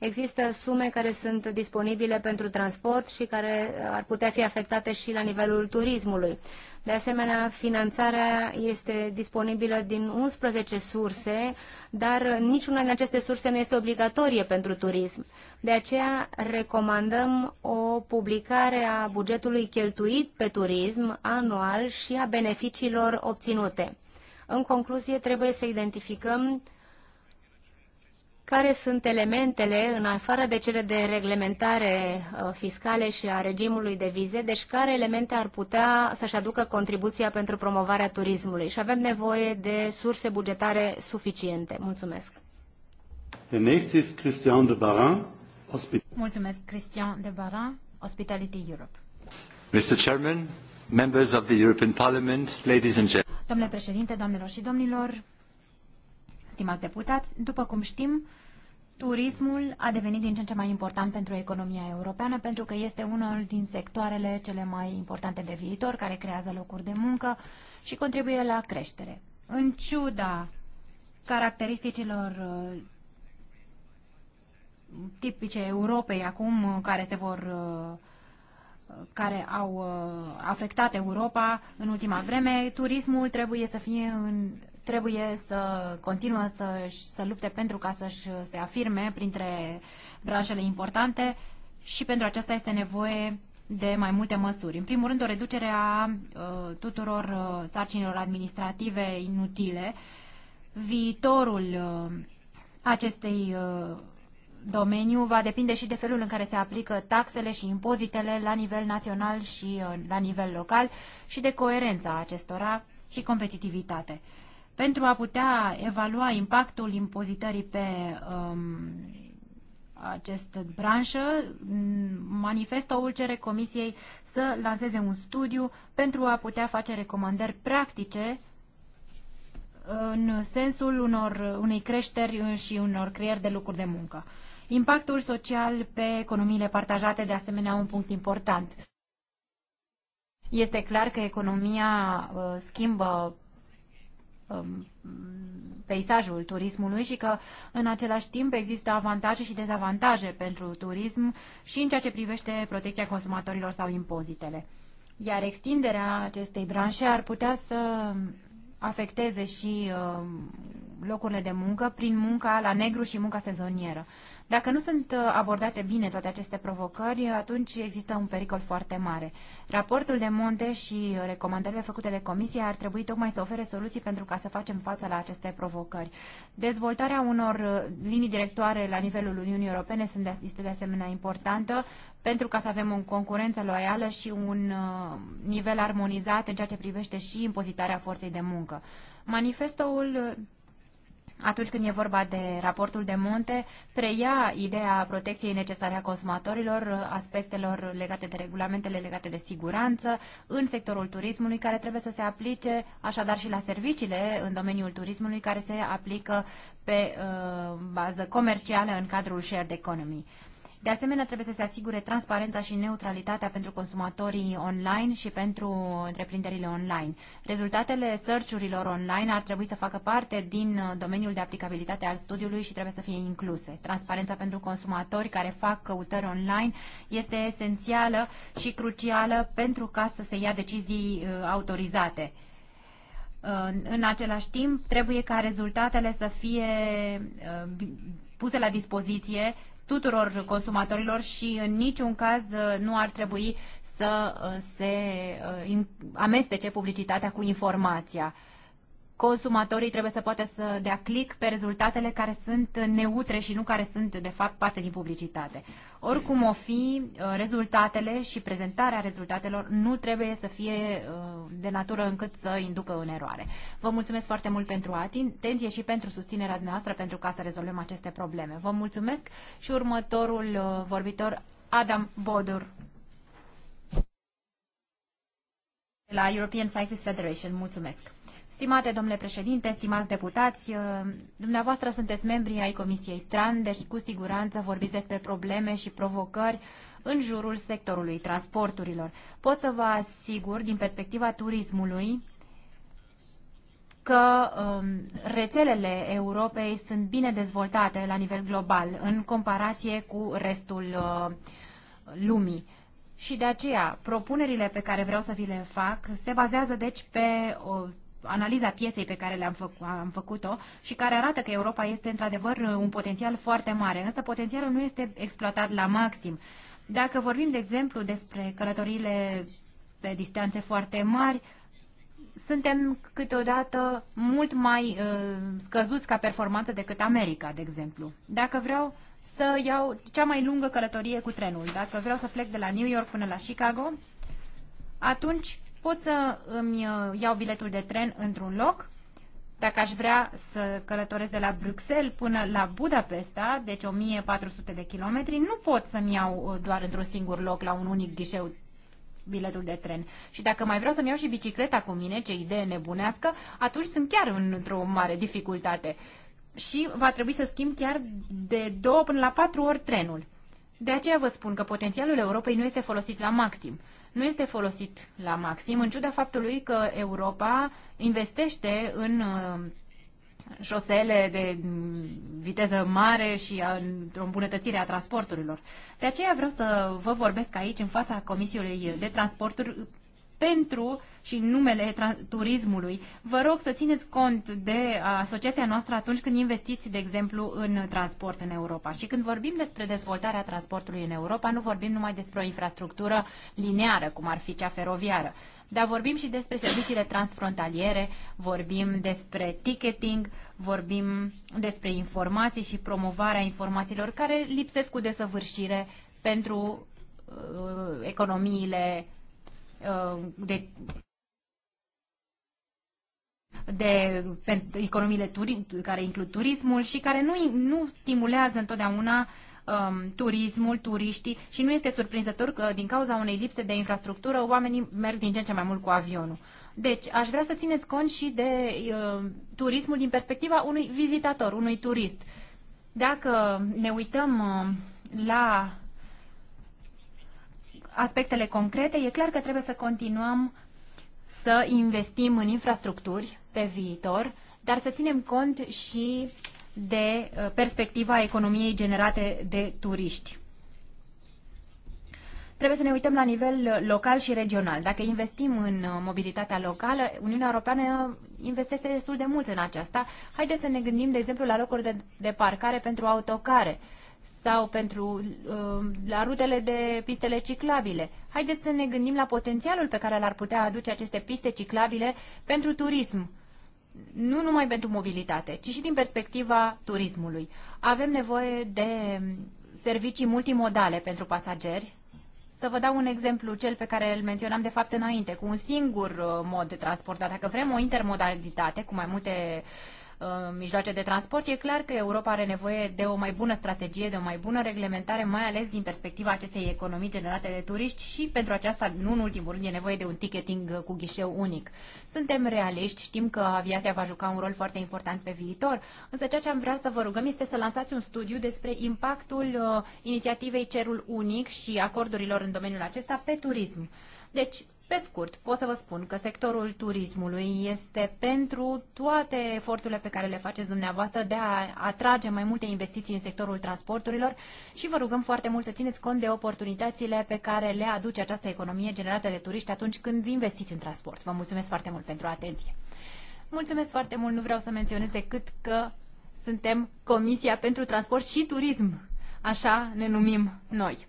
Există sume care sunt disponibile pentru transport și care uh, ar putea fi afectate și la nivelul turismului. De asemenea, finanțarea este disponibilă din 11 surse, dar niciuna din aceste surse nu este obligatorie pentru turism. De aceea recomandăm o publicare a bugetului cheltuit pe turism anual și a beneficiilor obținute. În concluzie, trebuie să identificăm care sunt elementele, în afară de cele de reglementare uh, fiscale și a regimului de vize, deci care elemente ar putea să-și aducă contribuția pentru promovarea turismului și avem nevoie de surse bugetare suficiente. Mulțumesc. Christian de Mulțumesc, Christian de Baran, Hospitality Europe. Mr. Chairman, members of the European Parliament, ladies and gentlemen. Domnule președinte, domnilor și domnilor, stimați deputați, după cum știm, Turismul a devenit din ce în ce mai important pentru economia europeană pentru că este unul din sectoarele cele mai importante de viitor, care creează locuri de muncă și contribuie la creștere. În ciuda caracteristicilor uh, tipice Europei acum, uh, care se vor uh, care au afectat Europa în ultima vreme, turismul trebuie să fie în trebuie să continuă să, să lupte pentru ca să-și se afirme printre branșele importante și pentru aceasta este nevoie de mai multe măsuri. În primul rând, o reducere a uh, tuturor uh, sarcinilor administrative inutile. Viitorul uh, acestei uh, domeniu va depinde și de felul în care se aplică taxele și impozitele la nivel național și uh, la nivel local și de coerența acestora și competitivitate. Pentru a putea evalua impactul impozitării pe um, acest branșă, o ulcere Comisiei să lanseze un studiu pentru a putea face recomandări practice în sensul unor, unei creșteri și unor creări de lucruri de muncă. Impactul social pe economiile partajate, de asemenea, un punct important. Este clar că economia uh, schimbă Um, peisajul turismului și că în același timp există avantaje și dezavantaje pentru turism și în ceea ce privește protecția consumatorilor sau impozitele. Iar extinderea acestei branșe ar putea să afecteze și uh, locurile de muncă prin munca la negru și munca sezonieră. Dacă nu sunt uh, abordate bine toate aceste provocări, atunci există un pericol foarte mare. Raportul de monte și recomandările făcute de comisie ar trebui tocmai să ofere soluții pentru ca să facem față la aceste provocări. Dezvoltarea unor uh, linii directoare la nivelul Uniunii Europene este de asemenea importantă pentru ca să avem o concurență loială și un uh, nivel armonizat în ceea ce privește și impozitarea forței de muncă. Manifestoul uh, atunci când e vorba de raportul de monte, preia ideea protecției necesare a consumatorilor, uh, aspectelor legate de regulamentele legate de siguranță în sectorul turismului, care trebuie să se aplice așadar și la serviciile în domeniul turismului, care se aplică pe uh, bază comercială în cadrul shared economy. De asemenea, trebuie să se asigure transparența și neutralitatea pentru consumatorii online și pentru întreprinderile online. Rezultatele search-urilor online ar trebui să facă parte din domeniul de aplicabilitate al studiului și trebuie să fie incluse. Transparența pentru consumatori care fac căutări online este esențială și crucială pentru ca să se ia decizii uh, autorizate. În același timp, trebuie ca rezultatele să fie uh, puse la dispoziție tuturor consumatorilor și în niciun caz uh, nu ar trebui să uh, se uh, amestece publicitatea cu informația consumatorii trebuie să poată să dea click pe rezultatele care sunt neutre și nu care sunt, de fapt, parte din publicitate. Oricum o fi, uh, rezultatele și prezentarea rezultatelor nu trebuie să fie uh, de natură încât să inducă în eroare. Vă mulțumesc foarte mult pentru atenție și pentru susținerea noastră pentru ca să rezolvăm aceste probleme. Vă mulțumesc și următorul uh, vorbitor, Adam Bodur. La European Cyclist Federation. Mulțumesc! Stimate domnule președinte, stimați deputați, uh, dumneavoastră sunteți membri ai Comisiei TRAN, deci cu siguranță vorbiți despre probleme și provocări în jurul sectorului transporturilor. Pot să vă asigur, din perspectiva turismului, că um, rețelele Europei sunt bine dezvoltate la nivel global în comparație cu restul uh, lumii. Și de aceea, propunerile pe care vreau să vi le fac se bazează deci pe o analiza pieței pe care le-am făc, am făcut-o și care arată că Europa este într-adevăr un potențial foarte mare, însă potențialul nu este exploatat la maxim. Dacă vorbim, de exemplu, despre călătoriile pe distanțe foarte mari, suntem câteodată mult mai uh, scăzuți ca performanță decât America, de exemplu. Dacă vreau să iau cea mai lungă călătorie cu trenul, dacă vreau să plec de la New York până la Chicago, atunci pot să îmi uh, iau biletul de tren într-un loc, dacă aș vrea să călătoresc de la Bruxelles până la Budapesta, deci 1400 de kilometri, nu pot să-mi iau uh, doar într-un singur loc, la un unic ghișeu, biletul de tren. Și dacă mai vreau să-mi iau și bicicleta cu mine, ce idee nebunească, atunci sunt chiar într-o mare dificultate. Și va trebui să schimb chiar de două până la patru ori trenul. De aceea vă spun că potențialul Europei nu este folosit la maxim nu este folosit la maxim, în ciuda faptului că Europa investește în uh, șosele de viteză mare și într-o îmbunătățire a transporturilor. De aceea vreau să vă vorbesc aici, în fața Comisiei de Transporturi, pentru și în numele turismului. Vă rog să țineți cont de asociația noastră atunci când investiți, de exemplu, în transport în Europa. Și când vorbim despre dezvoltarea transportului în Europa, nu vorbim numai despre o infrastructură lineară, cum ar fi cea feroviară, dar vorbim și despre serviciile transfrontaliere, vorbim despre ticketing, vorbim despre informații și promovarea informațiilor care lipsesc cu desăvârșire pentru uh, economiile Uh, de de de economiile turi, care includ turismul și care nu, nu stimulează întotdeauna um, turismul, turiștii și nu este surprinzător că din cauza unei lipse de infrastructură oamenii merg din ce în ce mai mult cu avionul. Deci aș vrea să țineți cont și de uh, turismul din perspectiva unui vizitator, unui turist. Dacă ne uităm uh, la aspectele concrete, e clar că trebuie să continuăm să investim în infrastructuri pe viitor, dar să ținem cont și de uh, perspectiva economiei generate de turiști. Trebuie să ne uităm la nivel local și regional. Dacă investim în uh, mobilitatea locală, Uniunea Europeană investește destul de mult în aceasta. Haideți să ne gândim, de exemplu, la locuri de, de parcare pentru autocare sau pentru um, la rutele de pistele ciclabile. Haideți să ne gândim la potențialul pe care l-ar putea aduce aceste piste ciclabile pentru turism nu numai pentru mobilitate, ci și din perspectiva turismului. Avem nevoie de um, servicii multimodale pentru pasageri. Să vă dau un exemplu, cel pe care îl menționam de fapt înainte, cu un singur uh, mod de transport. Dacă vrem o intermodalitate cu mai multe uh, Uh, mijloace de transport, e clar că Europa are nevoie de o mai bună strategie, de o mai bună reglementare, mai ales din perspectiva acestei economii generate de turiști și pentru aceasta, nu în ultimul rând, e nevoie de un ticketing uh, cu ghișeu unic. Suntem realiști, știm că aviația va juca un rol foarte important pe viitor, însă ceea ce am vrea să vă rugăm este să lansați un studiu despre impactul uh, inițiativei Cerul Unic și acordurilor în domeniul acesta pe turism. Deci, pe scurt, pot să vă spun că sectorul turismului este pentru toate eforturile pe care le faceți dumneavoastră de a atrage mai multe investiții în sectorul transporturilor și vă rugăm foarte mult să țineți cont de oportunitățile pe care le aduce această economie generată de turiști atunci când investiți în transport. Vă mulțumesc foarte mult pentru atenție. Mulțumesc foarte mult, nu vreau să menționez decât că suntem Comisia pentru Transport și Turism, așa ne numim noi.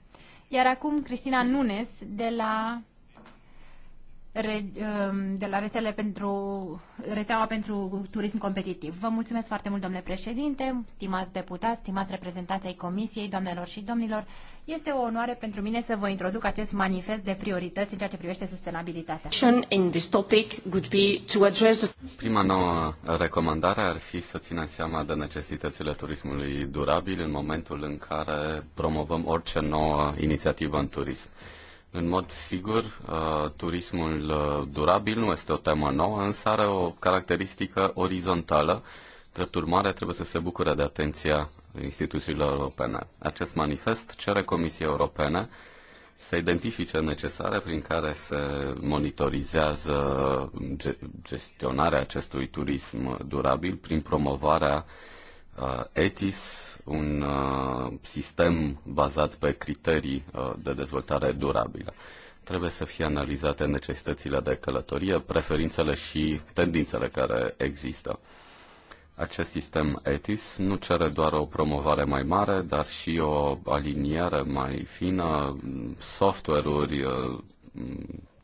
Iar acum Cristina Nunes de la Um, de la rețele pentru, rețeaua pentru turism competitiv. Vă mulțumesc foarte mult, domnule președinte, stimați deputați, stimați reprezentanți ai Comisiei, doamnelor și domnilor. Este o onoare pentru mine să vă introduc acest manifest de priorități în ceea ce privește sustenabilitatea. Prima nouă recomandare ar fi să ținem seama de necesitățile turismului durabil în momentul în care promovăm orice nouă inițiativă în turism. În mod sigur, uh, turismul uh, durabil nu este o temă nouă, însă are o caracteristică orizontală. Drept urmare, trebuie să se bucure de atenția instituțiilor europene. Acest manifest cere Comisiei Europene să identifice necesare prin care se monitorizează gestionarea acestui turism durabil prin promovarea uh, ETIS, un uh, sistem bazat pe criterii uh, de dezvoltare durabilă. Trebuie să fie analizate necesitățile de călătorie, preferințele și tendințele care există. Acest sistem ETIS nu cere doar o promovare mai mare, dar și o aliniere mai fină, software-uri uh,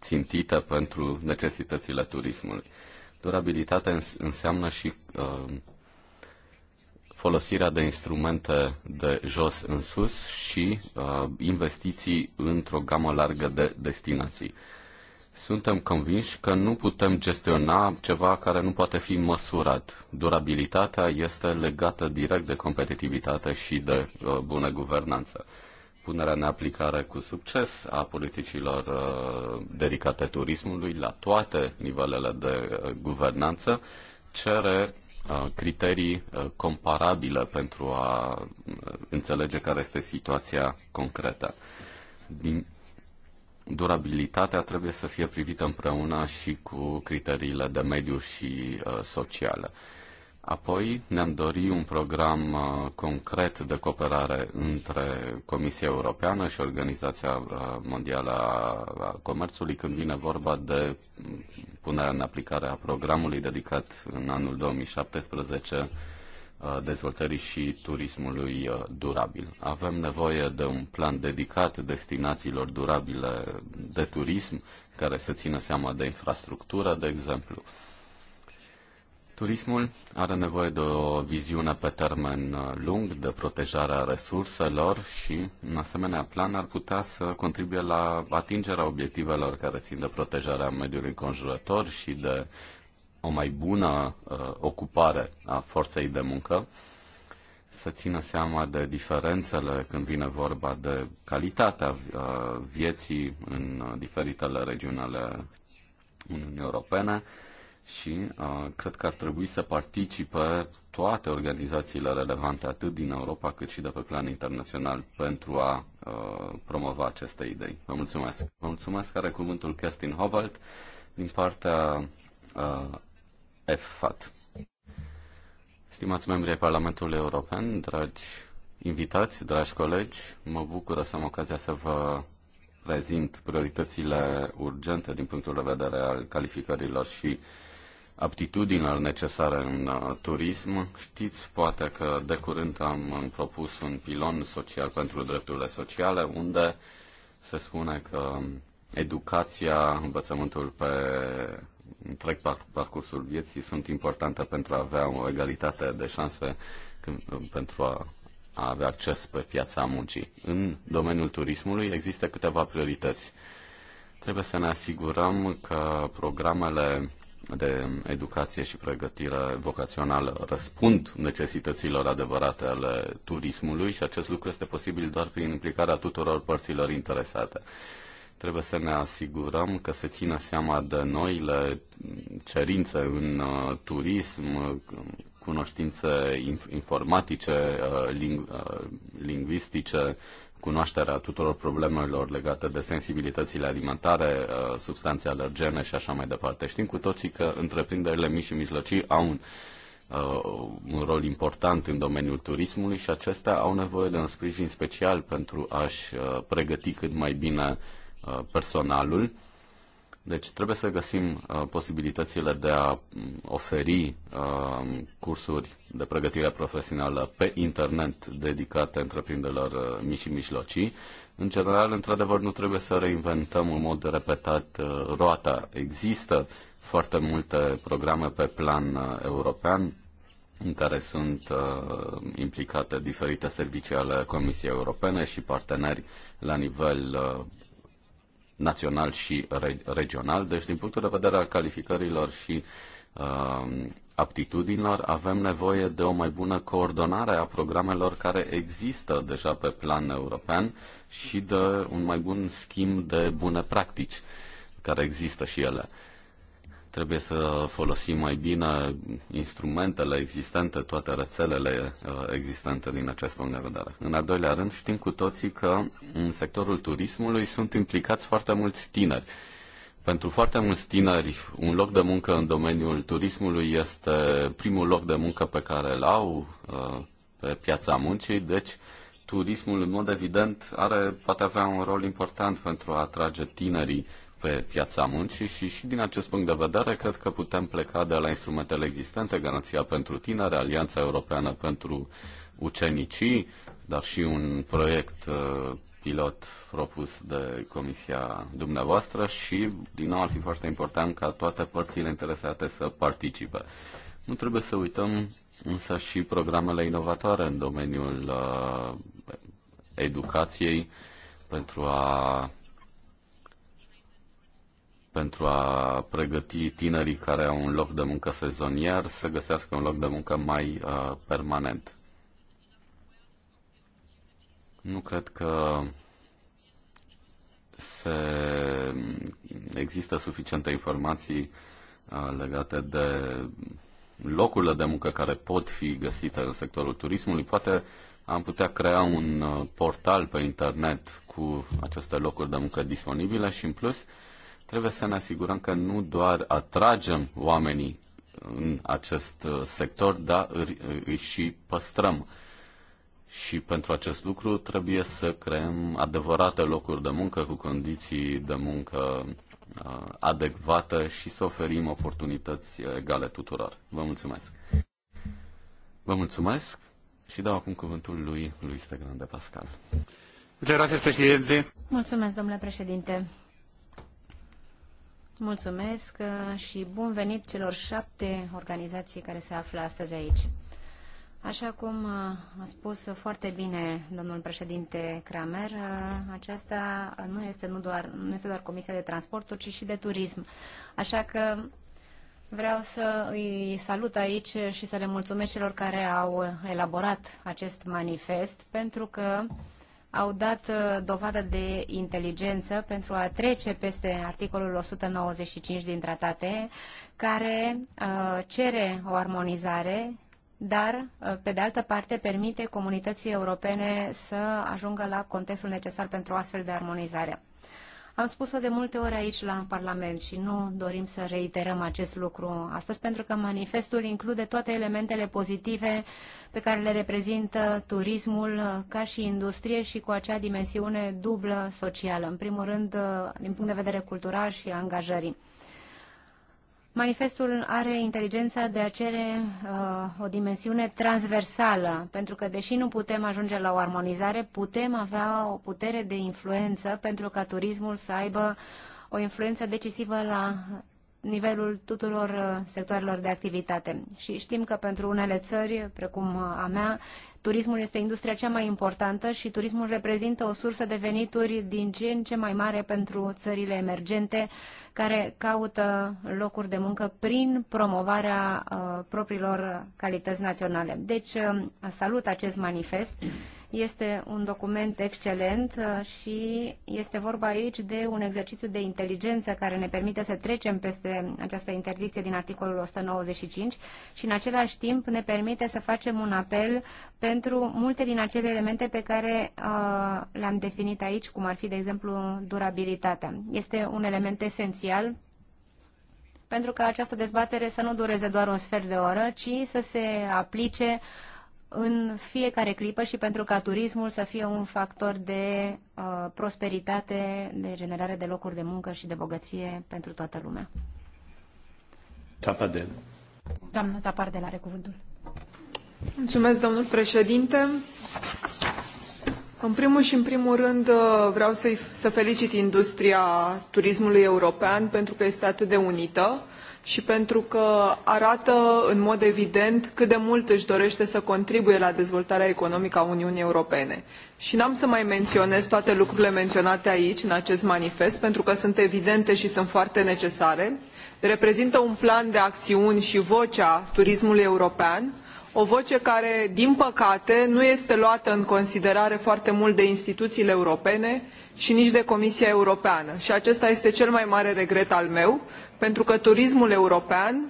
țintite pentru necesitățile turismului. Durabilitatea înseamnă și folosirea de instrumente de jos în sus și uh, investiții într-o gamă largă de destinații. Suntem convinși că nu putem gestiona ceva care nu poate fi măsurat. Durabilitatea este legată direct de competitivitate și de uh, bună guvernanță. Punerea în aplicare cu succes a politicilor uh, dedicate turismului la toate nivelele de uh, guvernanță cere Uh, criterii uh, comparabile pentru a uh, înțelege care este situația concretă. Din durabilitatea trebuie să fie privită împreună și cu criteriile de mediu și sociale. Apoi ne-am dorit un program uh, concret de cooperare între Comisia Europeană și Organizația uh, Mondială a Comerțului când vine vorba de mm, punerea în aplicare a programului dedicat în anul 2017 uh, dezvoltării și turismului durabil. Avem nevoie de un plan dedicat destinațiilor durabile de turism care să țină seama de infrastructură, de exemplu Turismul are nevoie de o viziune pe termen uh, lung, de protejarea resurselor și în asemenea plan ar putea să contribuie la atingerea obiectivelor care țin de protejarea mediului înconjurător și de o mai bună uh, ocupare a forței de muncă, să țină seama de diferențele când vine vorba de calitatea uh, vieții în uh, diferitele regiuni ale Uniunii Europene și uh, cred că ar trebui să participe toate organizațiile relevante, atât din Europa cât și de pe plan internațional, pentru a uh, promova aceste idei. Vă mulțumesc. Vă mulțumesc. Are cuvântul Kerstin Hovald din partea uh, FFAT. Stimați membri ai Parlamentului European, dragi invitați, dragi colegi, mă bucură să am ocazia să vă prezint prioritățile urgente din punctul de vedere al calificărilor și uh, aptitudinilor necesare în uh, turism. Știți, poate că de curând am uh, propus un pilon social pentru drepturile sociale, unde se spune că um, educația, învățământul pe întreg parcursul vieții sunt importante pentru a avea o egalitate de șanse um, pentru a a avea acces pe piața muncii. În domeniul turismului există câteva priorități. Trebuie să ne asigurăm că programele de educație și pregătire vocațională răspund necesităților adevărate ale turismului și acest lucru este posibil doar prin implicarea tuturor părților interesate. Trebuie să ne asigurăm că se țină seama de noile cerințe în uh, turism, cunoștințe informatice, uh, ling- uh, lingvistice, cunoașterea tuturor problemelor legate de sensibilitățile alimentare, uh, substanțe alergene și așa mai departe. Știm cu toții că întreprinderile mici și mijlocii au un, uh, un rol important în domeniul turismului și acestea au nevoie de un sprijin special pentru a-și uh, pregăti cât mai bine personalul deci trebuie să găsim uh, posibilitățile de a mm, oferi uh, cursuri de pregătire profesională pe internet dedicate întreprinderilor uh, mici și mijlocii. În general, într-adevăr, nu trebuie să reinventăm în mod repetat uh, roata. Există foarte multe programe pe plan uh, european în care sunt uh, implicate diferite servicii ale Comisiei Europene și parteneri la nivel uh, național și regional. Deci, din punctul de vedere al calificărilor și uh, aptitudinilor, avem nevoie de o mai bună coordonare a programelor care există deja pe plan european și de un mai bun schimb de bune practici care există și ele. Trebuie să folosim mai bine instrumentele existente, toate rețelele uh, existente din acest punct de vedere. În al doilea rând, știm cu toții că în sectorul turismului sunt implicați foarte mulți tineri. Pentru foarte mulți tineri, un loc de muncă în domeniul turismului este primul loc de muncă pe care îl au uh, pe piața muncii, deci turismul, în mod evident, are, poate avea un rol important pentru a atrage tinerii pe piața muncii și, și din acest punct de vedere cred că putem pleca de la instrumentele existente, Garanția pentru Tineri, Alianța Europeană pentru Ucenicii, dar și un proiect uh, pilot propus de Comisia dumneavoastră și, din nou, ar fi foarte important ca toate părțile interesate să participe. Nu trebuie să uităm însă și programele inovatoare în domeniul uh, educației pentru a pentru a pregăti tinerii care au un loc de muncă sezonier să găsească un loc de muncă mai uh, permanent. Nu cred că se există suficiente informații uh, legate de locurile de muncă care pot fi găsite în sectorul turismului. Poate am putea crea un uh, portal pe internet cu aceste locuri de muncă disponibile și în plus uh, Trebuie să ne asigurăm că nu doar atragem oamenii în acest uh, sector, dar îi și păstrăm. Și pentru acest lucru trebuie să creăm adevărate locuri de muncă cu condiții de muncă uh, adecvată și să oferim oportunități egale tuturor. Vă mulțumesc! Vă mulțumesc și dau acum cuvântul lui Luis de Grande Pascal. Mulțumesc, domnule președinte. Mulțumesc uh, și bun venit celor șapte organizații care se află astăzi aici. Așa cum uh, a spus foarte bine domnul președinte Kramer, uh, aceasta nu este, nu, doar, nu este doar Comisia de Transporturi, ci și de Turism. Așa că vreau să îi salut aici și să le mulțumesc celor care au elaborat acest manifest, pentru că uh, au dat uh, dovadă de inteligență pentru a trece peste articolul 195 din tratate, care uh, cere o armonizare, dar, uh, pe de altă parte, permite comunității europene să ajungă la contextul necesar pentru astfel de armonizare. Am spus-o de multe ori aici la Parlament și nu dorim să reiterăm acest lucru astăzi pentru că manifestul include toate elementele pozitive pe care le reprezintă turismul ca și industrie și cu acea dimensiune dublă socială, în primul rând din punct de vedere cultural și a angajării. Manifestul are inteligența de a cere uh, o dimensiune transversală, pentru că deși nu putem ajunge la o armonizare, putem avea o putere de influență pentru ca turismul să aibă o influență decisivă la nivelul tuturor uh, sectoarelor de activitate. Și știm că pentru unele țări, precum uh, a mea, Turismul este industria cea mai importantă și turismul reprezintă o sursă de venituri din ce în ce mai mare pentru țările emergente care caută locuri de muncă prin promovarea uh, propriilor calități naționale. Deci uh, salut acest manifest este un document excelent uh, și este vorba aici de un exercițiu de inteligență care ne permite să trecem peste această interdicție din articolul 195 și în același timp ne permite să facem un apel pentru multe din acele elemente pe care uh, le-am definit aici, cum ar fi, de exemplu, durabilitatea. Este un element esențial pentru că această dezbatere să nu dureze doar un sfert de oră, ci să se aplice uh, în fiecare clipă și pentru ca turismul să fie un factor de uh, prosperitate, de generare de locuri de muncă și de bogăție pentru toată lumea. Tapadel. Doamna Zapardel are cuvântul. Mulțumesc, domnul președinte. În primul și în primul rând uh, vreau să, să felicit industria turismului european pentru că este atât de unită și pentru că arată în mod evident cât de mult își dorește să contribuie la dezvoltarea economică a Uniunii Europene. Și n-am să mai menționez toate lucrurile menționate aici, în acest manifest, pentru că sunt evidente și sunt foarte necesare. Reprezintă un plan de acțiuni și vocea turismului european, o voce care din păcate nu este luată în considerare foarte mult de instituiile europene i nici de comisia europeană i acesta este cel mai mare regret al meu pentru că turismul european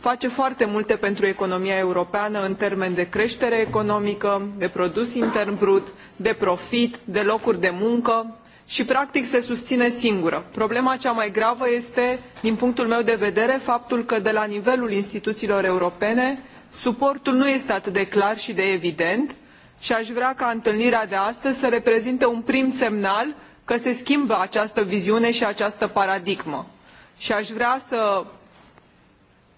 face foarte multe pentru economia europeană în termeni de cretere economică de produs intern brut de profit de locuri de muncă i practic se susine singură. problema cea mai gravă este din punctul meu de vedere faptul că de la nivelul instituiilor europene suportul nu este atât de clar și de evident și aș vrea ca întâlnirea de astăzi să reprezinte un prim semnal că se schimbă această viziune și această paradigmă și aș vrea să,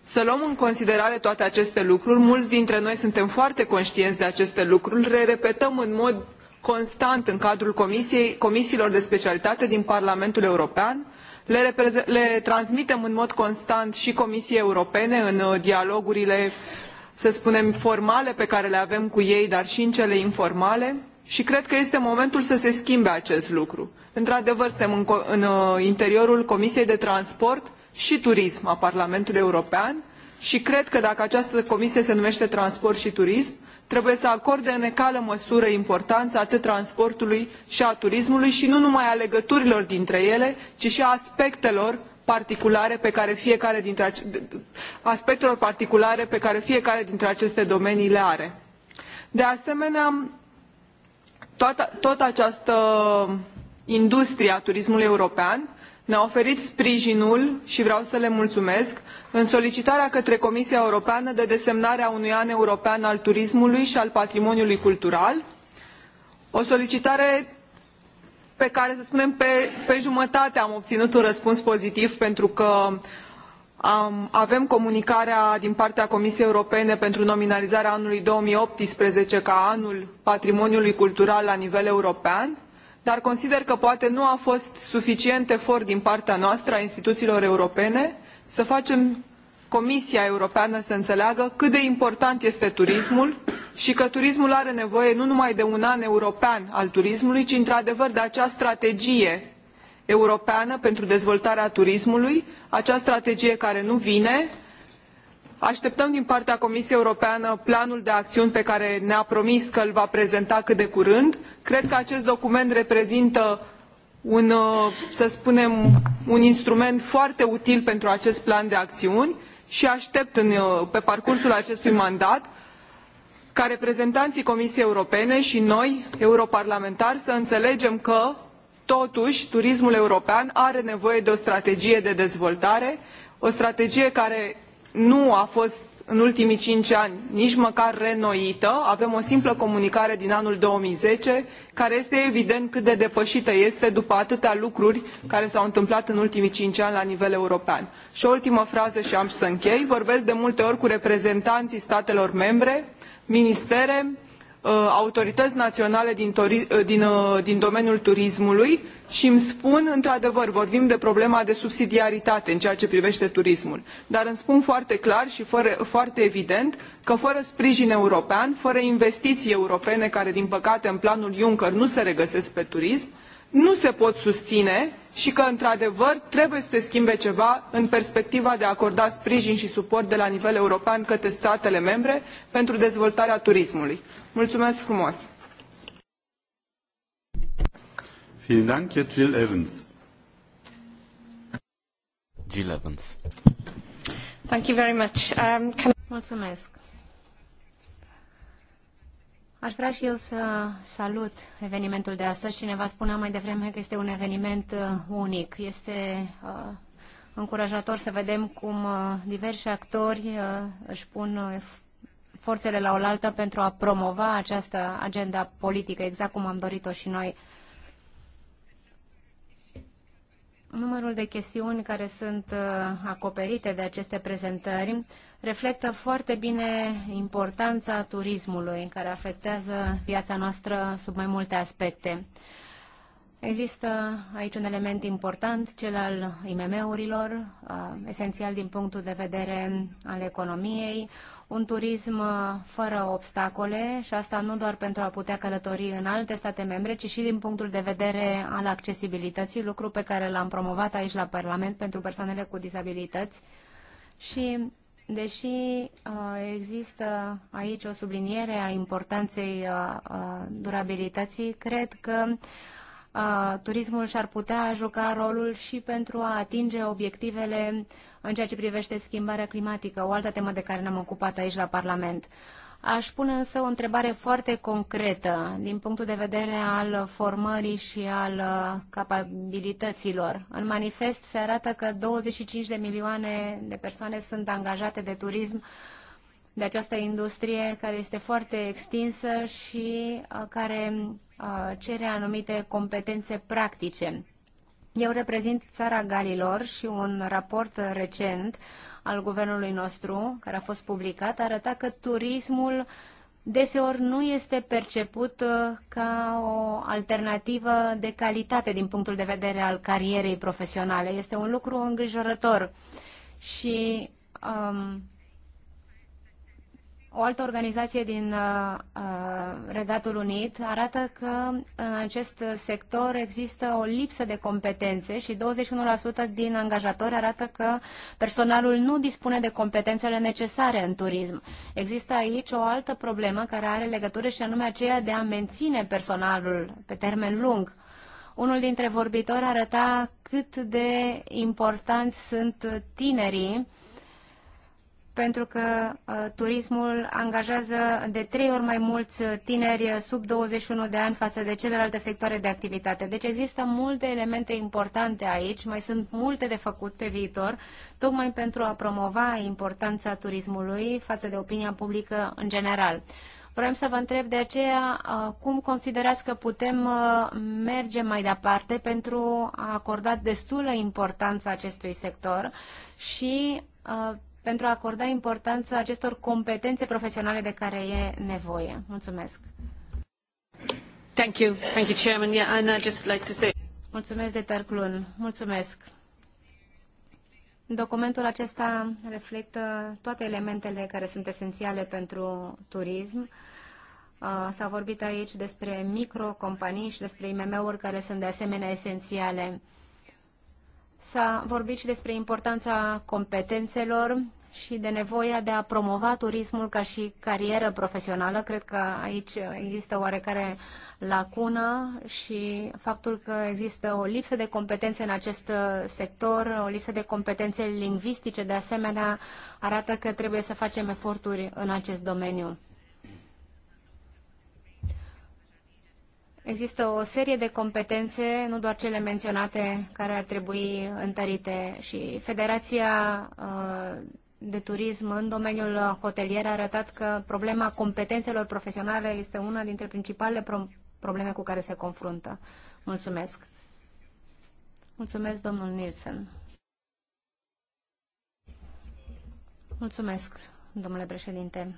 să luăm în considerare toate aceste lucruri. Mulți dintre noi suntem foarte conștienți de aceste lucruri, le repetăm în mod constant în cadrul comisiei, comisiilor de specialitate din Parlamentul European, le, le transmitem în mod constant și Comisiei Europene în uh, dialogurile să spunem, formale pe care le avem cu ei, dar și în cele informale și cred că este momentul să se schimbe acest lucru. Într-adevăr, suntem în, în uh, interiorul Comisiei de Transport și Turism a Parlamentului European și cred că dacă această comisie se numește Transport și Turism, trebuie să acorde în egală măsură importanță atât transportului și a turismului și nu numai a legăturilor dintre ele, ci și a aspectelor particulare pe care fiecare dintre aspectelor particulare pe care fiecare dintre aceste domenii le are. De asemenea, toată, tot această industrie a turismului european ne-a oferit sprijinul și vreau să le mulțumesc în solicitarea către Comisia Europeană de desemnare a unui an european al turismului și al patrimoniului cultural, o solicitare pe care, să spunem, pe, pe jumătate am obținut un răspuns pozitiv pentru că am, avem comunicarea din partea Comisiei Europene pentru nominalizarea anului 2018 ca anul patrimoniului cultural la nivel european, dar consider că poate nu a fost suficient efort din partea noastră a instituțiilor europene să facem Comisia Europeană să înțeleagă cât de important este turismul și că turismul are nevoie nu numai de un an european al turismului, ci într-adevăr de acea strategie europeană pentru dezvoltarea turismului, acea strategie care nu vine. Așteptăm din partea Comisiei Europeană planul de acțiuni pe care ne-a promis că îl va prezenta cât de curând. Cred că acest document reprezintă un, uh, să spunem, un instrument foarte util pentru acest plan de acțiuni și aștept uh, pe parcursul acestui mandat ca reprezentanții comisiei europene și noi europarlamentari să înțelegem că totuși turismul european are nevoie de o strategie de dezvoltare o strategie care nu a fost în ultimii cinci ani nici măcar reînnoită avem o simplă comunicare din anul două mii zece care este evident cât de depăită este după atâtea lucruri care s au întâmplat în ultimii cinci ani la nivel european. Și o ultimă frază i am să închei vorbesc de multe ori cu reprezentanii statelor membre ministere Uh, autorități naționale din, uh, din, uh, din domeniul turismului și îmi spun într adevăr vorbim de problema de subsidiaritate în ceea ce privește turismul dar îmi spun foarte clar și fără, foarte evident că fără sprijin european fără investiții europene care din păcate în planul juncker nu se regăsesc pe turism nu se pot susține și că într adevăr trebuie să se schimbe ceva în perspectiva de a acorda sprijin și suport de la nivel european către statele membre pentru dezvoltarea turismului. Mulțumesc frumos! Vielen Jill Evans. Jill Evans. Um, Mulțumesc. Aș vrea și eu să salut evenimentul de astăzi. Cineva spunea mai devreme că este un eveniment uh, unic. Este uh, încurajator să vedem cum uh, diversi actori uh, își pun uh, forțele la oaltă pentru a promova această agenda politică, exact cum am dorit-o și noi. Numărul de chestiuni care sunt uh, acoperite de aceste prezentări reflectă foarte bine importanța turismului, care afectează viața noastră sub mai multe aspecte. Există aici un element important, cel al IMM-urilor, esențial din punctul de vedere al economiei, un turism fără obstacole și asta nu doar pentru a putea călători în alte state membre, ci și din punctul de vedere al accesibilității, lucru pe care l-am promovat aici la Parlament pentru persoanele cu dizabilități și Deși uh, există aici o subliniere a importanței uh, uh, durabilității, cred că turismul și-ar putea juca rolul și pentru a atinge obiectivele în ceea ce privește schimbarea climatică, o altă temă de care ne-am ocupat aici la Parlament. Aș pune însă o întrebare foarte concretă din punctul de vedere al formării și al uh, capabilităților. În manifest se arată că 25 de milioane de persoane sunt angajate de turism de această industrie care este foarte extinsă și uh, care uh, cere anumite competențe practice. Eu reprezint țara Galilor și un raport recent uh, al guvernului nostru, care a fost publicat, arăta că turismul deseori nu este perceput uh, ca o alternativă de calitate din punctul de vedere al carierei profesionale. Este un lucru îngrijorător și um, o altă organizație din uh, uh, Regatul Unit arată că în acest sector există o lipsă de competențe și 21% din angajatori arată că personalul nu dispune de competențele necesare în turism. Există aici o altă problemă care are legătură și anume aceea de a menține personalul pe termen lung. Unul dintre vorbitori arăta cât de importanți sunt tinerii pentru că uh, turismul angajează de trei ori mai mulți tineri sub 21 de ani față de celelalte sectoare de activitate. Deci există multe elemente importante aici, mai sunt multe de făcut pe viitor, tocmai pentru a promova importanța turismului față de opinia publică în general. Vreau să vă întreb de aceea uh, cum considerați că putem uh, merge mai departe pentru a acorda destulă importanță acestui sector și pentru a acorda importanță acestor competențe profesionale de care e nevoie. Mulțumesc. Thank you. Thank you, Chairman. Yeah, and I'd just like to say... Mulțumesc de tărclun. Mulțumesc. Documentul acesta reflectă toate elementele care sunt esențiale pentru turism. Uh, s-a vorbit aici despre microcompanii și despre IMM-uri care sunt de asemenea esențiale. S-a vorbit și despre importanța competențelor și de nevoia de a promova turismul ca și carieră profesională. Cred că aici există oarecare lacună și faptul că există o lipsă de competențe în acest uh, sector, o lipsă de competențe lingvistice, de asemenea, arată că trebuie să facem eforturi în acest domeniu. Există o serie de competențe, nu doar cele menționate, care ar trebui întărite și Federația uh, de turism în domeniul hotelier a arătat că problema competențelor profesionale este una dintre principalele pro probleme cu care se confruntă. Mulțumesc. Mulțumesc, domnul Nielsen. Mulțumesc, domnule președinte.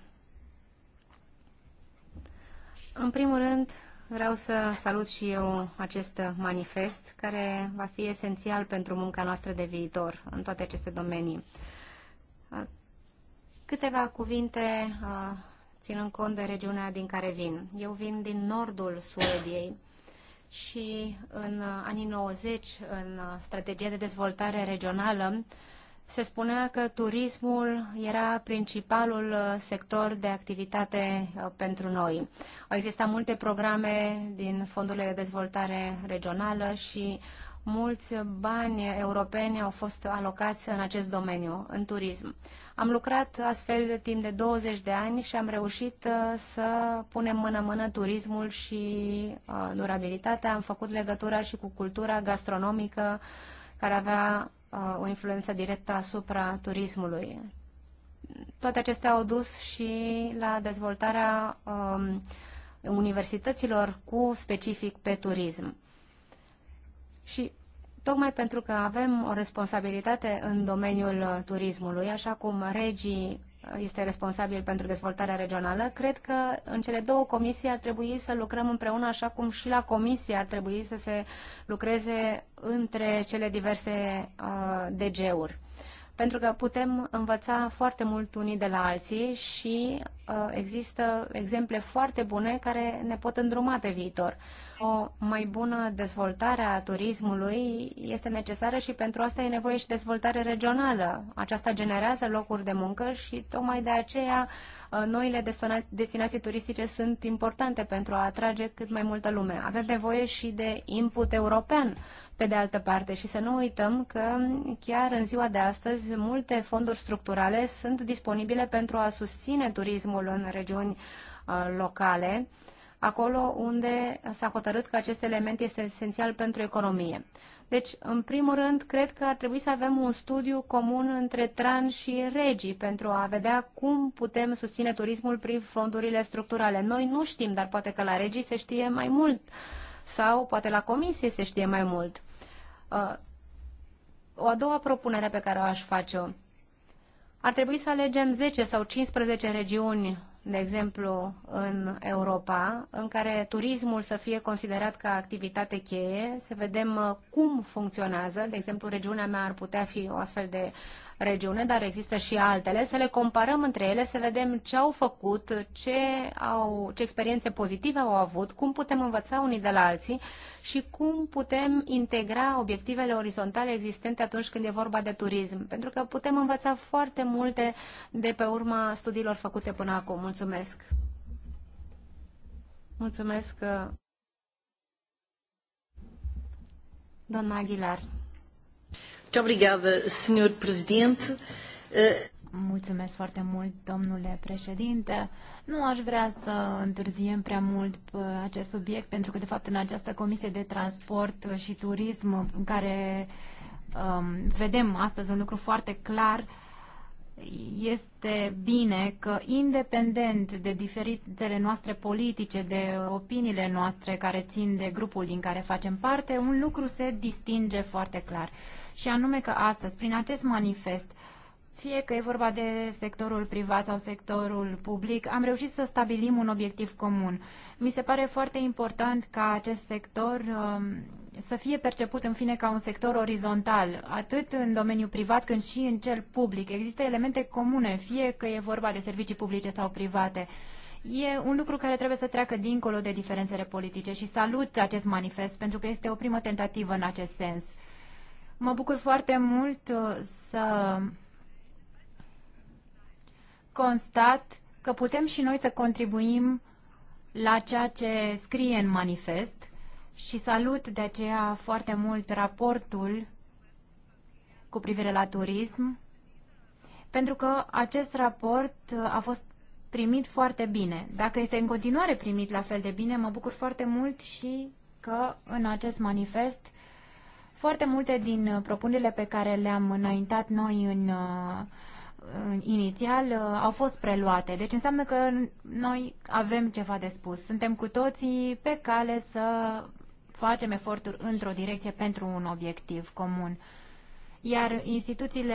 În primul rând, vreau să salut și eu acest manifest, care va fi esențial pentru munca noastră de viitor în toate aceste domenii. Câteva cuvinte ținând cont de regiunea din care vin. Eu vin din nordul Suediei și în anii 90, în strategia de dezvoltare regională, se spunea că turismul era principalul sector de activitate pentru noi. Au existat multe programe din fondurile de dezvoltare regională și mulți bani europeni au fost alocați în acest domeniu, în turism. Am lucrat astfel de timp de 20 de ani și am reușit uh, să punem mână-mână turismul și uh, durabilitatea. Am făcut legătura și cu cultura gastronomică, care avea uh, o influență directă asupra turismului. Toate acestea au dus și la dezvoltarea um, universităților cu specific pe turism. Și tocmai pentru că avem o responsabilitate în domeniul turismului, așa cum regii este responsabil pentru dezvoltarea regională, cred că în cele două comisii ar trebui să lucrăm împreună, așa cum și la comisie ar trebui să se lucreze între cele diverse uh, DG-uri. Pentru că putem învăța foarte mult unii de la alții și uh, există exemple foarte bune care ne pot îndruma pe viitor. Uh, o mai bună dezvoltare a turismului este necesară și pentru asta e nevoie și dezvoltare regională. Aceasta generează locuri de muncă și tocmai de aceea uh, noile destinații turistice sunt importante pentru a atrage cât mai multă lume. Avem nevoie și de input european pe de altă parte și să nu uităm că chiar în ziua de astăzi multe fonduri structurale sunt disponibile pentru a susține turismul în regiuni uh, locale. Uh, acolo unde s-a hotărât că acest element este esențial pentru economie. Deci, în primul rând, cred că ar trebui să avem un studiu comun între TRAN și regii pentru a vedea cum putem susține turismul prin fondurile structurale. Noi nu știm, dar poate că la regii se știe mai mult sau poate la comisie se știe mai mult. Uh, o a doua propunere pe care o aș face-o. Ar trebui să alegem 10 sau 15 regiuni de exemplu, în Europa, în care turismul să fie considerat ca activitate cheie, să vedem uh, cum funcționează. De exemplu, regiunea mea ar putea fi o astfel de regiune, dar există și altele, să le comparăm între ele, să vedem ce au făcut, ce, au, ce experiențe pozitive au avut, cum putem învăța unii de la alții și cum putem integra obiectivele orizontale existente atunci când e vorba de turism. Pentru că putem învăța foarte multe de pe urma studiilor făcute până acum. Mulțumesc! Mulțumesc! Uh, doamna Aguilar. Mulțumesc foarte mult, domnule președinte. Nu aș vrea să întârziem prea mult pe acest subiect, pentru că, de fapt, în această comisie de transport și turism, în care um, vedem astăzi un lucru foarte clar, este bine că, independent de diferitele noastre politice, de opiniile noastre care țin de grupul din care facem parte, un lucru se distinge foarte clar și anume că astăzi, prin acest manifest, fie că e vorba de sectorul privat sau sectorul public, am reușit să stabilim un obiectiv comun. Mi se pare foarte important ca acest sector um, să fie perceput în fine ca un sector orizontal, atât în domeniul privat cât și în cel public. Există elemente comune, fie că e vorba de servicii publice sau private. E un lucru care trebuie să treacă dincolo de diferențele politice și salut acest manifest pentru că este o primă tentativă în acest sens. Mă bucur foarte mult uh, să constat că putem și noi să contribuim la ceea ce scrie în manifest și salut de aceea foarte mult raportul cu privire la turism, pentru că acest raport uh, a fost primit foarte bine. Dacă este în continuare primit la fel de bine, mă bucur foarte mult și că în acest manifest foarte multe din uh, propunerile pe care le-am înaintat noi în, uh, în inițial uh, au fost preluate. Deci înseamnă că noi avem ceva de spus. Suntem cu toții pe cale să facem eforturi într-o direcție pentru un obiectiv comun. Iar instituțiile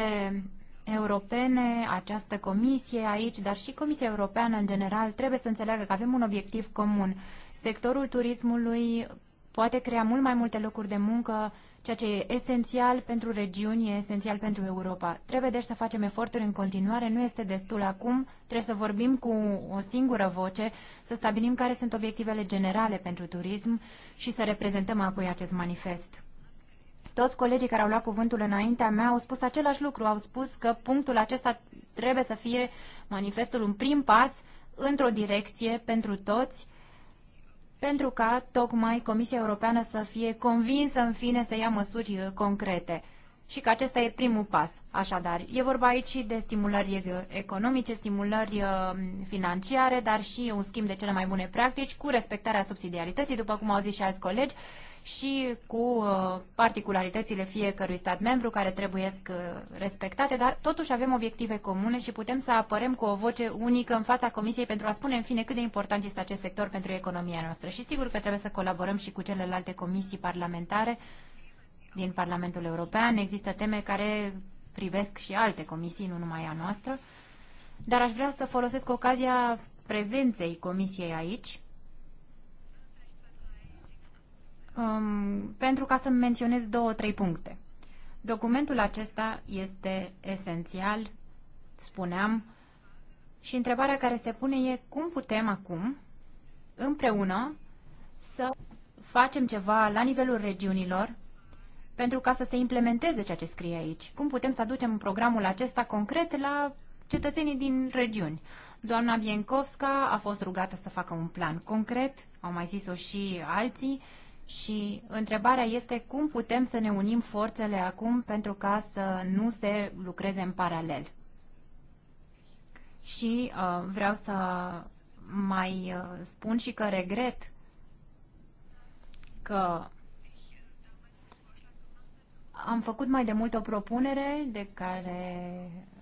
europene, această comisie aici, dar și Comisia Europeană în general, trebuie să înțeleagă că avem un obiectiv comun. Sectorul turismului poate crea mult mai multe locuri de muncă, ceea ce e esențial pentru regiuni, e esențial pentru Europa. Trebuie deci să facem eforturi în continuare, nu este destul acum, trebuie să vorbim cu o singură voce, să stabilim care sunt obiectivele generale pentru turism și să reprezentăm apoi acest manifest. Toți colegii care au luat cuvântul înaintea mea au spus același lucru, au spus că punctul acesta trebuie să fie manifestul un prim pas într-o direcție pentru toți, pentru ca tocmai Comisia Europeană să fie convinsă în fine să ia măsuri uh, concrete. Și că acesta e primul pas. Așadar, e vorba aici și de stimulări uh, economice, stimulări uh, financiare, dar și un schimb de cele mai bune practici cu respectarea subsidiarității, după cum au zis și alți colegi, și cu uh, particularitățile fiecărui stat membru care trebuie uh, respectate, dar totuși avem obiective comune și putem să apărăm cu o voce unică în fața Comisiei pentru a spune în fine cât de important este acest sector pentru economia noastră. Și sigur că trebuie să colaborăm și cu celelalte comisii parlamentare din Parlamentul European. Există teme care privesc și alte comisii, nu numai a noastră. Dar aș vrea să folosesc ocazia prezenței comisiei aici um, pentru ca să menționez două, trei puncte. Documentul acesta este esențial, spuneam, și întrebarea care se pune e cum putem acum, împreună, să facem ceva la nivelul regiunilor pentru ca să se implementeze ceea ce scrie aici. Cum putem să aducem programul acesta concret la cetățenii din regiuni. Doamna Biencovska a fost rugată să facă un plan concret, au mai zis-o și alții, și întrebarea este cum putem să ne unim forțele acum pentru ca să nu se lucreze în paralel. Și uh, vreau să mai uh, spun și că regret că am făcut mai de mult o propunere de care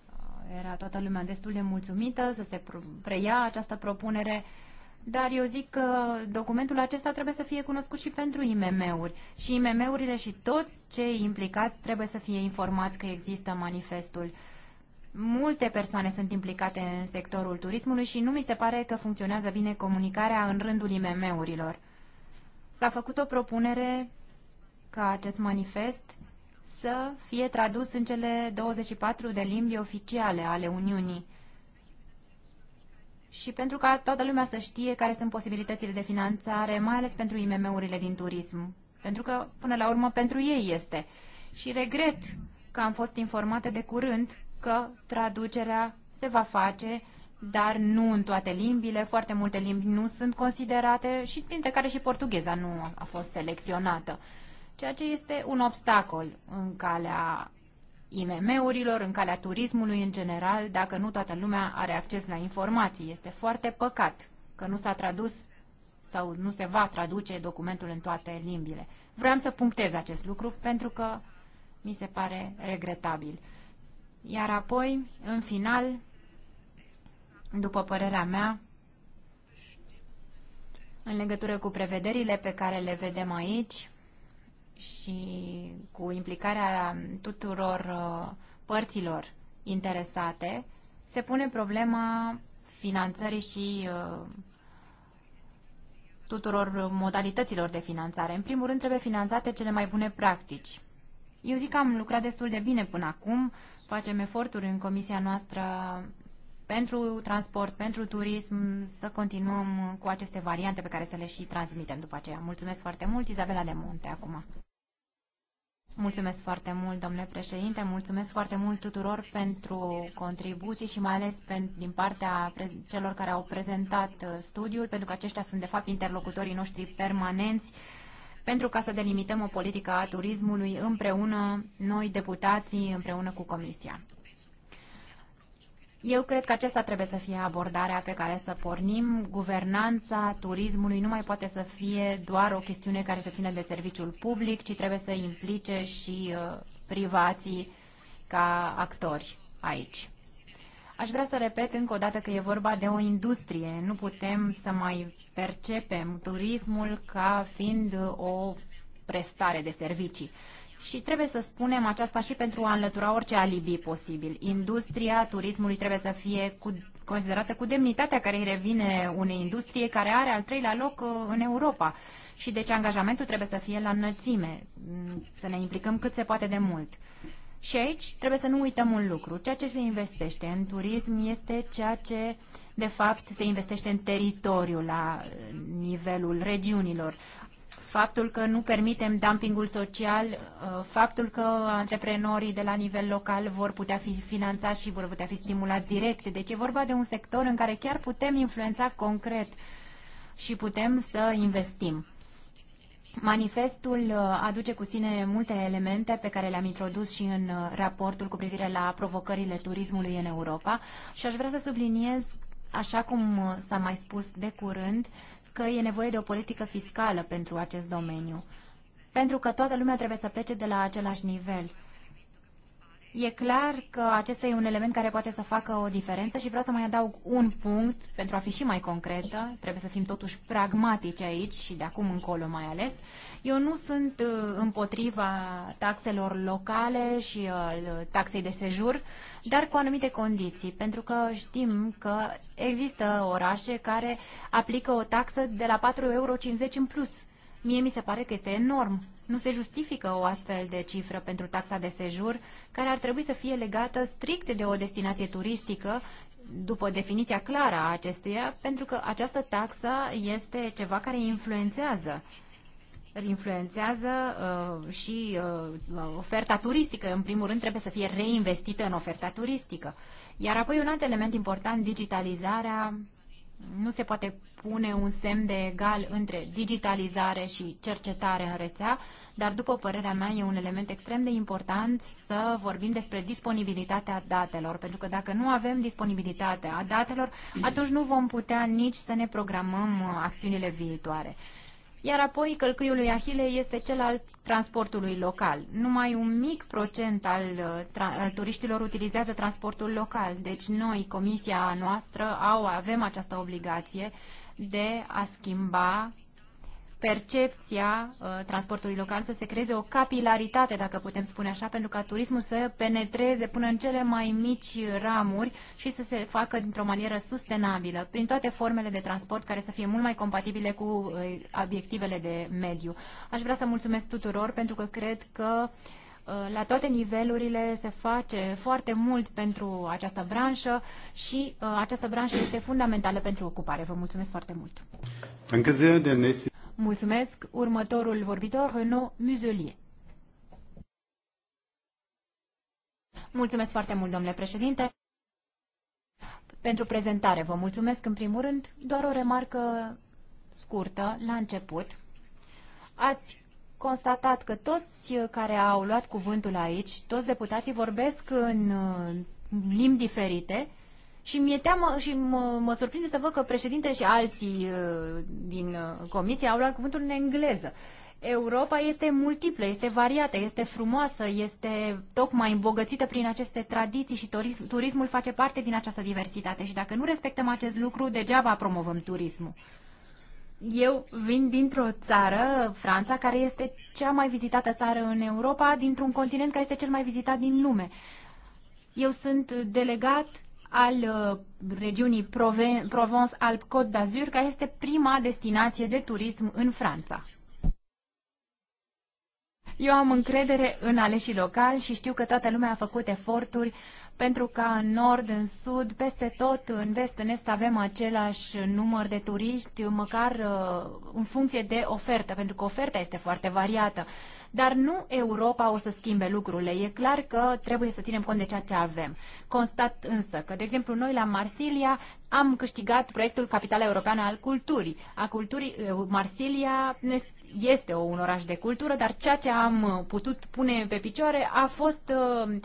uh, era toată lumea destul de mulțumită să se preia această propunere uh, dar eu zic că documentul acesta trebuie să fie cunoscut și pentru IMM-uri. Și IMM-urile și toți cei implicați trebuie să fie informați că există manifestul. Multe persoane sunt implicate în sectorul turismului și nu mi se pare că funcționează bine comunicarea în rândul IMM-urilor. S-a făcut o propunere ca acest manifest să fie tradus în cele 24 de limbi oficiale ale Uniunii și pentru ca toată lumea să știe care sunt posibilitățile de finanțare, mai ales pentru IMM-urile din turism. Pentru că, până la urmă, pentru ei este. Și regret că am fost informate de curând că traducerea se va face, dar nu în toate limbile, foarte multe limbi nu sunt considerate și dintre care și portugheza nu a fost selecționată, ceea ce este un obstacol în calea IMM-urilor, în calea turismului în general, dacă nu toată lumea are acces la informații. Este foarte păcat că nu s-a tradus sau nu se va traduce documentul în toate limbile. Vreau să punctez acest lucru pentru că mi se pare regretabil. Iar apoi, în final, după părerea mea, în legătură cu prevederile pe care le vedem aici, și cu implicarea tuturor uh, părților interesate, se pune problema finanțării și uh, tuturor modalităților de finanțare. În primul rând, trebuie finanțate cele mai bune practici. Eu zic că am lucrat destul de bine până acum, facem eforturi în comisia noastră pentru transport, pentru turism, să continuăm cu aceste variante pe care să le și transmitem după aceea. Mulțumesc foarte mult, Izabela de Monte, acum. Mulțumesc foarte mult, domnule președinte, mulțumesc foarte mult tuturor pentru contribuții și mai ales din partea celor care au prezentat uh, studiul, pentru că aceștia sunt de fapt interlocutorii noștri permanenți pentru ca să delimităm o politică a turismului împreună, noi deputații, împreună cu Comisia. Eu cred că aceasta trebuie să fie abordarea pe care să pornim. Guvernanța turismului nu mai poate să fie doar o chestiune care se ține de serviciul public, ci trebuie să implice și uh, privații ca actori aici. Aș vrea să repet încă o dată că e vorba de o industrie. Nu putem să mai percepem turismul ca fiind uh, o prestare de servicii. Și trebuie să spunem aceasta și pentru a înlătura orice alibi posibil. Industria turismului trebuie să fie cu, considerată cu demnitatea care îi revine unei industrie care are al treilea loc uh, în Europa. Și deci angajamentul trebuie să fie la înălțime, mm, să ne implicăm cât se poate de mult. Și aici trebuie să nu uităm un lucru. Ceea ce se investește în turism este ceea ce, de fapt, se investește în teritoriu, la uh, nivelul regiunilor faptul că nu permitem dumpingul social, uh, faptul că antreprenorii de la nivel local vor putea fi finanțați și vor putea fi stimulați direct. Deci e vorba de un sector în care chiar putem influența concret și putem să investim. Manifestul uh, aduce cu sine multe elemente pe care le-am introdus și în uh, raportul cu privire la provocările turismului în Europa și aș vrea să subliniez, așa cum s-a mai spus de curând, că e nevoie de o politică fiscală pentru acest domeniu, pentru că toată lumea trebuie să plece de la același nivel. E clar că acesta e un element care poate să facă o diferență și vreau să mai adaug un punct pentru a fi și mai concretă. Trebuie să fim totuși pragmatici aici și de acum încolo mai ales. Eu nu sunt uh, împotriva taxelor locale și uh, taxei de sejur, dar cu anumite condiții, pentru că știm că există orașe care aplică o taxă de la 4,50 euro în plus. Mie mi se pare că este enorm nu se justifică o astfel de cifră pentru taxa de sejur, care ar trebui să fie legată strict de o destinație turistică, după definiția clară a acestuia, pentru că această taxă este ceva care influențează influențează uh, și uh, oferta turistică. În primul rând trebuie să fie reinvestită în oferta turistică. Iar apoi un alt element important, digitalizarea nu se poate pune un semn de egal între digitalizare și cercetare în rețea, dar după părerea mea e un element extrem de important să vorbim despre disponibilitatea datelor, pentru că dacă nu avem disponibilitatea datelor, atunci nu vom putea nici să ne programăm uh, acțiunile viitoare. Iar apoi călcâiul lui Ahile este cel al transportului local. Numai un mic procent al, uh, al turiștilor utilizează transportul local. Deci noi, comisia noastră, au, avem această obligație de a schimba percepția uh, transportului local, să se creeze o capilaritate, dacă putem spune așa, pentru ca turismul să penetreze până în cele mai mici ramuri și să se facă dintr-o manieră sustenabilă, prin toate formele de transport care să fie mult mai compatibile cu uh, obiectivele de mediu. Aș vrea să mulțumesc tuturor pentru că cred că uh, la toate nivelurile se face foarte mult pentru această branșă și uh, această branșă este fundamentală pentru ocupare. Vă mulțumesc foarte mult! Mulțumesc. Următorul vorbitor, Renaud Muselier. Mulțumesc foarte mult, domnule președinte. Pentru prezentare vă mulțumesc în primul rând. Doar o remarcă scurtă la început. Ați constatat că toți care au luat cuvântul aici, toți deputații vorbesc în limbi diferite și mi-e teamă și mă, mă surprinde să văd că președintele și alții uh, din uh, comisie au luat cuvântul în engleză. Europa este multiplă, este variată, este frumoasă, este tocmai îmbogățită prin aceste tradiții și turism, turismul face parte din această diversitate și dacă nu respectăm acest lucru, degeaba promovăm turismul. Eu vin dintr-o țară, Franța, care este cea mai vizitată țară în Europa, dintr-un continent care este cel mai vizitat din lume. Eu sunt delegat al uh, regiunii Provence-Alpes-Côte d'Azur, care este prima destinație de turism în Franța. Eu am încredere în aleșii locali și știu că toată lumea a făcut eforturi pentru ca în nord, în sud, peste tot, în vest, în est, avem același număr de turiști, măcar uh, în funcție de ofertă, pentru că oferta este foarte variată. Dar nu Europa o să schimbe lucrurile. E clar că trebuie să ținem cont de ceea ce avem. Constat însă că, de exemplu, noi la Marsilia am câștigat proiectul Capitala Europeană al Culturii. A culturii uh, Marsilia este un oraș de cultură, dar ceea ce am putut pune pe picioare a fost uh,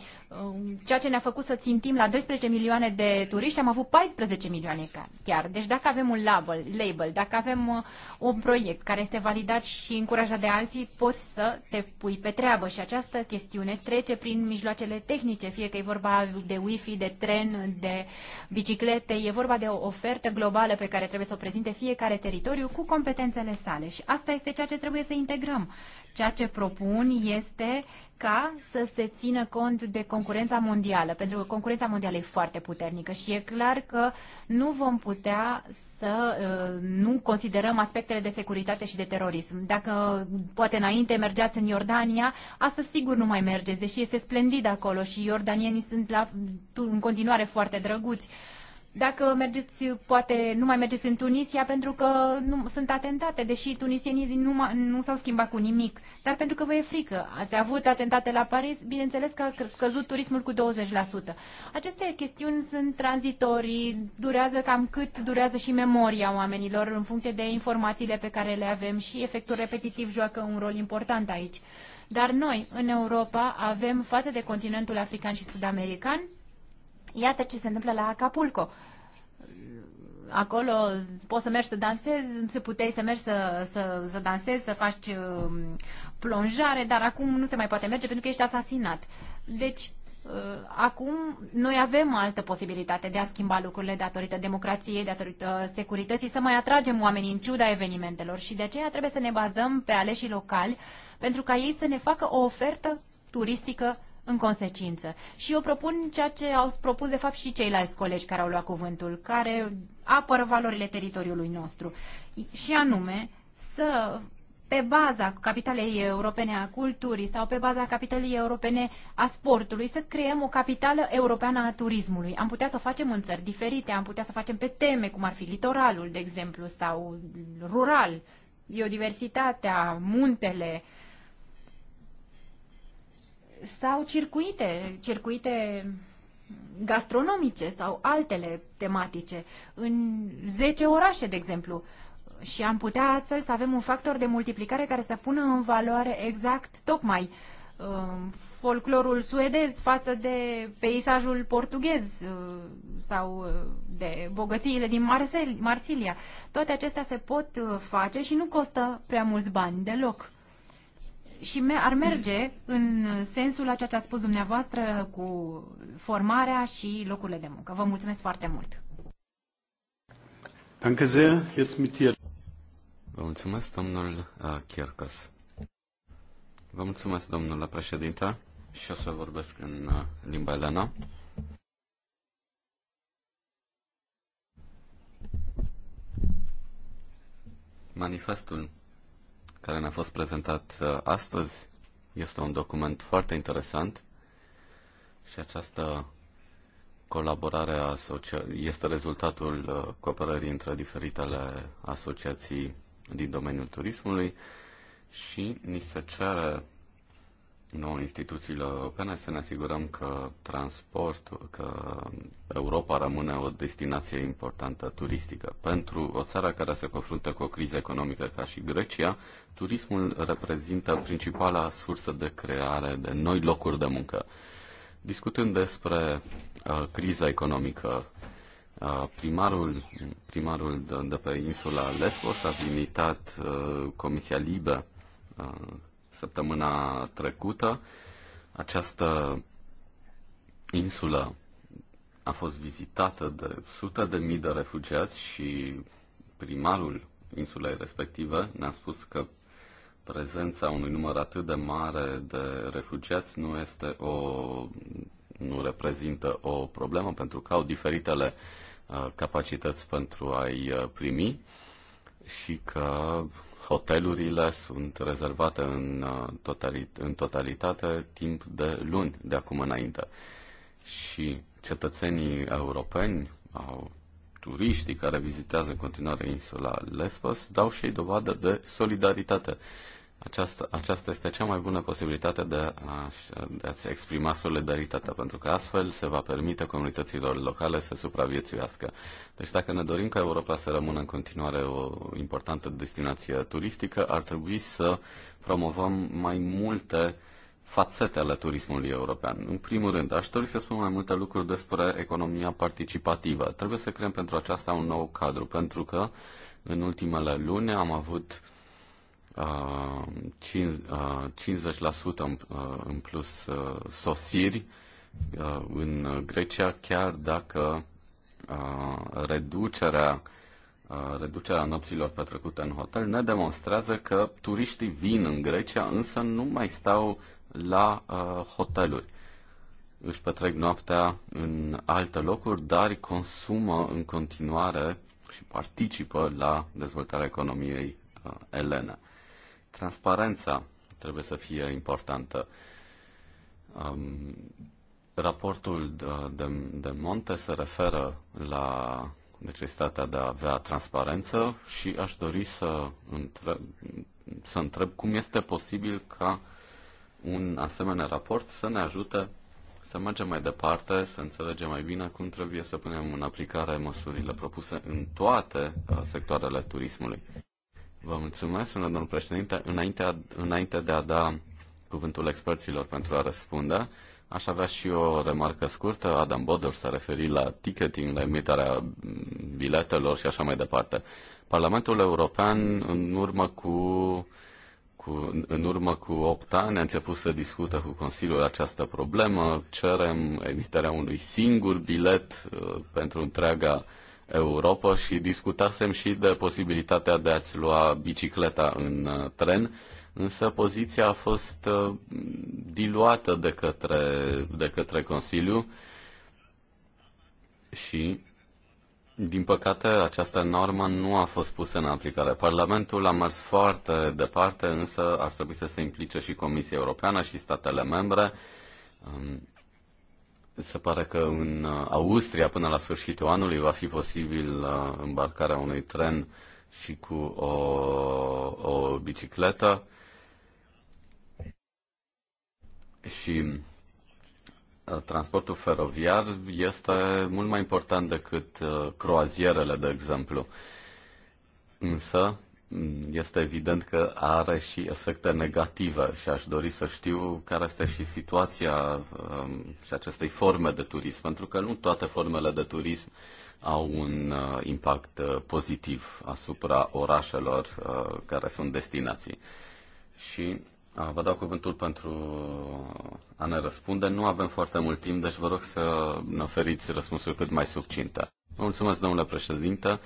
Um, ceea ce ne-a făcut să țintim la 12 milioane de turiști, am avut 14 milioane chiar. Deci dacă avem un label, label dacă avem uh, un proiect care este validat și încurajat de alții, poți să te pui pe treabă și această chestiune trece prin mijloacele tehnice, fie că e vorba de wifi, de tren, de biciclete, e vorba de o ofertă globală pe care trebuie să o prezinte fiecare teritoriu cu competențele sale și asta este ceea ce trebuie să integrăm. Ceea ce propun este ca să se țină cont de concurența mondială, pentru că concurența mondială e foarte puternică și e clar că nu vom putea să uh, nu considerăm aspectele de securitate și de terorism. Dacă poate înainte mergeați în Iordania, astăzi sigur nu mai mergeți, deși este splendid acolo și iordanienii sunt la, în continuare foarte drăguți. Uh, dacă mergeți, poate nu mai mergeți în Tunisia pentru că nu, sunt atentate, deși tunisienii nu, nu s-au schimbat cu nimic, dar pentru că vă e frică. Ați avut atentate la Paris, bineînțeles că a scăzut turismul cu 20%. Aceste chestiuni sunt tranzitorii, durează cam cât durează și memoria oamenilor în funcție de informațiile pe care le avem și efectul repetitiv joacă un rol important aici. Dar noi, în Europa, avem față de continentul african și sud-american Iată ce se întâmplă la Acapulco. Acolo poți să mergi să dansezi, se puteai să mergi să, să, să dansezi, să faci um, plonjare, dar acum nu se mai poate merge pentru că ești asasinat. Deci, uh, acum noi avem altă posibilitate de a schimba lucrurile datorită democrației, datorită securității, să mai atragem oamenii în ciuda evenimentelor și de aceea trebuie să ne bazăm pe aleșii locali pentru ca ei să ne facă o ofertă turistică în consecință. Și eu propun ceea ce au propus de fapt și ceilalți colegi care au luat cuvântul, care apără valorile teritoriului nostru. Și anume, să pe baza capitalei europene a culturii sau pe baza capitalei europene a sportului să creăm o capitală europeană a turismului. Am putea să o facem în țări diferite, am putea să o facem pe teme, cum ar fi litoralul, de exemplu, sau rural, biodiversitatea, muntele, uh, sau circuite, circuite gastronomice sau altele tematice în 10 orașe, de exemplu. Și am putea astfel să avem un factor de multiplicare care să pună în valoare exact tocmai um, folclorul suedez față de peisajul portughez uh, sau uh, de bogățiile din Marsilia. Toate acestea se pot uh, face și nu costă prea mulți bani deloc și ar merge în sensul a ceea ce ați spus dumneavoastră cu formarea și locurile de muncă. Vă mulțumesc foarte mult! Danke sehr, jetzt mit dir. Vă mulțumesc, domnul Chiercas. Uh, Vă mulțumesc, domnule președinte, și o să vorbesc în uh, limba elena. Manifestul care ne-a fost prezentat uh, astăzi. Este un document foarte interesant și această colaborare este rezultatul uh, cooperării între diferitele asociații din domeniul turismului și ni se cere noi instituțiile europene să ne asigurăm că transportul, că Europa rămâne o destinație importantă turistică. Pentru o țară care se confruntă cu o criză economică ca și Grecia, turismul reprezintă principala sursă de creare de noi locuri de muncă. Discutând despre uh, criza economică, uh, primarul, primarul de, de pe insula Lesbos a invitat uh, Comisia Libe uh, săptămâna trecută. Această insulă a fost vizitată de sute de mii de refugiați și primarul insulei respective ne-a spus că prezența unui număr atât de mare de refugiați nu este o nu reprezintă o problemă pentru că au diferitele uh, capacități pentru a-i uh, primi și că hotelurile sunt rezervate în, uh, totalit- în totalitate timp de luni de acum înainte. Și cetățenii europeni au turiștii care vizitează în continuare insula Lesbos dau și ei dovadă de solidaritate. Aceasta, aceasta este cea mai bună posibilitate de, a, de a-ți exprima solidaritatea, pentru că astfel se va permite comunităților locale să supraviețuiască. Deci dacă ne dorim ca Europa să rămână în continuare o importantă destinație turistică, ar trebui să promovăm mai multe fațete ale turismului european. În primul rând, aș dori să spun mai multe lucruri despre economia participativă. Trebuie să creăm pentru aceasta un nou cadru, pentru că în ultimele luni am avut uh, 50% uh, uh, uh, în plus sosiri în Grecia, chiar dacă reducerea reducerea nopților petrecute în hotel ne demonstrează că turiștii vin în Grecia, însă nu mai stau la uh, hoteluri. Își petrec noaptea în alte locuri, dar consumă în continuare și participă la dezvoltarea economiei uh, elene transparența trebuie să fie importantă. Um, raportul de, de, de Monte se referă la necesitatea de a avea transparență și aș dori să întreb, să întreb cum este posibil ca un asemenea raport să ne ajute să mergem mai departe, să înțelegem mai bine cum trebuie să punem în aplicare măsurile propuse în toate uh, sectoarele turismului. Vă mulțumesc, sună domnul președinte. Înainte, înainte de a da cuvântul experților pentru a răspunde, aș avea și o remarcă scurtă. Adam Bodor s-a referit la ticketing, la emiterea biletelor și așa mai departe. Parlamentul European, în urmă cu cu, în urmă cu 8 ani a început să discută cu Consiliul această problemă, cerem emiterea unui singur bilet uh, pentru întreaga Europa și discutasem și de posibilitatea de a-ți lua bicicleta în uh, tren, însă poziția a fost uh, diluată de către, de către Consiliu și din păcate, această normă nu a fost pusă în aplicare. Parlamentul a mers foarte departe, însă ar trebui să se implice și Comisia Europeană și statele membre. Um, se pare că în uh, Austria, până la sfârșitul anului, va fi posibil uh, îmbarcarea unui tren și cu o, o bicicletă. Și uh, transportul feroviar este mult mai important decât croazierele, de exemplu. Însă, este evident că are și efecte negative și aș dori să știu care este și situația um, și acestei forme de turism, pentru că nu toate formele de turism au un uh, impact uh, pozitiv asupra orașelor uh, care sunt destinații. Și vă dau cuvântul pentru a ne răspunde. Nu avem foarte mult timp, deci vă rog să ne oferiți răspunsuri cât mai succinte. Mulțumesc, domnule președinte.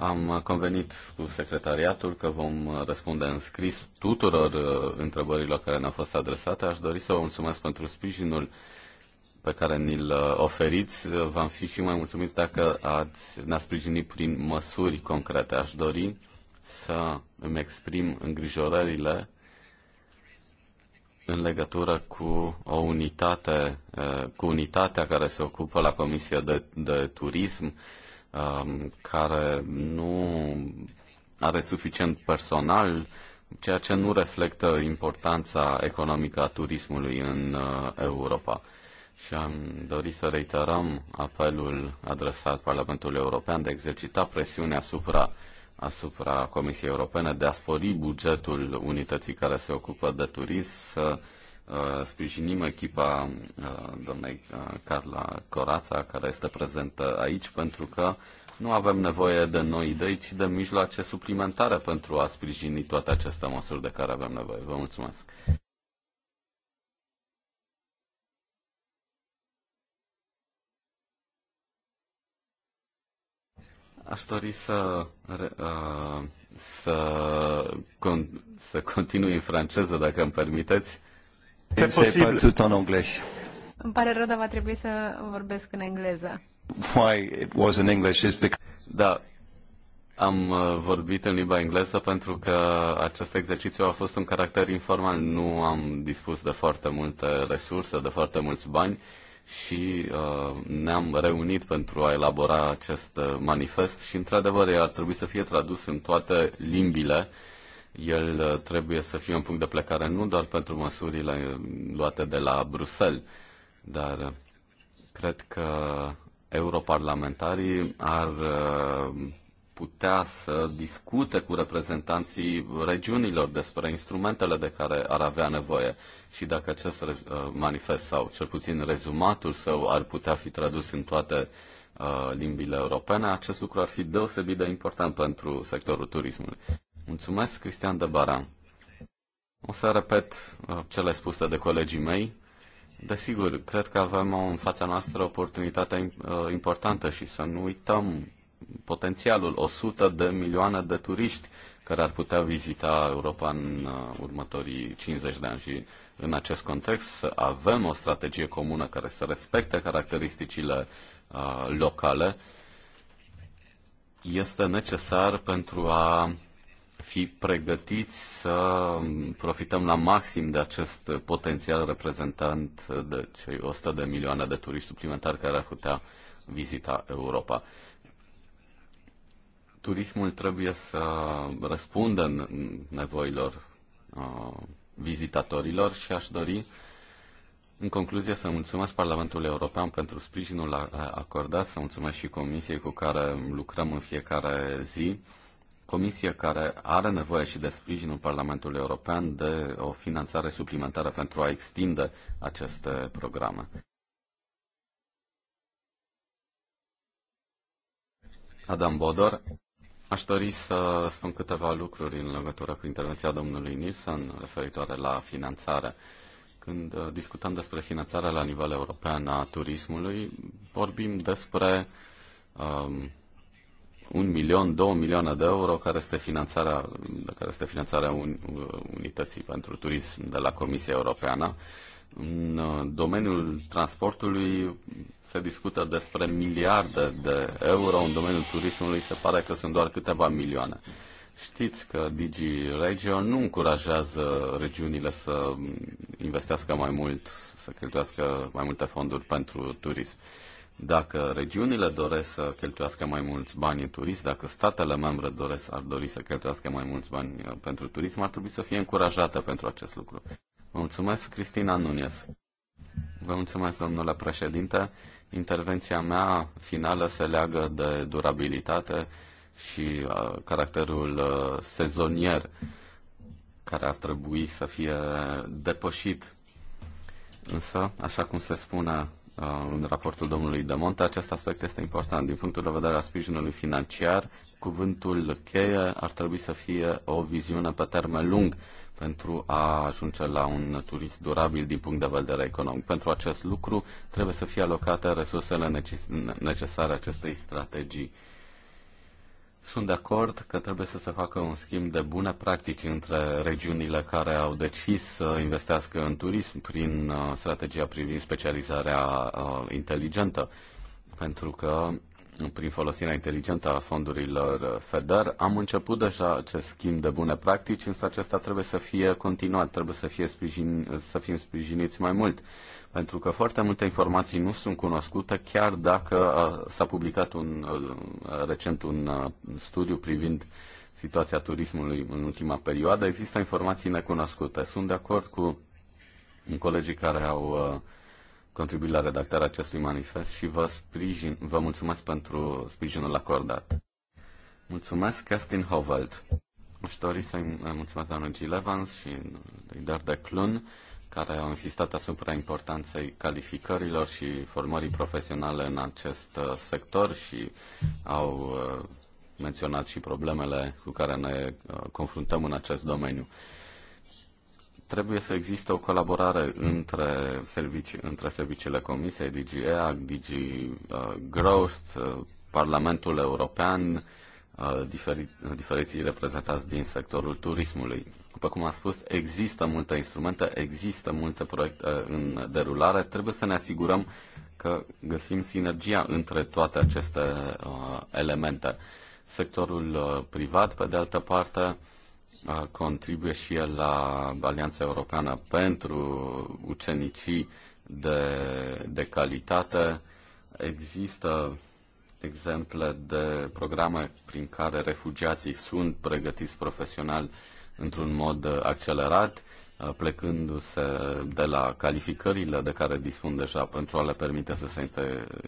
Am convenit cu secretariatul că vom răspunde în scris tuturor uh, întrebărilor care ne-au fost adresate. Aș dori să vă mulțumesc pentru sprijinul pe care ni-l uh, oferiți. Uh, v-am fi și mai mulțumit dacă ați, ne-ați sprijinit prin măsuri concrete. Aș dori să îmi exprim îngrijorările în legătură cu o unitate, cu unitatea care se ocupă la Comisia de, de Turism, Um, care nu are suficient personal, ceea ce nu reflectă importanța economică a turismului în uh, Europa. Și am dorit să reiterăm apelul adresat Parlamentului European de a exercita presiune asupra, asupra Comisiei Europene de a spori bugetul unității care se ocupă de turism, să Uh, sprijinim echipa uh, doamnei uh, Carla Corața, care este prezentă aici, pentru că nu avem nevoie de noi idei, ci de mijloace suplimentare pentru a sprijini toate aceste măsuri de care avem nevoie. Vă mulțumesc! Aș dori să, să, să continui în franceză, dacă îmi permiteți. C'est pas tout en anglais. Îmi pare rău, dar va trebui să vorbesc în engleză. Why it was in English is because... Da, am uh, vorbit în limba engleză pentru că acest exercițiu a fost un caracter informal. Nu am dispus de foarte multe resurse, de foarte mulți bani și uh, ne-am reunit pentru a elabora acest uh, manifest și, într-adevăr, ar trebui să fie tradus în toate limbile uh, el uh, trebuie să fie un punct de plecare nu doar pentru măsurile uh, luate de la Bruxelles, dar uh, cred că europarlamentarii ar putea să discute cu reprezentanții regiunilor despre instrumentele de care ar avea nevoie și dacă acest manifest sau cel puțin rezumatul său ar putea fi tradus în toate limbile europene, acest lucru ar fi deosebit de important pentru sectorul turismului. Mulțumesc, Cristian de Baran. O să repet uh, cele spuse de colegii mei. Desigur, cred că avem în fața noastră oportunitatea uh, importantă și să nu uităm potențialul 100 de milioane de turiști care ar putea vizita Europa în uh, următorii 50 de ani și în acest context să avem o strategie comună care să respecte caracteristicile locale este necesar pentru a fi pregătiți să profităm la maxim de acest potențial reprezentant de cei 100 de milioane de turiști suplimentari care ar putea vizita Europa. Turismul trebuie să răspundă nevoilor uh, vizitatorilor și aș dori în concluzie, să mulțumesc Parlamentului European pentru sprijinul acordat, să mulțumesc și Comisiei cu care lucrăm în fiecare zi comisie care are nevoie și de sprijinul Parlamentului European de o finanțare suplimentară pentru a extinde aceste programe. Adam Bodor, aș dori să spun câteva lucruri în legătură cu intervenția domnului Nilsson referitoare la finanțare. Când uh, discutăm despre finanțarea la nivel european a turismului, vorbim despre um, un milion, două milioane de euro, care este finanțarea, care este finanțarea un, unității pentru turism de la Comisia Europeană. În uh, domeniul transportului se discută despre miliarde de euro, în domeniul turismului se pare că sunt doar câteva milioane. Știți că Digi Regio nu încurajează regiunile să investească mai mult, să cheltuiască mai multe fonduri pentru turism. Uh, dacă regiunile doresc să cheltuiască mai mulți bani în turism, dacă statele membre doresc, ar dori să cheltuiască mai mulți bani uh, pentru turism, ar trebui să fie încurajată pentru acest lucru. Vă mulțumesc, Cristina Nunes. Vă mulțumesc, domnule președinte. Intervenția mea finală se leagă de durabilitate și uh, caracterul uh, sezonier care ar trebui să fie depășit. Însă, așa cum se spune Uh, în raportul domnului Monte. acest aspect este important. Din punctul de vedere al sprijinului financiar, cuvântul cheie ar trebui să fie o viziune pe termen lung pentru a ajunge la un turist durabil din punct de vedere economic. Pentru acest lucru trebuie să fie alocate resursele necesare acestei strategii sunt de acord că trebuie să se facă un schimb de bune practici între regiunile care au decis să investească în turism prin uh, strategia privind specializarea uh, inteligentă, pentru că prin folosirea inteligentă a fondurilor FEDER. Am început deja acest schimb de bune practici, însă acesta trebuie să fie continuat, trebuie să, fie sprijin, să fim sprijiniți mai mult pentru că foarte multe informații nu sunt cunoscute, chiar dacă s-a publicat un, recent un studiu privind situația turismului în ultima perioadă, există informații necunoscute. Sunt de acord cu colegii care au contribuit la redactarea acestui manifest și vă, sprijin, vă mulțumesc pentru sprijinul acordat. Mulțumesc, Kerstin Hovald. Aș dori să-i mulțumesc doamnei Gilevans și Dar de Clun care au insistat asupra importanței calificărilor și formării profesionale în acest uh, sector și au uh, menționat și problemele cu care ne uh, confruntăm în acest domeniu. Trebuie să existe o colaborare între, servici, între serviciile Comisiei, DG DG Growth, Parlamentul European, diferi, diferiții reprezentați din sectorul turismului. După cum am spus, există multe instrumente, există multe proiecte uh, în derulare. Trebuie să ne asigurăm că găsim sinergia între toate aceste uh, elemente. Sectorul uh, privat, pe de altă parte, uh, contribuie și el la Alianța Europeană pentru ucenicii de, de calitate. Există exemple de programe prin care refugiații sunt pregătiți profesional uh, într-un mod uh, accelerat, uh, plecându-se de la calificările de care dispun deja pentru a le permite să se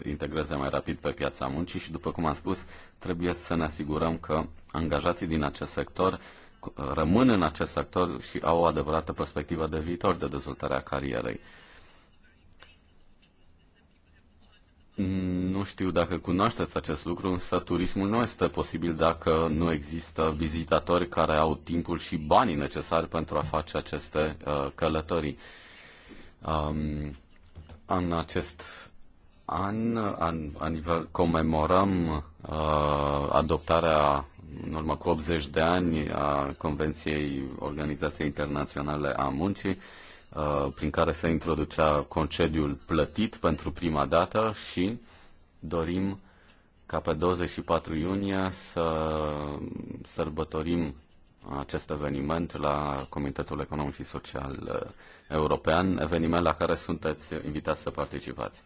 integreze mai rapid pe piața muncii și, după cum am spus, trebuie să ne asigurăm că angajații din acest sector uh, rămân în acest sector și au o adevărată perspectivă de viitor de dezvoltare a carierei. Mm, nu știu dacă cunoașteți acest lucru, însă turismul nu este posibil dacă nu există vizitatori care au timpul și banii necesari pentru a face aceste uh, călătorii. Um, în acest an, an aniver, comemorăm uh, adoptarea în urmă cu 80 de ani a Convenției Organizației Internaționale a Muncii Uh, prin care se introducea concediul plătit pentru prima dată și dorim ca pe 24 iunie să sărbătorim acest eveniment la Comitetul Economic și Social uh, European, eveniment la care sunteți invitați să participați.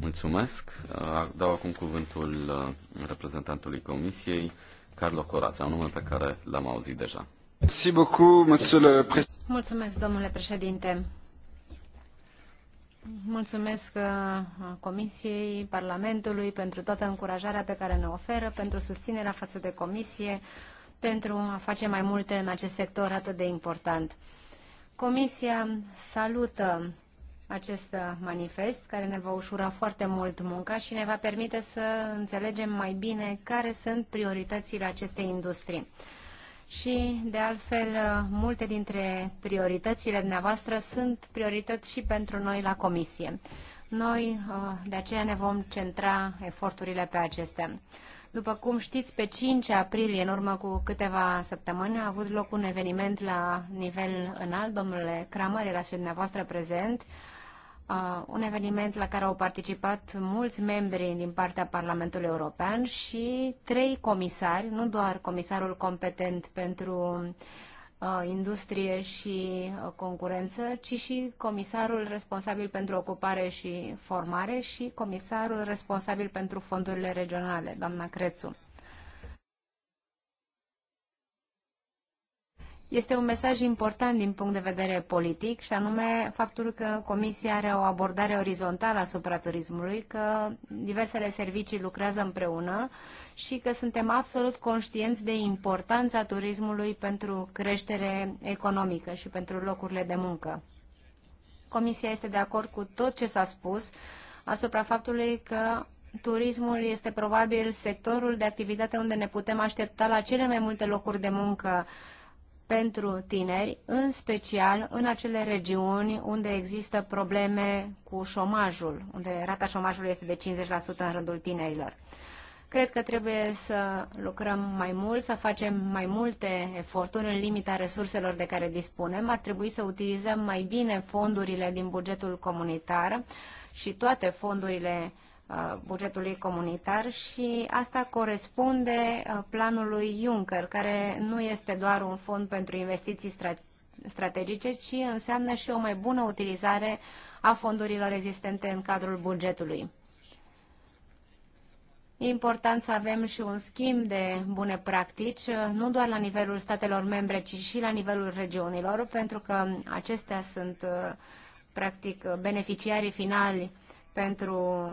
Mulțumesc. Uh, dau acum cuvântul reprezentantului Comisiei, Carlo Corața, un nume pe care l-am auzit deja. Mulțumesc, domnule președinte. Mulțumesc uh, Comisiei, Parlamentului pentru toată încurajarea pe care ne oferă, pentru susținerea față de Comisie, pentru a face mai multe în acest sector atât de important. Comisia salută acest manifest care ne va ușura foarte mult munca și ne va permite să înțelegem mai bine care sunt prioritățile acestei industrii și, de altfel, multe dintre prioritățile dumneavoastră sunt priorități și pentru noi la Comisie. Noi, uh, de aceea, ne vom centra eforturile pe acestea. După cum știți, pe 5 aprilie, în urmă cu câteva săptămâni, a avut loc un eveniment la nivel înalt. Domnule Kramer era și dumneavoastră prezent uh, un eveniment la care au participat mulți membri din partea Parlamentului European și trei comisari, nu doar comisarul competent pentru uh, industrie și uh, concurență, ci și comisarul responsabil pentru ocupare și formare și comisarul responsabil pentru fondurile regionale, doamna Crețu. Este un mesaj important din punct de vedere politic și anume faptul că Comisia are o abordare orizontală asupra turismului, că diversele servicii lucrează împreună și că suntem absolut conștienți de importanța turismului pentru creștere economică și pentru locurile de muncă. Comisia este de acord cu tot ce s-a spus asupra faptului că turismul este probabil sectorul de activitate unde ne putem aștepta la cele mai multe locuri de muncă pentru tineri, în special în acele regiuni unde există probleme cu șomajul, unde rata șomajului este de 50% în rândul tinerilor. Cred că trebuie să lucrăm mai mult, să facem mai multe eforturi în limita resurselor de care dispunem. Ar trebui să utilizăm mai bine fondurile din bugetul comunitar și toate fondurile uh, Uh, bugetului comunitar și asta corespunde uh, planului Juncker, care nu este doar un fond pentru investiții strategice, ci înseamnă și o mai bună utilizare a fondurilor existente în cadrul bugetului. E important să avem și un schimb de bune practici, uh, nu doar la nivelul statelor membre, ci și la nivelul regiunilor, pentru că acestea sunt, practic, beneficiarii finali pentru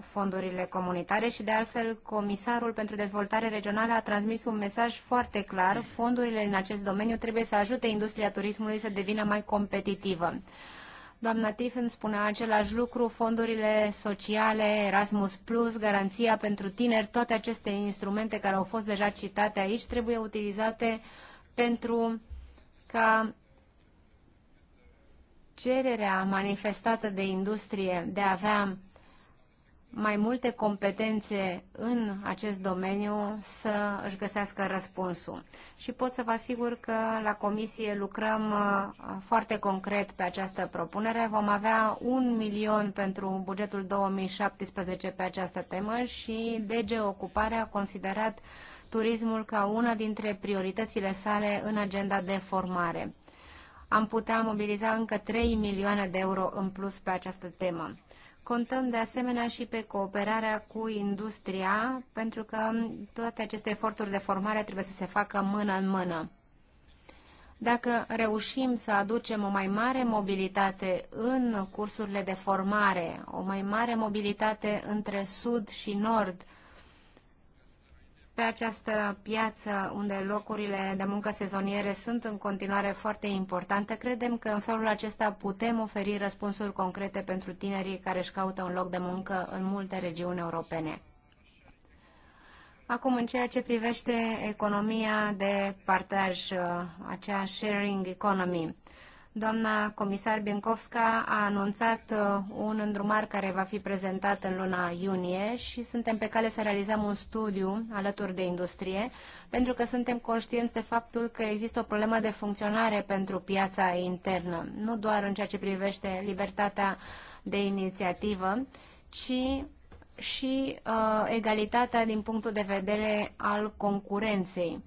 fondurile comunitare și de altfel Comisarul pentru Dezvoltare Regională a transmis un mesaj foarte clar. Fondurile în acest domeniu trebuie să ajute industria turismului să devină mai competitivă. Doamna Tiffen spunea același lucru, fondurile sociale, Erasmus+, Plus, garanția pentru tineri, toate aceste instrumente care au fost deja citate aici trebuie utilizate pentru ca cererea manifestată de industrie de a avea mai multe competențe în acest domeniu să își găsească răspunsul. Și pot să vă asigur că la comisie lucrăm uh, foarte concret pe această propunere. Vom avea un milion pentru bugetul 2017 pe această temă și DG Ocupare a considerat turismul ca una dintre prioritățile sale în agenda de formare. Am putea mobiliza încă 3 milioane de euro în plus pe această temă. Contăm de asemenea și pe cooperarea cu industria, pentru că toate aceste eforturi de formare trebuie să se facă mână în mână. Dacă reușim să aducem o mai mare mobilitate în cursurile de formare, o mai mare mobilitate între sud și nord, pe această piață unde locurile de muncă sezoniere sunt în continuare foarte importante, credem că în felul acesta putem oferi răspunsuri concrete pentru tinerii care își caută un loc de muncă în multe regiuni europene. Acum, în ceea ce privește economia de partaj, uh, acea sharing economy, Doamna comisar Bienkovska a anunțat uh, un îndrumar care va fi prezentat în luna iunie și suntem pe cale să realizăm un studiu alături de industrie, pentru că suntem conștienți de faptul că există o problemă de funcționare pentru piața internă, nu doar în ceea ce privește libertatea de inițiativă, ci și uh, egalitatea din punctul de vedere al concurenței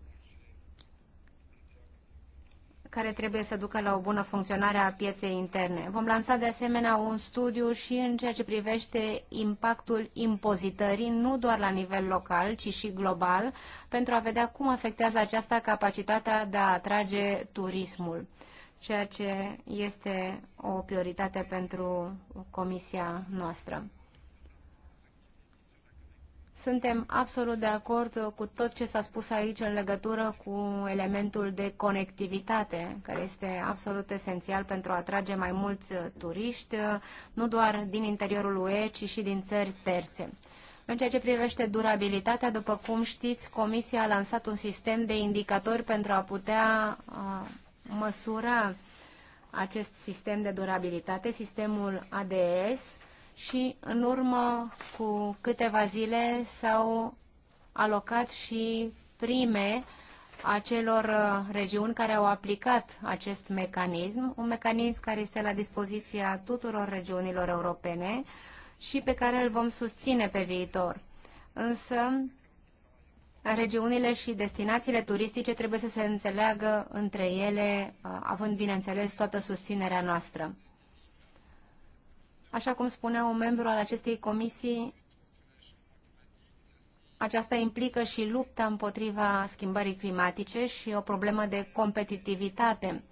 care trebuie să ducă la o bună funcționare a pieței interne. Vom lansa de asemenea un studiu și în ceea ce privește impactul impozitării, nu doar la nivel local, ci și global, pentru a vedea cum afectează aceasta capacitatea de a atrage turismul, ceea ce este o prioritate pentru comisia noastră. Suntem absolut de acord cu tot ce s-a spus aici în legătură cu elementul de conectivitate, care este absolut esențial pentru a atrage mai mulți turiști, nu doar din interiorul UE, ci și din țări terțe. În ceea ce privește durabilitatea, după cum știți, Comisia a lansat un sistem de indicatori pentru a putea măsura acest sistem de durabilitate, sistemul ADS, și în urmă cu câteva zile s-au alocat și prime acelor uh, regiuni care au aplicat acest mecanism, un mecanism care este la dispoziția tuturor regiunilor europene și pe care îl vom susține pe viitor. Însă, regiunile și destinațiile turistice trebuie să se înțeleagă între ele, uh, având, bineînțeles, toată susținerea noastră. Așa cum spunea un membru al acestei comisii, aceasta implică și lupta împotriva schimbării climatice și o problemă de competitivitate.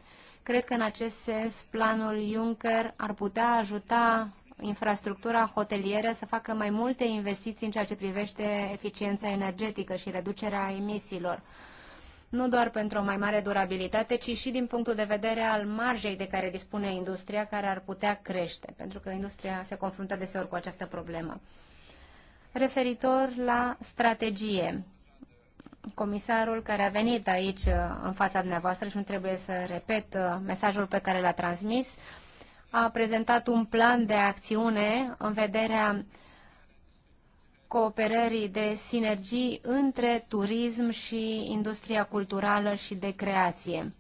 Cred că în acest sens planul Juncker ar putea ajuta infrastructura hotelieră să facă mai multe investiții în ceea ce privește eficiența energetică și reducerea emisiilor nu doar pentru o mai mare durabilitate, ci și din punctul de vedere al marjei de care dispune industria, care ar putea crește, pentru că industria se confruntă deseori cu această problemă. Referitor la strategie, comisarul care a venit aici uh, în fața dumneavoastră și nu trebuie să repet uh, mesajul pe care l-a transmis, a prezentat un plan de acțiune în vederea cooperării de sinergii între turism și industria culturală și de creație.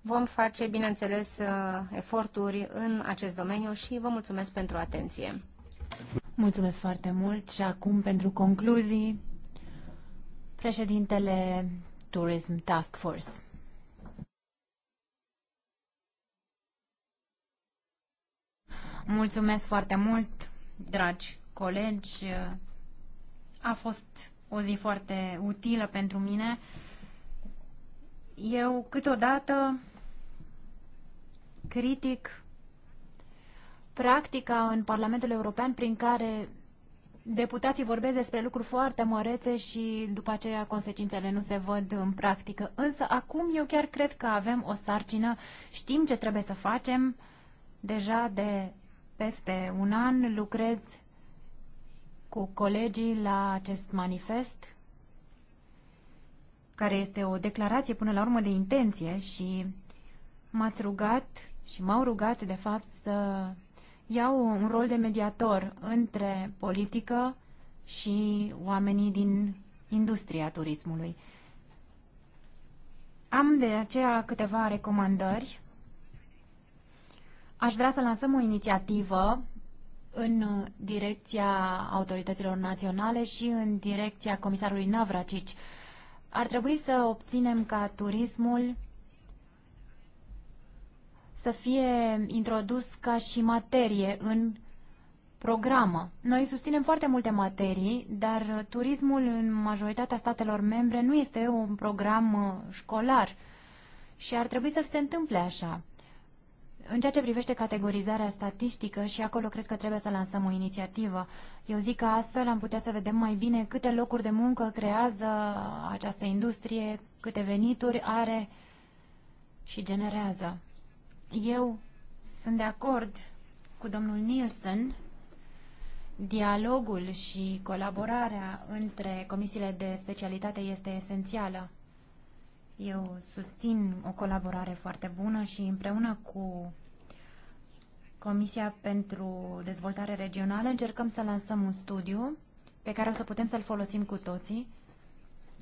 Vom face, bineînțeles, uh, eforturi în acest domeniu și vă mulțumesc pentru atenție. Mulțumesc foarte mult și acum pentru concluzii, președintele Tourism Task Force. Mulțumesc foarte mult, dragi colegi. A fost o zi foarte utilă pentru mine. Eu câteodată critic practica în Parlamentul European prin care deputații vorbesc despre lucruri foarte mărețe și după aceea consecințele nu se văd în practică. Însă acum eu chiar cred că avem o sarcină, știm ce trebuie să facem. Deja de peste un an lucrez cu colegii la acest manifest, care este o declarație până la urmă de intenție și m-ați rugat și m-au rugat, de fapt, să iau un rol de mediator între politică și oamenii din industria turismului. Am de aceea câteva recomandări. Aș vrea să lansăm o inițiativă în uh, direcția autorităților naționale și în direcția comisarului Navracici. Ar trebui să obținem ca turismul să fie introdus ca și materie în programă. Noi susținem foarte multe materii, dar turismul în majoritatea statelor membre nu este un program uh, școlar și ar trebui să se întâmple așa. În ceea ce privește categorizarea statistică și acolo cred că trebuie să lansăm o inițiativă. Eu zic că astfel am putea să vedem mai bine câte locuri de muncă creează această industrie, câte venituri are și generează. Eu sunt de acord cu domnul Nielsen dialogul și colaborarea între comisiile de specialitate este esențială. Eu susțin o colaborare foarte bună și împreună cu Comisia pentru Dezvoltare Regională încercăm să lansăm un studiu pe care o să putem să-l folosim cu toții.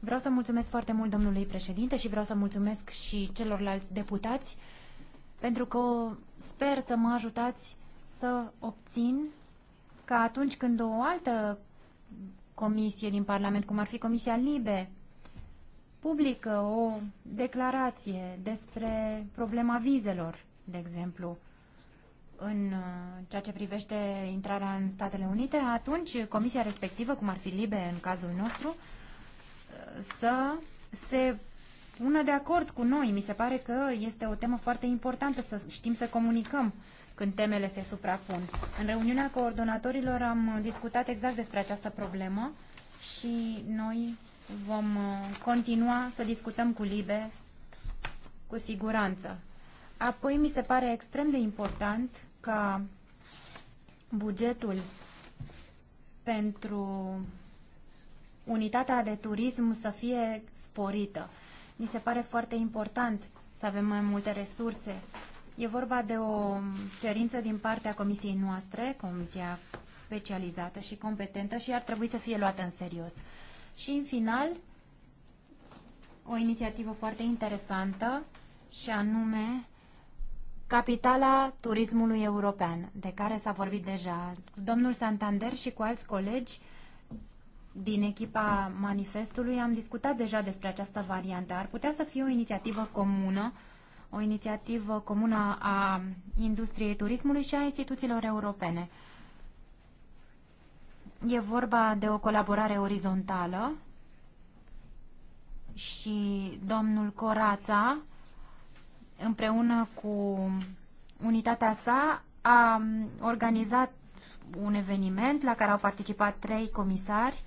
Vreau să mulțumesc foarte mult domnului președinte și vreau să mulțumesc și celorlalți deputați pentru că sper să mă ajutați să obțin ca atunci când o altă comisie din Parlament, cum ar fi Comisia Libe, publică o declarație despre problema vizelor, de exemplu, în uh, ceea ce privește intrarea în Statele Unite, atunci comisia respectivă, cum ar fi Libe în cazul nostru, uh, să se pună de acord cu noi. Mi se pare că este o temă foarte importantă să știm să comunicăm când temele se suprapun. În reuniunea coordonatorilor am discutat exact despre această problemă și noi vom uh, continua să discutăm cu Libe cu siguranță. Apoi mi se pare extrem de important ca bugetul pentru unitatea de turism să fie sporită. Mi se pare foarte important să avem mai multe resurse. E vorba de o cerință din partea comisiei noastre, comisia specializată și competentă și ar trebui să fie luată în serios. Și în final, o inițiativă foarte interesantă și anume Capitala Turismului European, de care s-a vorbit deja domnul Santander și cu alți colegi din echipa manifestului am discutat deja despre această variantă. Ar putea să fie o inițiativă comună, o inițiativă comună a industriei turismului și a instituțiilor europene. E vorba de o colaborare orizontală și domnul Corața, împreună cu unitatea sa, a organizat un eveniment la care au participat trei comisari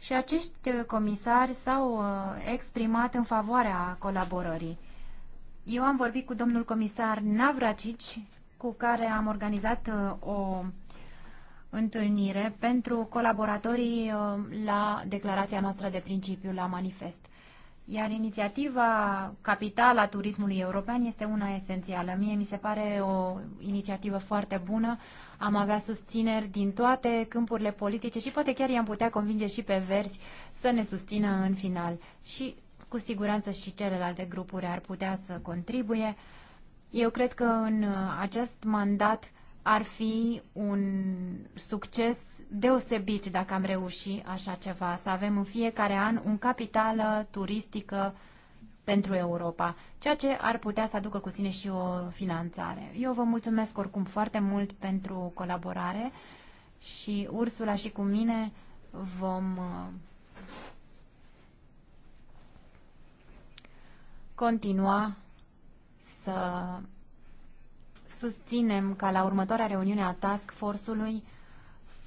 și acești comisari s-au uh, exprimat în favoarea colaborării. Eu am vorbit cu domnul comisar Navracici, cu care am organizat uh, o întâlnire pentru colaboratorii uh, la declarația noastră de principiu, la manifest. Iar inițiativa Capitala Turismului European este una esențială. Mie mi se pare o inițiativă foarte bună. Am avea susțineri din toate câmpurile politice și poate chiar i-am putea convinge și pe verzi să ne susțină în final. Și cu siguranță și celelalte grupuri ar putea să contribuie. Eu cred că în acest mandat ar fi un succes deosebit dacă am reușit așa ceva, să avem în fiecare an un capital turistică pentru Europa, ceea ce ar putea să aducă cu sine și o finanțare. Eu vă mulțumesc oricum foarte mult pentru colaborare și Ursula și cu mine vom uh, continua să susținem ca la următoarea reuniune a Task Force-ului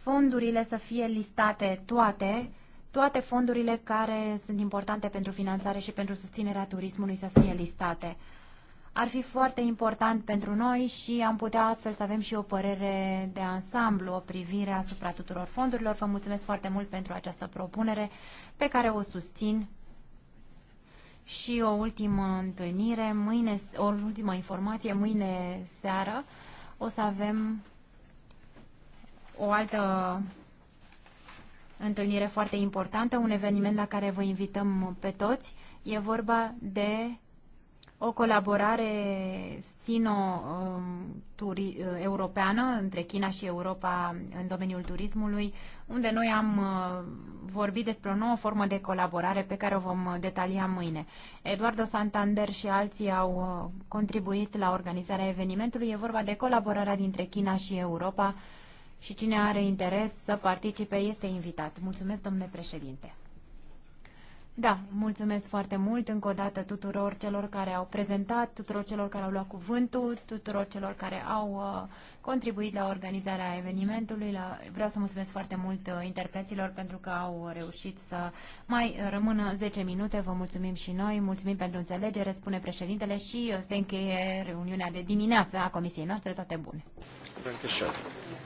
fondurile să fie listate toate, toate fondurile care sunt importante pentru finanțare și pentru susținerea turismului să fie listate. Ar fi foarte important pentru noi și am putea astfel să avem și o părere de ansamblu, o privire asupra tuturor fondurilor. Vă mulțumesc foarte mult pentru această propunere pe care o susțin și o ultimă întâlnire, mâine, o ultimă informație, mâine seară o să avem o altă întâlnire foarte importantă, un eveniment la care vă invităm pe toți. E vorba de o colaborare sino-europeană um, uh, între China și Europa în domeniul turismului, unde noi am uh, vorbit despre o nouă formă de colaborare pe care o vom detalia mâine. Eduardo Santander și alții au uh, contribuit la organizarea evenimentului. E vorba de colaborarea dintre China și Europa și cine are interes să participe este invitat. Mulțumesc, domnule președinte. Da, mulțumesc foarte mult încă o dată tuturor celor care au prezentat, tuturor celor care au luat cuvântul, tuturor celor care au uh, contribuit la organizarea evenimentului. La... Vreau să mulțumesc foarte mult uh, interpreților pentru că au reușit să mai rămână 10 minute. Vă mulțumim și noi, mulțumim pentru înțelegere, spune președintele și uh, se încheie reuniunea de dimineață a comisiei noastre. Toate bune! Dankeschön.